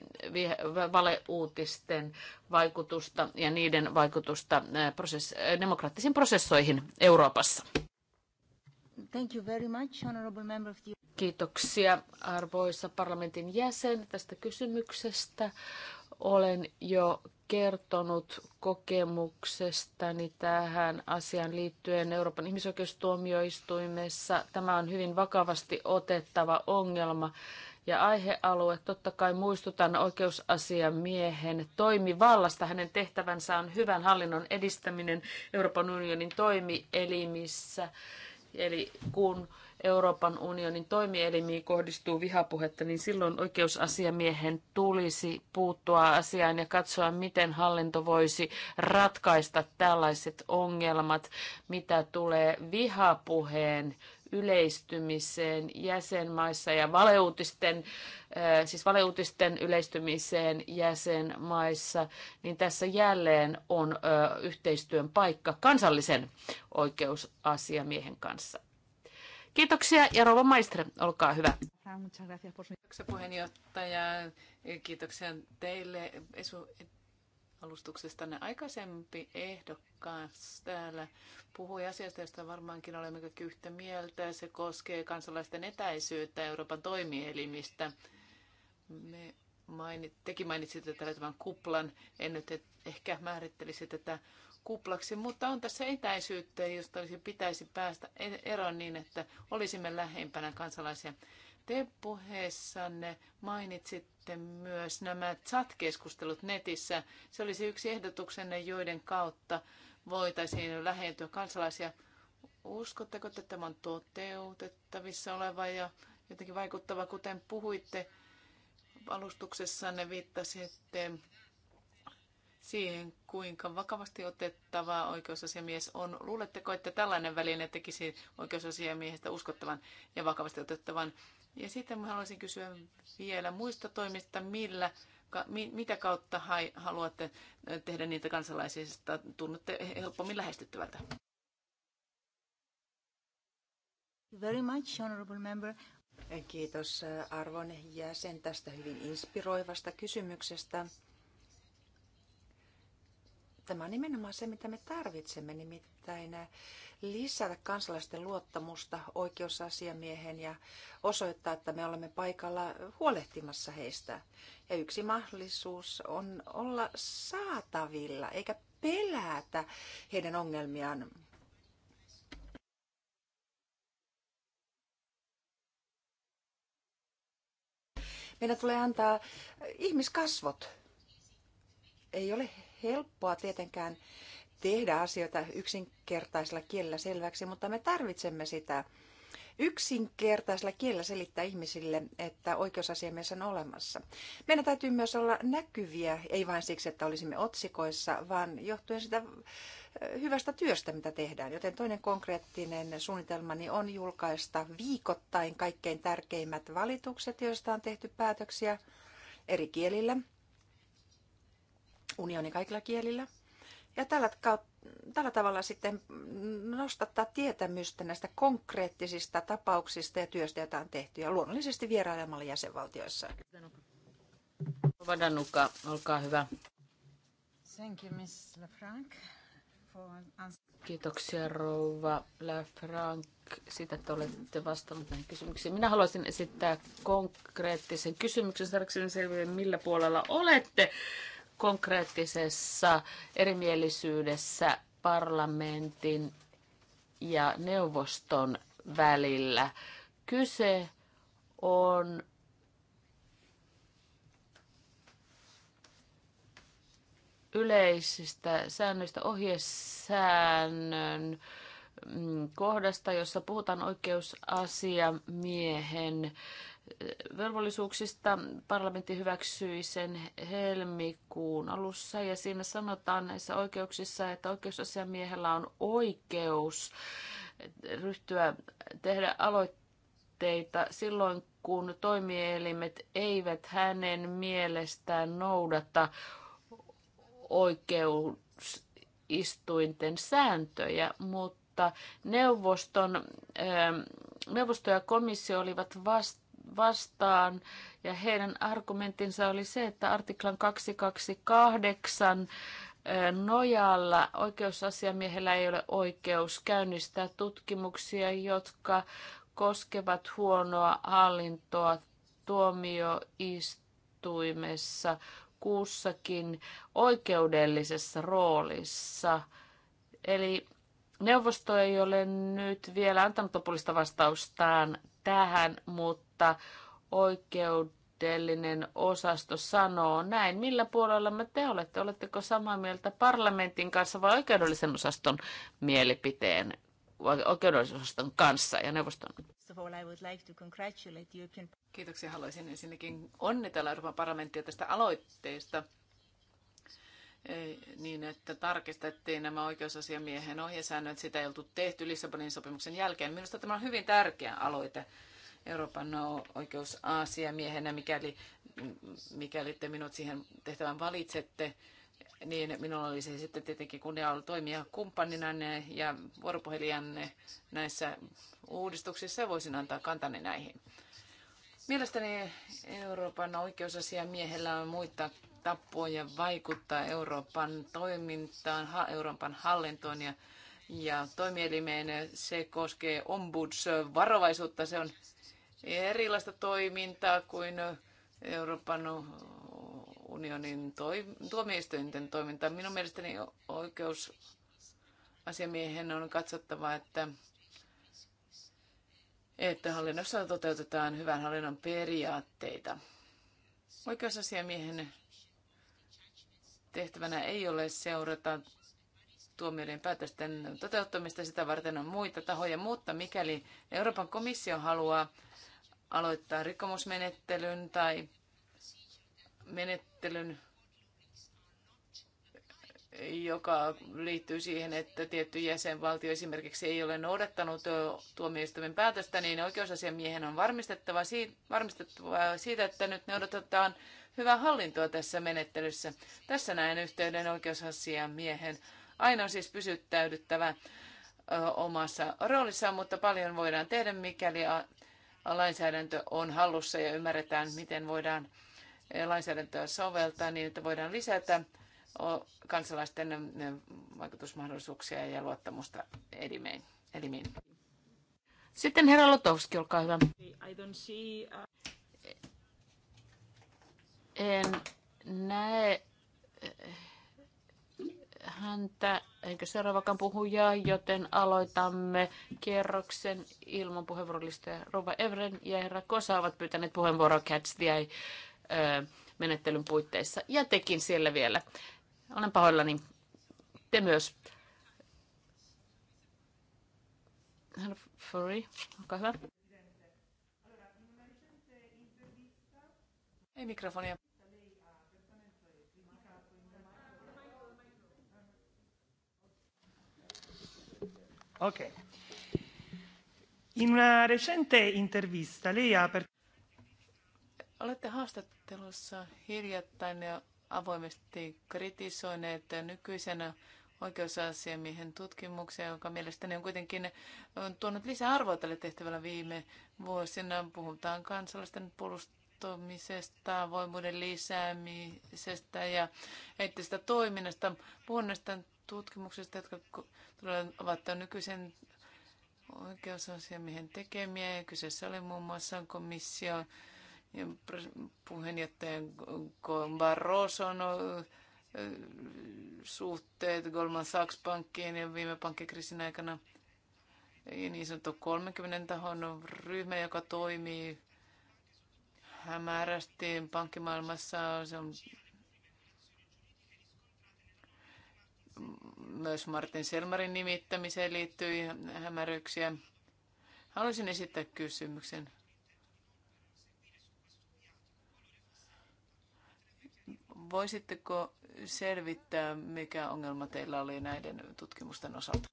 valeuutisten vaikutusta ja niiden vaikutusta äh, prosess- äh, demokraattisiin prosessoihin Euroopassa? Thank you very much, honorable member of the... Kiitoksia arvoisa parlamentin jäsen tästä kysymyksestä. Olen jo kertonut kokemuksestani tähän asiaan liittyen Euroopan ihmisoikeustuomioistuimessa. Tämä on hyvin vakavasti otettava ongelma ja aihealue. Totta kai muistutan oikeusasiamiehen toimivallasta. Hänen tehtävänsä on hyvän hallinnon edistäminen Euroopan unionin toimielimissä. Eli kun Euroopan unionin toimielimiin kohdistuu vihapuhetta, niin silloin oikeusasiamiehen tulisi puuttua asiaan ja katsoa, miten hallinto voisi ratkaista tällaiset ongelmat, mitä tulee vihapuheen yleistymiseen jäsenmaissa ja valeuutisten, siis valeuutisten yleistymiseen jäsenmaissa, niin tässä jälleen on yhteistyön paikka kansallisen oikeusasiamiehen kanssa. Kiitoksia ja Rova Maistre, olkaa hyvä. Ah, Kiitoksia puheenjohtaja. Kiitoksia teille esu ne aikaisempi ehdokkaas täällä puhui asiasta, josta varmaankin olemme kaikki yhtä mieltä. Se koskee kansalaisten etäisyyttä Euroopan toimielimistä. Me mainit, tekin mainitsitte tämän kuplan. En nyt ehkä määrittelisi tätä kuplaksi, mutta on tässä etäisyyttä, josta olisi, pitäisi päästä e- eroon niin, että olisimme lähempänä kansalaisia. Te puheessanne mainitsitte myös nämä chat-keskustelut netissä. Se olisi yksi ehdotuksenne, joiden kautta voitaisiin lähentyä kansalaisia. Uskotteko, että tämä on toteutettavissa oleva ja jotenkin vaikuttava, kuten puhuitte alustuksessanne viittasitte siihen, kuinka vakavasti otettava oikeusasiamies on. Luuletteko, että tällainen väline tekisi oikeusasiamiehestä uskottavan ja vakavasti otettavan? Ja sitten mä haluaisin kysyä vielä muista toimista, millä, mitä kautta haluatte tehdä niitä kansalaisista, tunnutte helpommin lähestyttävältä? Very much, honorable member. Kiitos arvon jäsen tästä hyvin inspiroivasta kysymyksestä Tämä on nimenomaan se, mitä me tarvitsemme, nimittäin lisätä kansalaisten luottamusta oikeusasiamiehen ja osoittaa, että me olemme paikalla huolehtimassa heistä. Ja yksi mahdollisuus on olla saatavilla, eikä pelätä heidän ongelmiaan. Meidän tulee antaa ihmiskasvot. Ei ole helppoa tietenkään tehdä asioita yksinkertaisella kielellä selväksi, mutta me tarvitsemme sitä yksinkertaisella kielellä selittää ihmisille, että oikeusasiamies on olemassa. Meidän täytyy myös olla näkyviä, ei vain siksi, että olisimme otsikoissa, vaan johtuen sitä eh, hyvästä työstä, mitä tehdään. Joten toinen konkreettinen suunnitelmani on julkaista viikoittain kaikkein tärkeimmät valitukset, joista on tehty päätöksiä eri kielillä – Unioni kaikilla kielillä. Ja tällä, tällä tavalla sitten nostattaa tietämystä näistä konkreettisista tapauksista ja työstä, jota on tehty, ja luonnollisesti vierailemalla jäsenvaltioissa. Vadanuka, olkaa hyvä. Thank you, Miss LeFranc. Kiitoksia rouva Lafranc siitä, että olette vastannut näihin kysymyksiin. Minä haluaisin esittää konkreettisen kysymyksen saadakseni selville, millä puolella olette konkreettisessa erimielisyydessä parlamentin ja neuvoston välillä. Kyse on yleisistä säännöistä ohjesäännön mm, kohdasta, jossa puhutaan oikeusasiamiehen miehen velvollisuuksista. Parlamentti hyväksyi sen helmikuun alussa ja siinä sanotaan näissä oikeuksissa, että oikeusasiamiehellä on oikeus ryhtyä tehdä aloitteita silloin, kun toimielimet eivät hänen mielestään noudata oikeusistuinten sääntöjä, mutta neuvoston, ähm, neuvosto ja komissio olivat vasta vastaan. Ja heidän argumenttinsa oli se, että artiklan 228 nojalla oikeusasiamiehellä ei ole oikeus käynnistää tutkimuksia, jotka koskevat huonoa hallintoa tuomioistuimessa kussakin oikeudellisessa roolissa. Eli neuvosto ei ole nyt vielä antanut lopullista vastaustaan tähän, mutta oikeudellinen osasto sanoo näin. Millä puolella me te olette? Oletteko samaa mieltä parlamentin kanssa vai oikeudellisen osaston mielipiteen oikeudellisen osaston kanssa ja neuvoston. Kiitoksia. Haluaisin ensinnäkin onnitella Euroopan parlamenttia tästä aloitteesta niin, että tarkistettiin nämä oikeusasiamiehen ohjesäännöt. Sitä ei oltu tehty Lissabonin sopimuksen jälkeen. Minusta tämä on hyvin tärkeä aloite Euroopan oikeusasiamiehenä, mikäli, mikäli te minut siihen tehtävän valitsette niin minulla olisi sitten tietenkin kunnia ollut toimia kumppanina ja vuoropuhelijanne näissä uudistuksissa ja voisin antaa kantani näihin. Mielestäni Euroopan oikeusasiamiehellä on muita tapoja vaikuttaa Euroopan toimintaan, Euroopan hallintoon ja, ja toimielimeen. Se koskee ombuds-varovaisuutta. Se on erilaista toimintaa kuin Euroopan unionin toi, tuomioistuinten toiminta. Minun mielestäni oikeusasiamiehen on katsottava, että että hallinnossa toteutetaan hyvän hallinnon periaatteita. Oikeusasiamiehen tehtävänä ei ole seurata tuomioiden päätösten toteuttamista, sitä varten on muita tahoja, mutta mikäli Euroopan komissio haluaa aloittaa rikkomusmenettelyn tai menettelyn joka liittyy siihen, että tietty jäsenvaltio esimerkiksi ei ole noudattanut tuomioistuimen päätöstä, niin oikeusasiamiehen on varmistettava, siitä, varmistettava siitä, että nyt noudatetaan hyvää hallintoa tässä menettelyssä. Tässä näen yhteyden oikeusasiamiehen. Aina on siis pysyttäydyttävä omassa roolissaan, mutta paljon voidaan tehdä, mikäli lainsäädäntö on hallussa ja ymmärretään, miten voidaan lainsäädäntöä soveltaa niin, että voidaan lisätä kansalaisten vaikutusmahdollisuuksia ja luottamusta elimiin. Sitten herra Lotowski, olkaa hyvä. I don't see, uh... En näe eh, häntä, eikä seuraavakaan puhuja, joten aloitamme kierroksen ilman puheenvuorolistoja. Rova Evren ja herra Kosa ovat pyytäneet puheenvuoroa Catch the Eye eh, menettelyn puitteissa. Ja tekin siellä vielä. Olen pahoillani. Te myös. Furry, olkaa hyvä. Ei mikrofonia. Ok. In una recente intervista lei ha per... Olette haastattelussa hiljattain ja avoimesti kritisoineet nykyisen oikeusasiamiehen tutkimuksia, joka mielestäni on kuitenkin on tuonut lisäarvoa tälle tehtävällä viime vuosina. Puhutaan kansalaisten puolustamisesta, voimuuden lisäämisestä ja eettisestä toiminnasta. Puhun näistä tutkimuksista, jotka ovat nykyisen oikeusasiamiehen tekemiä. Ja kyseessä oli muun muassa komission ja puheenjohtajan Barroson no, suhteet Goldman Sachs pankkiin ja viime pankkikriisin aikana ja niin sanottu 30 tahon ryhmä, joka toimii hämärästi pankkimaailmassa. Se on myös Martin Selmarin nimittämiseen liittyy hämäryksiä. Haluaisin esittää kysymyksen. Voisitteko selvittää, mikä ongelma teillä oli näiden tutkimusten osalta?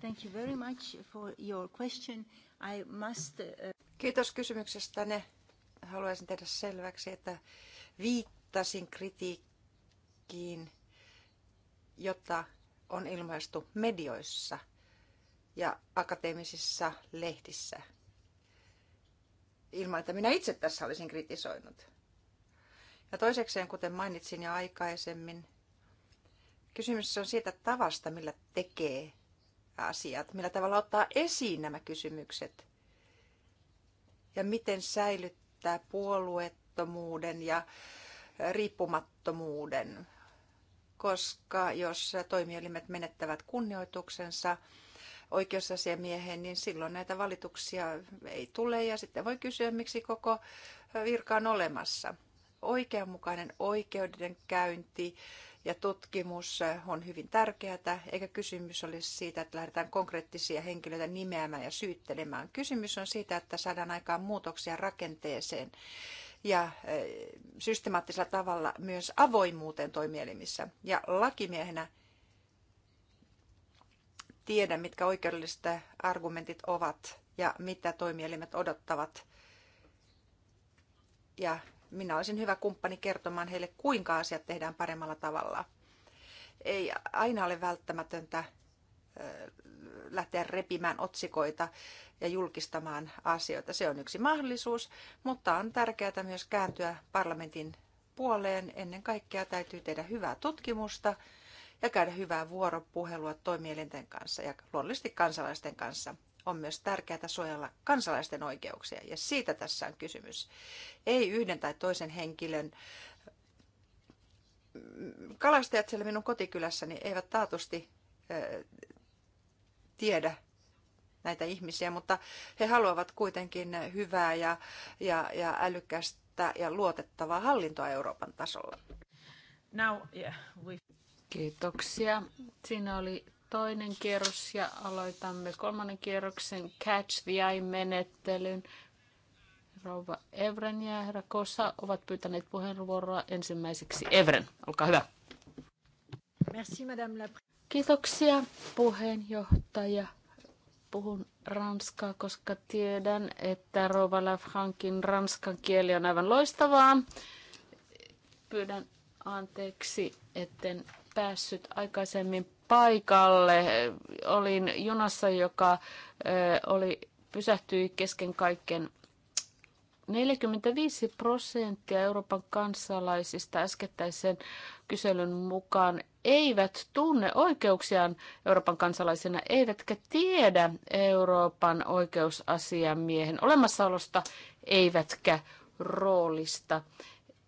Thank you very much for your question. I must... Uh, Kiitos kysymyksestänne. Haluaisin tehdä selväksi, että viittasin kritiikkiin, jota on ilmaistu medioissa ja akateemisissa lehdissä ilman, että minä itse tässä olisin kritisoinut. Ja toisekseen, kuten mainitsin jo aikaisemmin, kysymys on siitä tavasta, millä tekee asiat, millä tavalla ottaa esiin nämä kysymykset ja miten säilyttää puolueettomuuden ja riippumattomuuden. Koska jos toimielimet menettävät kunnioituksensa, oikeusasiamieheen, niin silloin näitä valituksia ei tule ja sitten voi kysyä, miksi koko virka on olemassa. Oikeanmukainen oikeudenkäynti ja tutkimus on hyvin tärkeää, eikä kysymys ole siitä, että lähdetään konkreettisia henkilöitä nimeämään ja syyttelemään. Kysymys on siitä, että saadaan aikaan muutoksia rakenteeseen ja eh, systemaattisella tavalla myös avoimuuteen toimielimissä. Ja lakimiehenä tiedä, mitkä oikeudelliset argumentit ovat ja mitä toimielimet odottavat. Ja minä olisin hyvä kumppani kertomaan heille, kuinka asiat tehdään paremmalla tavalla. Ei aina ole välttämätöntä lähteä repimään otsikoita ja julkistamaan asioita. Se on yksi mahdollisuus, mutta on tärkeää myös kääntyä parlamentin puoleen. Ennen kaikkea täytyy tehdä hyvää tutkimusta ja käydä hyvää vuoropuhelua toimielinten kanssa ja luonnollisesti kansalaisten kanssa. On myös tärkeää suojella kansalaisten oikeuksia ja siitä tässä on kysymys. Ei yhden tai toisen henkilön mm, kalastajat siellä minun kotikylässäni eivät taatusti tiedä näitä ihmisiä, mutta he haluavat kuitenkin hyvää ja, ja, ja älykästä ja luotettavaa hallintoa Euroopan tasolla. Now, yeah, we... Kiitoksia. Siinä oli toinen kierros ja aloitamme kolmannen kierroksen Catch the Eye-menettelyn. Rouva Evren ja herra Kosa ovat pyytäneet puheenvuoroa ensimmäiseksi. Evren, olkaa hyvä. Merci, madame la... Kiitoksia puheenjohtaja. Puhun ranskaa, koska tiedän, että Rouva Lafrankin ranskan kieli on aivan loistavaa. Pyydän anteeksi, etten päässyt aikaisemmin paikalle. Olin junassa, joka oli, pysähtyi kesken kaiken 45 prosenttia Euroopan kansalaisista äskettäisen kyselyn mukaan eivät tunne oikeuksiaan Euroopan kansalaisena, eivätkä tiedä Euroopan oikeusasiamiehen olemassaolosta, eivätkä roolista.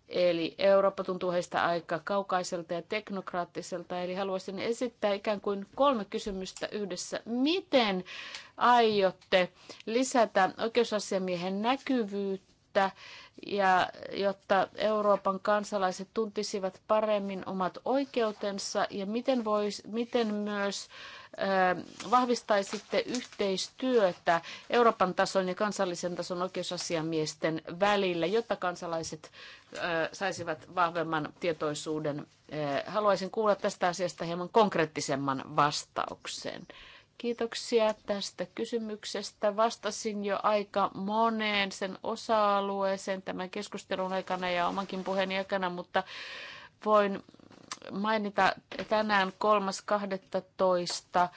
Eli Eurooppa tuntuu heistä aika kaukaiselta ja teknokraattiselta. Eli haluaisin esittää ikään kuin kolme kysymystä yhdessä. Miten aiotte lisätä oikeusasiamiehen näkyvyyttä, ja jotta Euroopan kansalaiset tuntisivat paremmin omat oikeutensa ja miten, vois, miten myös vahvistaisitte yhteistyötä Euroopan tason ja kansallisen tason oikeusasiamiesten välillä, jotta kansalaiset saisivat vahvemman tietoisuuden? Haluaisin kuulla tästä asiasta hieman konkreettisemman vastauksen. Kiitoksia tästä kysymyksestä. Vastasin jo aika moneen sen osa-alueeseen tämän keskustelun aikana ja omankin puheen aikana, mutta voin mainita tänään 3.12.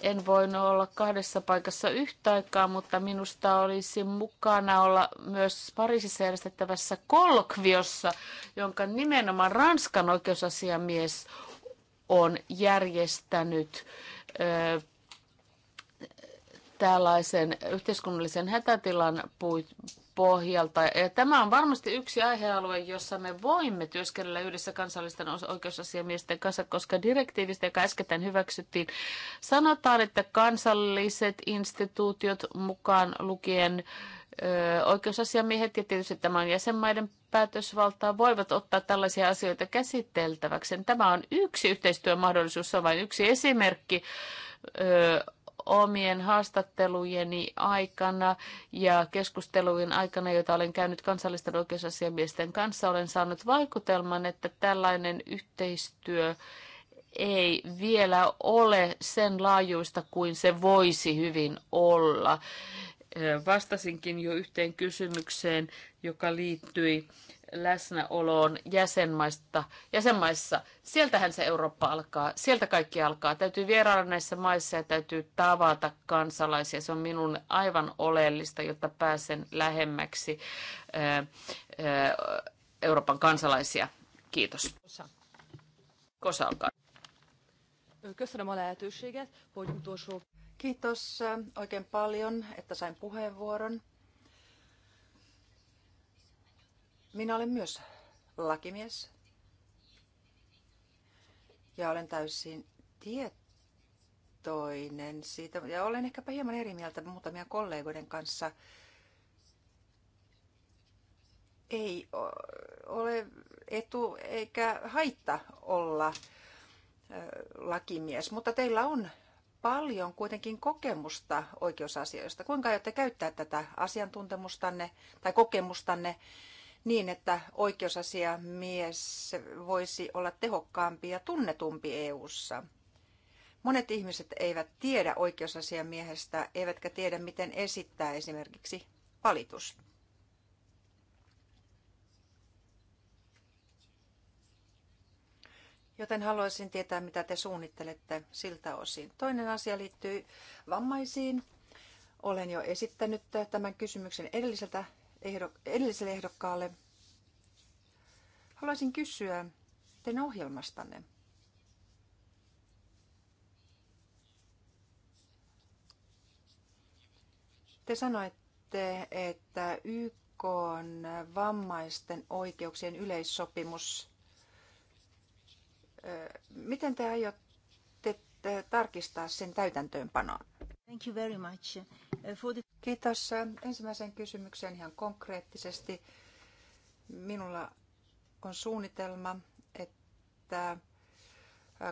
En voinut olla kahdessa paikassa yhtä aikaa, mutta minusta olisi mukana olla myös Pariisissa järjestettävässä kolkviossa, jonka nimenomaan Ranskan oikeusasiamies on järjestänyt tällaisen yhteiskunnallisen hätätilan pohjalta. Ja tämä on varmasti yksi aihealue, jossa me voimme työskennellä yhdessä kansallisten oikeusasiamiesten kanssa, koska direktiivistä, joka äsken hyväksyttiin, sanotaan, että kansalliset instituutiot mukaan lukien oikeusasiamiehet ja tietysti tämän jäsenmaiden päätösvaltaa voivat ottaa tällaisia asioita käsiteltäväksi. Tämä on yksi yhteistyömahdollisuus, se on vain yksi esimerkki omien haastattelujeni aikana ja keskustelujen aikana, joita olen käynyt kansallisten oikeusasiamiesten kanssa, olen saanut vaikutelman, että tällainen yhteistyö ei vielä ole sen laajuista kuin se voisi hyvin olla. Vastasinkin jo yhteen kysymykseen, joka liittyi läsnäoloon jäsenmaista, jäsenmaissa. Sieltähän se Eurooppa alkaa, sieltä kaikki alkaa. Täytyy vierailla näissä maissa ja täytyy tavata kansalaisia. Se on minun aivan oleellista, jotta pääsen lähemmäksi Euroopan kansalaisia. Kiitos. Kosa. Kosa alkaa. Kiitos oikein paljon, että sain puheenvuoron. Minä olen myös lakimies ja olen täysin tietoinen siitä. Ja olen ehkäpä hieman eri mieltä muutamia kollegoiden kanssa. Ei ole etu eikä haitta olla lakimies, mutta teillä on paljon kuitenkin kokemusta oikeusasioista. Kuinka aiotte käyttää tätä asiantuntemustanne tai kokemustanne niin, että oikeusasiamies voisi olla tehokkaampi ja tunnetumpi EU:ssa. Monet ihmiset eivät tiedä oikeusasiamiehestä, eivätkä tiedä, miten esittää esimerkiksi valitus. Joten haluaisin tietää, mitä te suunnittelette siltä osin. Toinen asia liittyy vammaisiin. Olen jo esittänyt tämän kysymyksen edelliseltä ehdo, edelliselle ehdokkaalle. Haluaisin kysyä teidän ohjelmastanne. Te sanoitte, että YK on vammaisten oikeuksien yleissopimus. Miten te aiotte tarkistaa sen täytäntöönpanoa? Thank you very much. Uh, for the... Kiitos. Ensimmäisen kysymyksen ihan konkreettisesti. Minulla on suunnitelma, että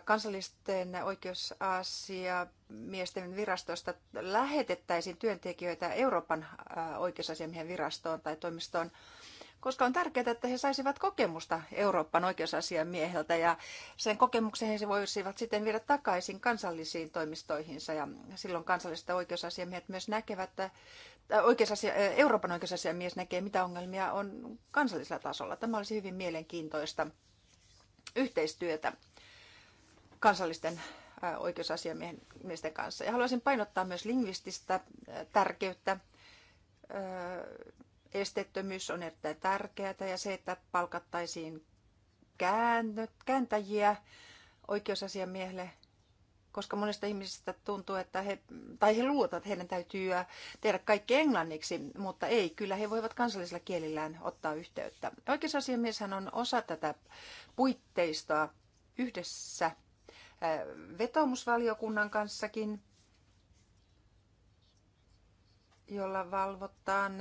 kansallisten oikeusasia miesten virastosta lähetettäisiin työntekijöitä Euroopan oikeusasiamiehen virastoon tai toimistoon koska on tärkeää, että he saisivat kokemusta Euroopan oikeusasiamieheltä ja sen kokemuksen he voisivat sitten viedä takaisin kansallisiin toimistoihinsa ja silloin kansalliset oikeusasiamiehet myös näkevät, että äh, oikeusasia, äh, Euroopan oikeusasiamies näkee, mitä ongelmia on kansallisella tasolla. Tämä olisi hyvin mielenkiintoista yhteistyötä kansallisten äh, oikeusasiamiesten kanssa. Ja haluaisin painottaa myös lingvististä tärkeyttä Esteettömyys on erittäin tärkeää ja se, että palkattaisiin kääntäjiä oikeusasiamiehelle, koska monesta ihmisistä tuntuu, että he, tai he luotat, että heidän täytyy äh, tehdä kaikki englanniksi, mutta ei, kyllä he voivat kansallisella kielillään ottaa yhteyttä. Oikeusasiamieshän on osa tätä puitteistoa yhdessä äh, vetomusvaliokunnan kanssakin – jolla valvotaan,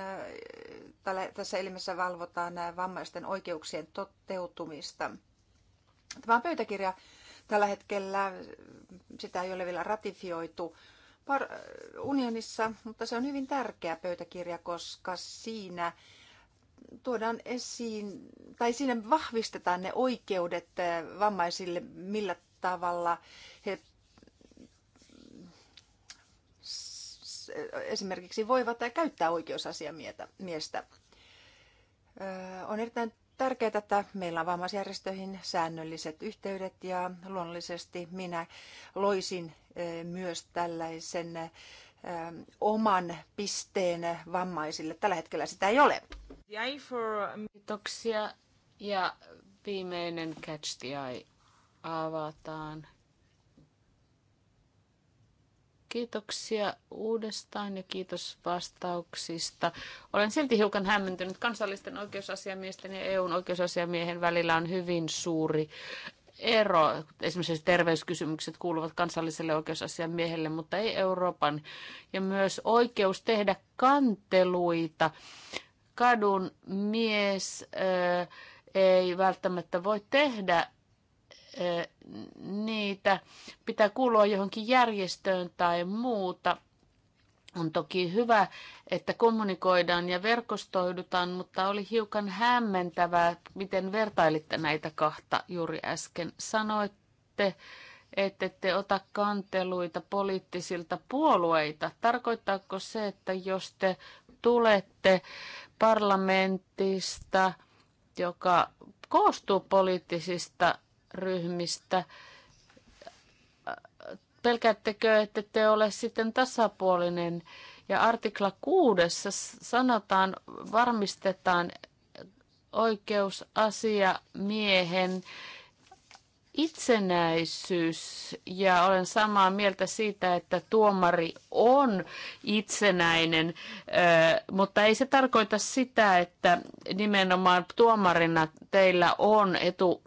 tässä elimessä valvotaan vammaisten oikeuksien toteutumista. Tämä on pöytäkirja tällä hetkellä, sitä ei ole vielä ratifioitu unionissa, mutta se on hyvin tärkeä pöytäkirja, koska siinä tuodaan esiin, tai siinä vahvistetaan ne oikeudet vammaisille, millä tavalla he esimerkiksi voivat käyttää oikeusasiamiestä. On erittäin tärkeää, että meillä on vammaisjärjestöihin säännölliset yhteydet ja luonnollisesti minä loisin myös tällaisen oman pisteen vammaisille. Tällä hetkellä sitä ei ole. Kiitoksia ja viimeinen Catch the Eye avataan. Kiitoksia uudestaan ja kiitos vastauksista. Olen silti hiukan hämmentynyt. Kansallisten oikeusasiamiesten ja EUn oikeusasiamiehen välillä on hyvin suuri ero. Esimerkiksi terveyskysymykset kuuluvat kansalliselle oikeusasiamiehelle, mutta ei Euroopan. Ja myös oikeus tehdä kanteluita. Kadun mies ei välttämättä voi tehdä niitä. Pitää kuulua johonkin järjestöön tai muuta. On toki hyvä, että kommunikoidaan ja verkostoidutaan, mutta oli hiukan hämmentävää, miten vertailitte näitä kahta juuri äsken. Sanoitte, että ette ota kanteluita poliittisilta puolueita. Tarkoittaako se, että jos te tulette parlamentista, joka koostuu poliittisista ryhmistä. Pelkäättekö, että te ole sitten tasapuolinen? Ja artikla kuudessa sanotaan, varmistetaan oikeusasia miehen itsenäisyys ja olen samaa mieltä siitä, että tuomari on itsenäinen, mutta ei se tarkoita sitä, että nimenomaan tuomarina teillä on etu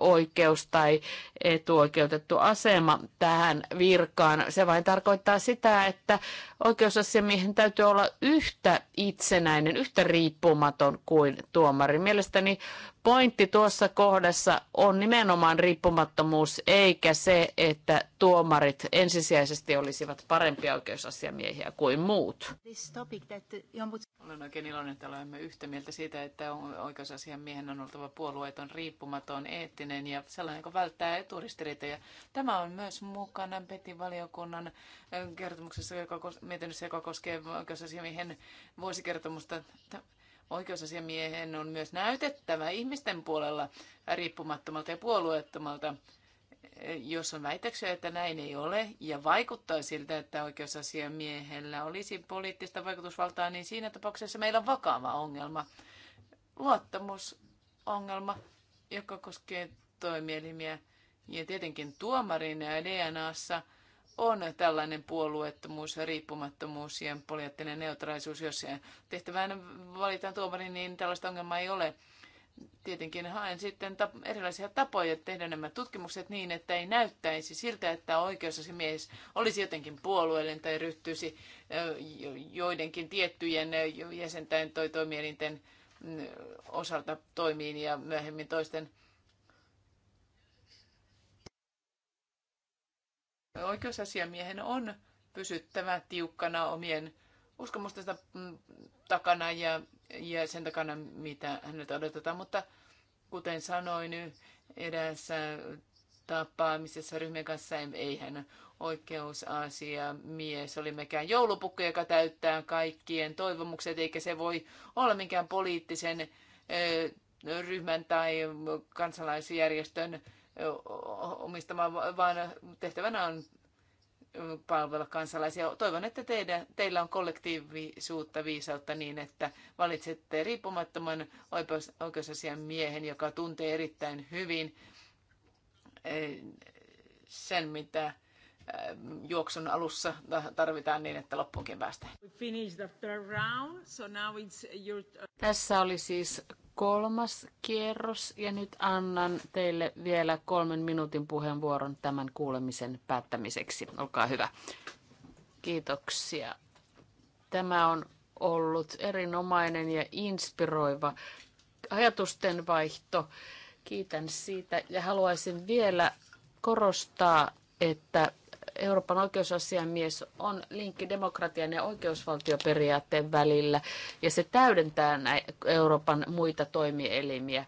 oikeus tai etuoikeutettu asema tähän virkaan. Se vain tarkoittaa sitä, että oikeusasiamiehen täytyy olla yhtä itsenäinen, yhtä riippumaton kuin tuomari. Mielestäni pointti tuossa kohdassa on nimenomaan riippumattomuus, eikä se, että tuomarit ensisijaisesti olisivat parempia oikeusasiamiehiä kuin muut. Olen oikein iloinen, että olemme yhtä mieltä siitä, että oikeusasiamiehen on oltava puolueeton, riippumaton, eettinen ja sellainen, joka välttää eturistiriitoja. Tämä on myös mukana Petin valiokunnan eh, kertomuksessa, joka, mietinnössä, joka koskee oikeusasiamiehen vuosikertomusta. Oikeusasiamiehen on myös näytettävä ihmisten puolella riippumattomalta ja puolueettomalta, jos on väitöksiä, että näin ei ole ja vaikuttaa siltä, että oikeusasiamiehellä olisi poliittista vaikutusvaltaa, niin siinä tapauksessa meillä on vakava ongelma, luottamusongelma, joka koskee toimielimiä. Ja tietenkin tuomarin DNAssa – on tällainen puolueettomuus, riippumattomuus ja poliittinen neutraalisuus. Jos tehtävään valitaan tuomari, niin tällaista ongelmaa ei ole. Tietenkin haen sitten tap- erilaisia tapoja tehdä nämä tutkimukset niin, että ei näyttäisi siltä, että oikeusasiamies olisi jotenkin puolueellinen tai ryhtyisi joidenkin tiettyjen jäsenten tai toimielinten mm, osalta toimiin ja myöhemmin toisten Oikeusasiamiehen on pysyttävä tiukkana omien uskomustensa mm, takana ja, ja sen takana, mitä häneltä odotetaan. Mutta kuten sanoin edessä tapaamisessa ryhmän kanssa, ei hän oikeusasia mies oli mikään joulupukki, joka täyttää kaikkien toivomukset, eikä se voi olla minkään poliittisen ryhmän tai kansalaisjärjestön omistamaan, vaan tehtävänä on palvella kansalaisia. Toivon, että teidän, teillä on kollektiivisuutta viisautta niin, että valitsette riippumattoman oikeusasian miehen, joka tuntee erittäin hyvin eh, sen, mitä eh, juoksun alussa tarvitaan niin, että loppuunkin päästään. Tässä oli siis kolmas kierros ja nyt annan teille vielä kolmen minuutin puheenvuoron tämän kuulemisen päättämiseksi. Olkaa hyvä. Kiitoksia. Tämä on ollut erinomainen ja inspiroiva ajatusten vaihto. Kiitän siitä ja haluaisin vielä korostaa, että Euroopan oikeusasiamies on linkki demokratian ja oikeusvaltioperiaatteen välillä, ja se täydentää Euroopan muita toimielimiä.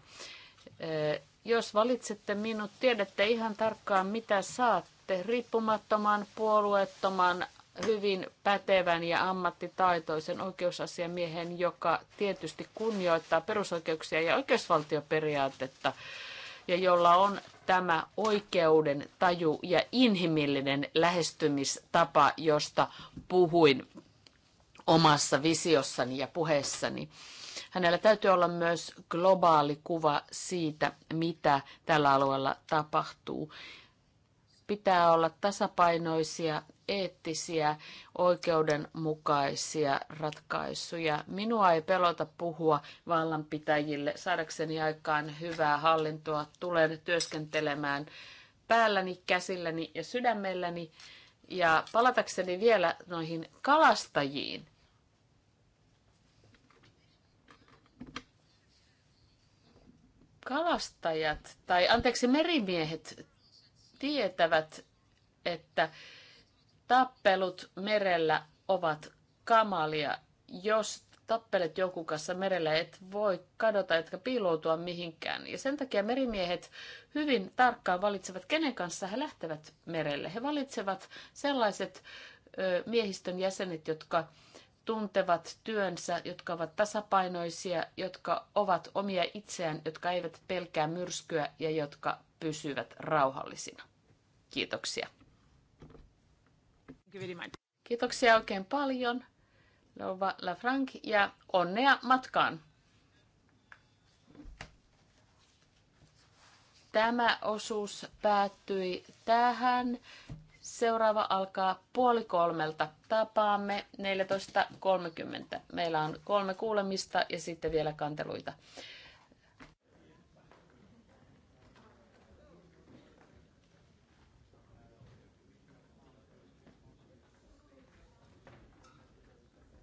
Jos valitsette minut, tiedätte ihan tarkkaan, mitä saatte. Riippumattoman, puolueettoman, hyvin pätevän ja ammattitaitoisen oikeusasiamiehen, joka tietysti kunnioittaa perusoikeuksia ja oikeusvaltioperiaatetta ja jolla on tämä oikeuden taju ja inhimillinen lähestymistapa, josta puhuin omassa visiossani ja puheessani. Hänellä täytyy olla myös globaali kuva siitä, mitä tällä alueella tapahtuu. Pitää olla tasapainoisia eettisiä, oikeudenmukaisia ratkaisuja. Minua ei pelota puhua vallanpitäjille saadakseni aikaan hyvää hallintoa. Tulen työskentelemään päälläni, käsilläni ja sydämelläni. Ja palatakseni vielä noihin kalastajiin. Kalastajat, tai anteeksi merimiehet, tietävät, että Tappelut merellä ovat kamalia. Jos tappelet joku kanssa merellä, et voi kadota etkä piiloutua mihinkään. Ja sen takia merimiehet hyvin tarkkaan valitsevat, kenen kanssa he lähtevät merelle. He valitsevat sellaiset miehistön jäsenet, jotka tuntevat työnsä, jotka ovat tasapainoisia, jotka ovat omia itseään, jotka eivät pelkää myrskyä ja jotka pysyvät rauhallisina. Kiitoksia. Kiitoksia oikein paljon, Lova Lafranc, ja onnea matkaan! Tämä osuus päättyi tähän. Seuraava alkaa puoli kolmelta. Tapaamme 14.30. Meillä on kolme kuulemista ja sitten vielä kanteluita.